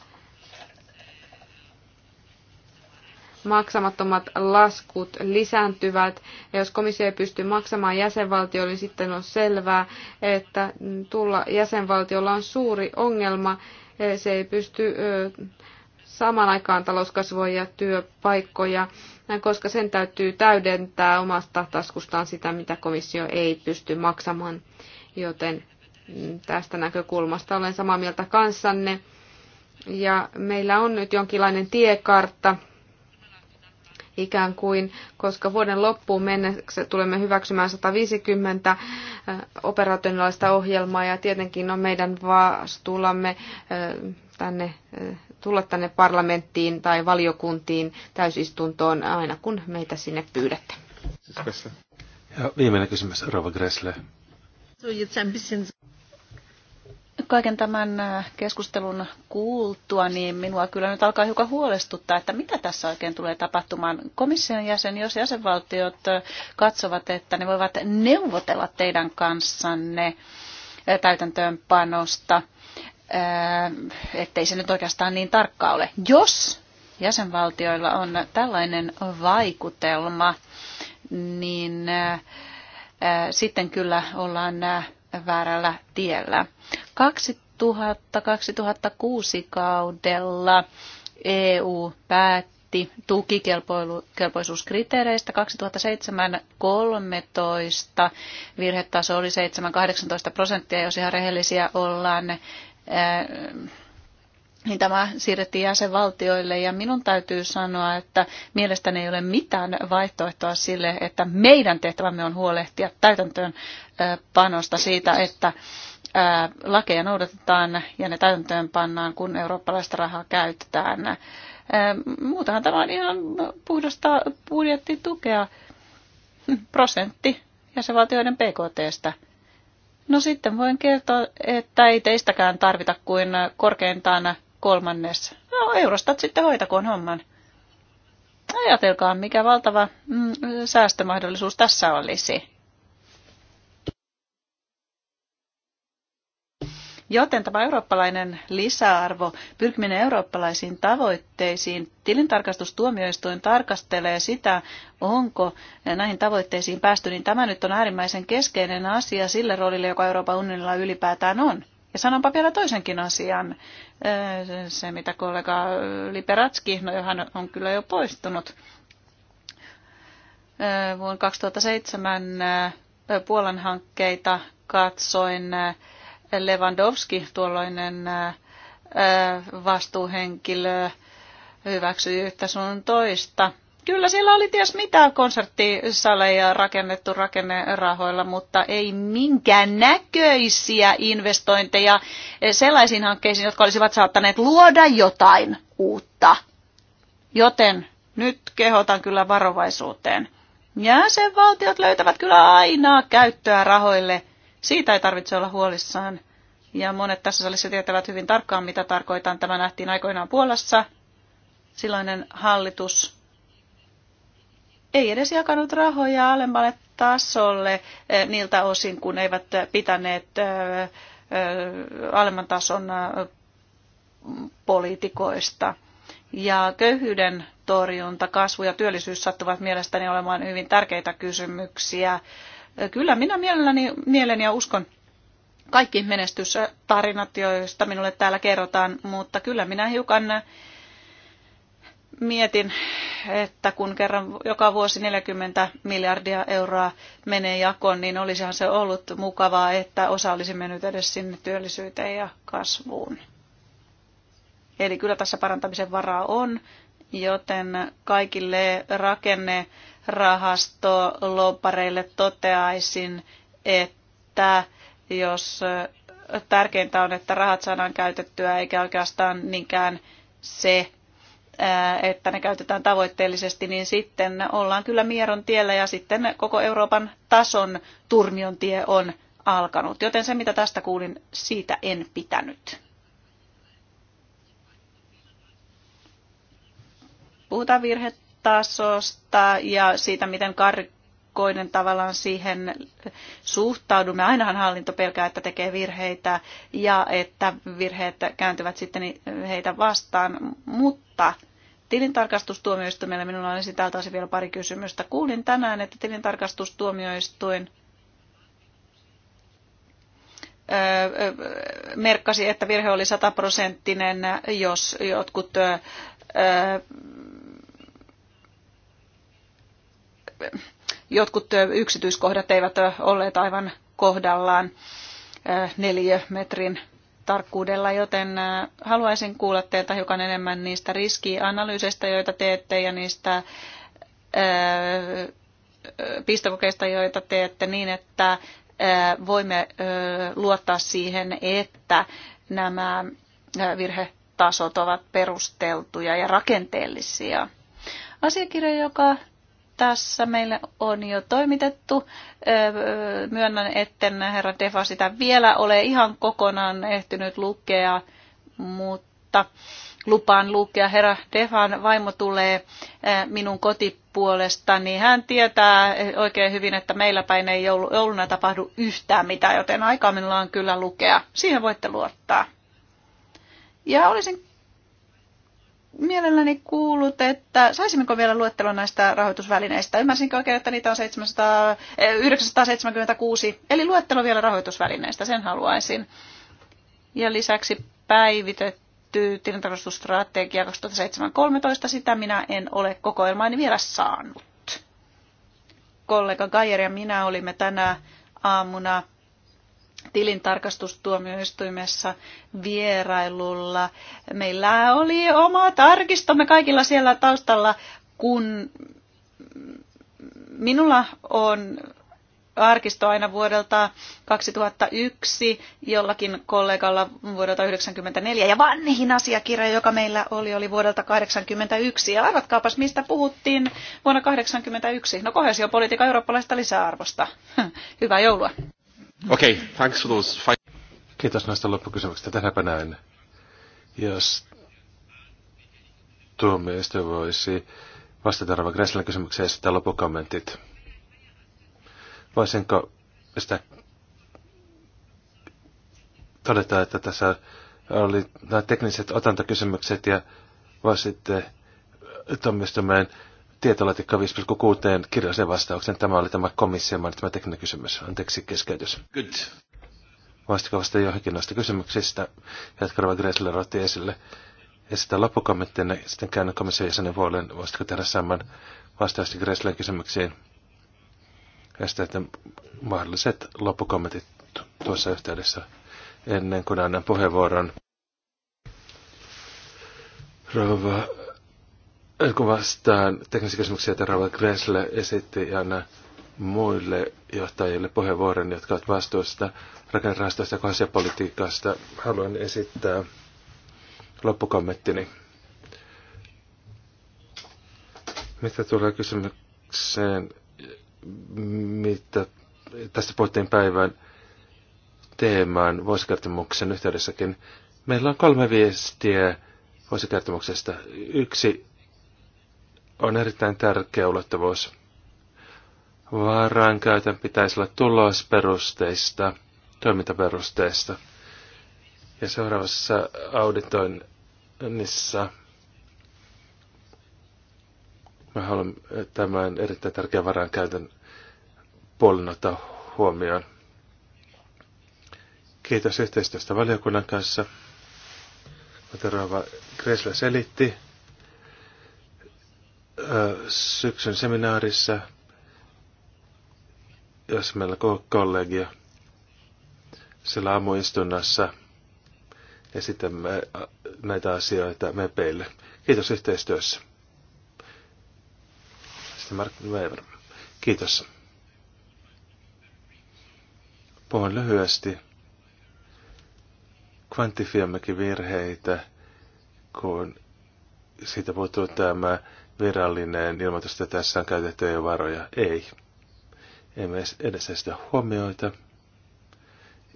maksamattomat laskut lisääntyvät. Ja jos komissio ei pysty maksamaan jäsenvaltioille, niin sitten on selvää, että tulla jäsenvaltiolla on suuri ongelma. Se ei pysty samaan aikaan talouskasvua ja työpaikkoja, koska sen täytyy täydentää omasta taskustaan sitä, mitä komissio ei pysty maksamaan. Joten tästä näkökulmasta olen samaa mieltä kanssanne. Ja meillä on nyt jonkinlainen tiekartta ikään kuin, koska vuoden loppuun mennessä tulemme hyväksymään 150 operationaalista ohjelmaa ja tietenkin on meidän vastuullamme tänne, tulla tänne parlamenttiin tai valiokuntiin täysistuntoon aina kun meitä sinne pyydätte. Siis ja viimeinen kysymys, Rova Gressle kaiken tämän äh, keskustelun kuultua, niin minua kyllä nyt alkaa hiukan huolestuttaa, että mitä tässä oikein tulee tapahtumaan. Komission jäsen, jos jäsenvaltiot äh, katsovat, että ne voivat neuvotella teidän kanssanne äh, täytäntöönpanosta, ettei se nyt oikeastaan niin tarkkaa ole. Jos jäsenvaltioilla on tällainen vaikutelma, niin sitten kyllä ollaan väärällä tiellä. 2000-2006 kaudella EU päätti tukikelpoisuuskriteereistä. 2007-2013 virhetaso oli 7-18 prosenttia, jos ihan rehellisiä ollaan niin tämä siirrettiin jäsenvaltioille ja minun täytyy sanoa, että mielestäni ei ole mitään vaihtoehtoa sille, että meidän tehtävämme on huolehtia täytäntöön panosta siitä, että lakeja noudatetaan ja ne täytäntöön pannaan, kun eurooppalaista rahaa käytetään. Muutahan tämä on ihan puhdasta budjettitukea, prosentti jäsenvaltioiden PKTstä. No sitten voin kertoa, että ei teistäkään tarvita kuin korkeintaan kolmannes. No Eurostat sitten hoitakoon homman. Ajatelkaa, mikä valtava mm, säästömahdollisuus tässä olisi. Joten tämä eurooppalainen lisäarvo, pyrkiminen eurooppalaisiin tavoitteisiin, tilintarkastustuomioistuin tarkastelee sitä, onko näihin tavoitteisiin päästy, niin tämä nyt on äärimmäisen keskeinen asia sille roolille, joka Euroopan unionilla ylipäätään on. Ja sanonpa vielä toisenkin asian, eh, se mitä kollega Liberatski, no johon on kyllä jo poistunut, eh, vuonna 2007 eh, Puolan hankkeita katsoin Lewandowski, tuolloinen vastuuhenkilö, hyväksyi yhtä sun toista Kyllä siellä oli ties mitä konserttisaleja rakennettu rakennerahoilla, mutta ei minkään näköisiä investointeja sellaisiin hankkeisiin, jotka olisivat saattaneet luoda jotain uutta. Joten nyt kehotan kyllä varovaisuuteen. Jäsenvaltiot löytävät kyllä aina käyttöä rahoille. Siitä ei tarvitse olla huolissaan. Ja monet tässä salissa tietävät hyvin tarkkaan, mitä tarkoitan. Tämä nähtiin aikoinaan Puolassa. Silloinen hallitus ei edes jakanut rahoja alemmalle tasolle eh, niiltä osin, kun eivät pitäneet eh, eh, alemman tason poliitikoista. Ja köyhyyden torjunta, kasvu ja työllisyys sattuvat mielestäni olemaan hyvin tärkeitä kysymyksiä. Kyllä minä mielelläni, mielen ja uskon kaikki menestystarinat, joista minulle täällä kerrotaan, mutta kyllä minä hiukan mietin, että kun kerran joka vuosi 40 miljardia euroa menee jakoon, niin olisihan se ollut mukavaa, että osa olisi mennyt edes sinne työllisyyteen ja kasvuun. Eli kyllä tässä parantamisen varaa on, joten kaikille rakennerahastolopareille toteaisin, että jos tärkeintä on, että rahat saadaan käytettyä, eikä oikeastaan niinkään se, että ne käytetään tavoitteellisesti, niin sitten ollaan kyllä mieron tiellä ja sitten koko Euroopan tason turmion tie on alkanut. Joten se, mitä tästä kuulin, siitä en pitänyt. Puhutaan virhetasosta ja siitä, miten kar- herkkoinen tavallaan siihen suhtaudumme. Ainahan hallinto pelkää, että tekee virheitä ja että virheet kääntyvät sitten heitä vastaan, mutta tilintarkastustuomioistuimelle minulla olisi tältä osin vielä pari kysymystä. Kuulin tänään, että tilintarkastustuomioistuin merkkasi, että virhe oli sataprosenttinen, jos jotkut jotkut yksityiskohdat eivät olleet aivan kohdallaan neliömetrin tarkkuudella, joten haluaisin kuulla teiltä hiukan enemmän niistä riskianalyyseistä, joita teette ja niistä pistokokeista, joita teette niin, että voimme luottaa siihen, että nämä virhetasot ovat perusteltuja ja rakenteellisia. Asiakirja, joka tässä meille on jo toimitettu. Myönnän, etten herra Defa sitä vielä ole ihan kokonaan ehtinyt lukea, mutta lupaan lukea. Herra Defan vaimo tulee minun niin Hän tietää oikein hyvin, että meillä päin ei jouluna tapahdu yhtään mitään, joten aikaa minulla on kyllä lukea. Siihen voitte luottaa. Ja olisin mielelläni kuullut, että saisimmeko vielä luettelon näistä rahoitusvälineistä. Ymmärsinkö oikein, että niitä on 700, 976, eh, eli luettelo vielä rahoitusvälineistä, sen haluaisin. Ja lisäksi päivitetty tilintarkastusstrategia 2007-2013, sitä minä en ole kokoelmaani vielä saanut. Kollega Gajer ja minä olimme tänä aamuna tilintarkastustuomioistuimessa vierailulla. Meillä oli oma tarkistomme kaikilla siellä taustalla, kun minulla on arkisto aina vuodelta 2001, jollakin kollegalla vuodelta 1994 ja vanhin asiakirja, joka meillä oli, oli vuodelta 1981. Ja arvatkaapas, mistä puhuttiin vuonna 1981. No kohesiopolitiikan eurooppalaista lisäarvosta. (laughs) Hyvää joulua! Okei, okay, thanks for those five. Kiitos näistä loppukysymyksistä tänä näin. Jos tuomioistuin voisi vastata Rava Gresslän kysymykseen ja sitten loppukommentit. Voisinko sitä todeta, että tässä oli nämä tekniset otantakysymykset ja voisitte tuomioistuimeen tietolaitikka 5,6 kirjallisen vastauksen. Tämä oli tämä komission mainitsema tekninen kysymys. Anteeksi keskeytys. Good. Vastiko vasta johonkin noista kysymyksistä, jotka Rova Gressler otti esille. Esitän sitten sitten käännän komission jäsenen puoleen, voisitko tehdä saman vastausti Gresslerin kysymyksiin. Ja sitten mahdolliset loppukommentit tuossa yhteydessä ennen kuin annan puheenvuoron. Rova kun vastaan teknisiä kysymyksiä, että Raul Gressle esitti ja aina muille johtajille puheenvuoron, jotka ovat vastuussa rakennerahastoista ja kohdallisuuspolitiikasta, haluan esittää loppukommenttini. Mitä tulee kysymykseen, mitä tästä puhuttiin päivän teemaan vuosikertomuksen yhteydessäkin. Meillä on kolme viestiä vuosikertomuksesta. Yksi on erittäin tärkeä ulottuvuus. käytön pitäisi olla tulosperusteista, toimintaperusteista. Ja seuraavassa auditoinnissa mä haluan tämän erittäin tärkeän varaan puolen ottaa huomioon. Kiitos yhteistyöstä valiokunnan kanssa. Kuten Rova Kresla selitti, syksyn seminaarissa, jos meillä on kollegia, siellä aamuistunnassa esitämme näitä asioita mepeille. Kiitos yhteistyössä. Sitten Martin Weber. Kiitos. Puhun lyhyesti. Kvantifioimmekin virheitä, kun siitä puuttuu tämä virallinen ilmoitus, että tässä on käytetty jo varoja Ei. Emme edes sitä huomioita.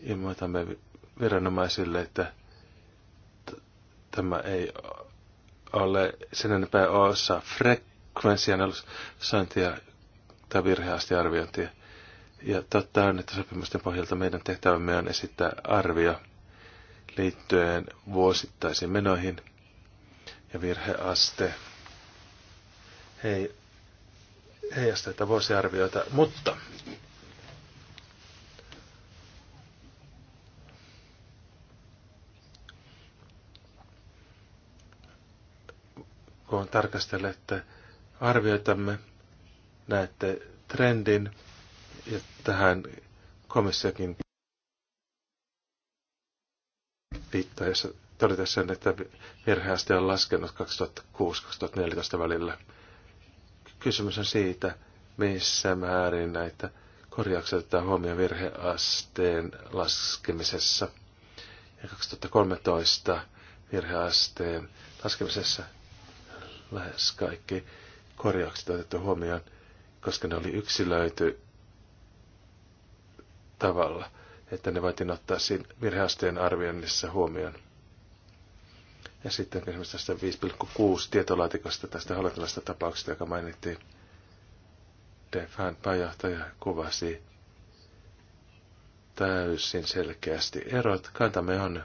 Ilmoitamme viranomaisille, että tämä ei ole sen enempää osa frekvenssianalysointia tai virheasti arviointia. Ja totta on, että sopimusten pohjalta meidän tehtävämme on esittää arvio liittyen vuosittaisiin menoihin ja virheaste hei, heijasteita vuosiarvioita, mutta kun tarkastelette arvioitamme, näette trendin ja tähän komissiokin viittaa, jossa todeta sen, että virheaste on laskenut 2006-2014 välillä Kysymys on siitä, missä määrin näitä korjauksia otetaan huomioon virheasteen laskemisessa ja 2013 virheasteen laskemisessa lähes kaikki korjaukset otettu huomioon, koska ne oli yksilöity tavalla, että ne voitiin ottaa siinä virheasteen arvioinnissa huomioon. Ja sitten kysymys tästä 5,6 tietolaatikosta tästä hollantilaisesta tapauksesta, joka mainittiin. Defan pääjohtaja kuvasi täysin selkeästi erot. Kantamme on,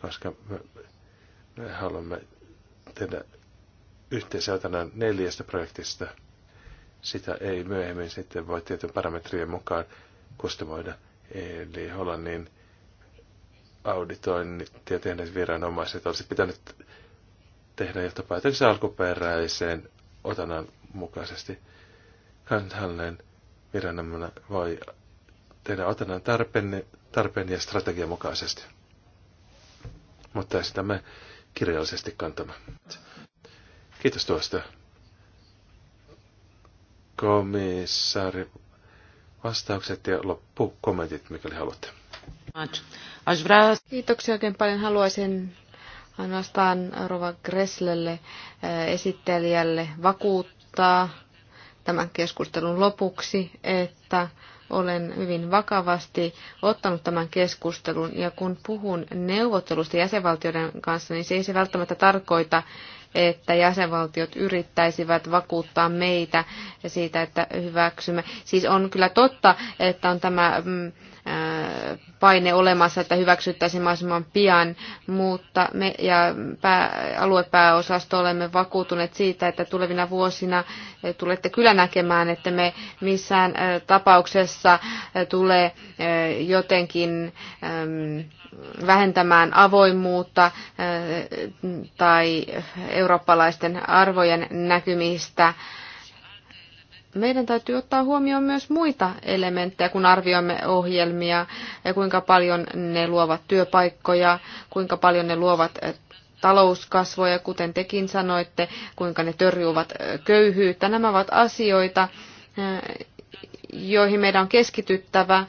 koska me, me haluamme tehdä yhteisötänä neljästä projektista. Sitä ei myöhemmin sitten voi tietyn parametrien mukaan kustomoida. Eli Hollannin auditoinnit ja tehneet viranomaiset olisi pitänyt tehdä johtopäätöksen alkuperäiseen otanan mukaisesti. Kansallinen viranomainen voi tehdä otanan tarpeen, tarpeen ja strategian mukaisesti. Mutta me kirjallisesti kantama. Kiitos tuosta. Komissaari, vastaukset ja loppukommentit, mikäli haluatte. Kiitoksia oikein paljon. Haluaisin ainoastaan Rova Gresslelle eh, esittelijälle vakuuttaa tämän keskustelun lopuksi, että olen hyvin vakavasti ottanut tämän keskustelun ja kun puhun neuvottelusta jäsenvaltioiden kanssa, niin se ei se välttämättä tarkoita, että jäsenvaltiot yrittäisivät vakuuttaa meitä siitä, että hyväksymme. Siis on kyllä totta, että on tämä mm, paine olemassa, että hyväksyttäisiin mahdollisimman pian, mutta me ja pää, aluepääosasto olemme vakuutuneet siitä, että tulevina vuosina eh, tulette kyllä näkemään, että me missään eh, tapauksessa eh, tulee jotenkin ehm, vähentämään avoimuutta tai eurooppalaisten arvojen näkymistä meidän täytyy ottaa huomioon myös muita elementtejä, kun arvioimme ohjelmia ja kuinka paljon ne luovat työpaikkoja, kuinka paljon ne luovat eh, talouskasvoja, kuten tekin sanoitte, kuinka ne törjuvat eh, köyhyyttä. Nämä ovat asioita, eh, joihin meidän on keskityttävä,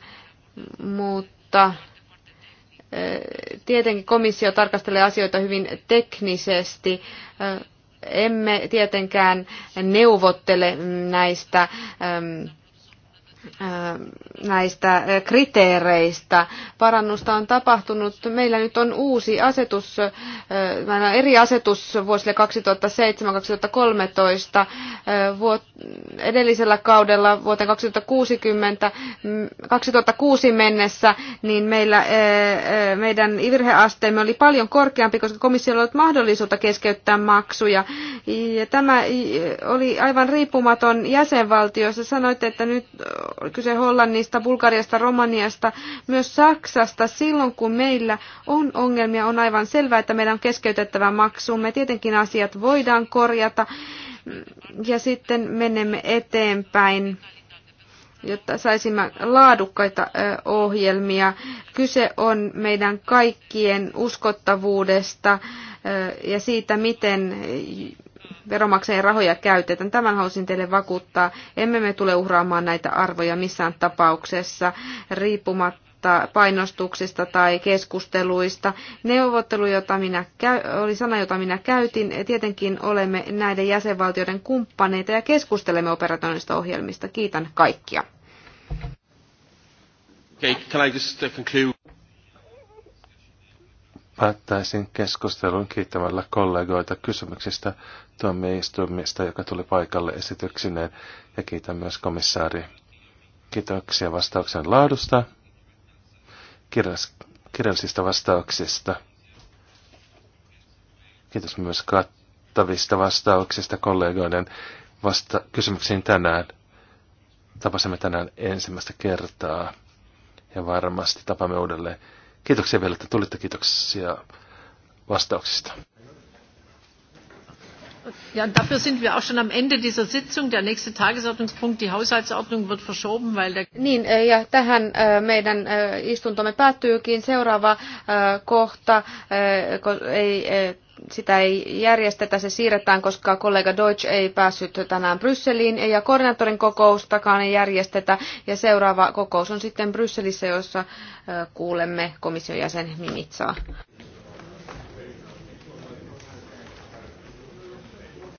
mutta tietenkin komissio tarkastelee asioita hyvin teknisesti emme tietenkään neuvottele näistä äm, näistä kriteereistä. Parannusta on tapahtunut. Meillä nyt on uusi asetus, eri asetus vuosille 2007-2013. Edellisellä kaudella vuoteen 2060, 2006 mennessä niin meillä, meidän virheasteemme oli paljon korkeampi, koska komissiolla oli mahdollisuutta keskeyttää maksuja. Ja tämä oli aivan riippumaton jäsenvaltio. Sanoitte, että nyt oli kyse Hollannista, Bulgariasta, Romaniasta, myös Saksasta. Silloin kun meillä on ongelmia, on aivan selvää, että meidän on keskeytettävä maksumme. Tietenkin asiat voidaan korjata ja sitten menemme eteenpäin jotta saisimme laadukkaita ohjelmia. Kyse on meidän kaikkien uskottavuudesta ja siitä, miten veromaksajien rahoja käytetään. Tämän halusin teille vakuuttaa. Emme me tule uhraamaan näitä arvoja missään tapauksessa, riippumatta painostuksista tai keskusteluista. Neuvottelu, jota minä käy, oli sana, jota minä käytin. Tietenkin olemme näiden jäsenvaltioiden kumppaneita ja keskustelemme operatiivisista ohjelmista. Kiitän kaikkia. Okay, can I just uh, conclude? päättäisin keskustelun kiittämällä kollegoita kysymyksistä tuomioistuimista, joka tuli paikalle esityksineen, ja kiitän myös komissaari. Kiitoksia vastauksen laadusta, kirjallisista vastauksista. Kiitos myös kattavista vastauksista kollegoiden vasta kysymyksiin tänään. Tapasimme tänään ensimmäistä kertaa ja varmasti tapamme uudelleen. Kiitoksia vielä, että tulitte. Kiitoksia vastauksista. Ja, dafür sind wir auch schon am Ende dieser Sitzung. Der nächste Tagesordnungspunkt, die Haushaltsordnung, wird verschoben, weil der... Niin, äh, ja tähän äh, meidän äh, istuntomme päättyykin. Seuraava kohta ei sitä ei järjestetä, se siirretään, koska kollega Deutsch ei päässyt tänään Brysseliin ja koordinaattorin kokoustakaan ei järjestetä. Ja seuraava kokous on sitten Brysselissä, jossa äh, kuulemme komission jäsen Mimitsaa.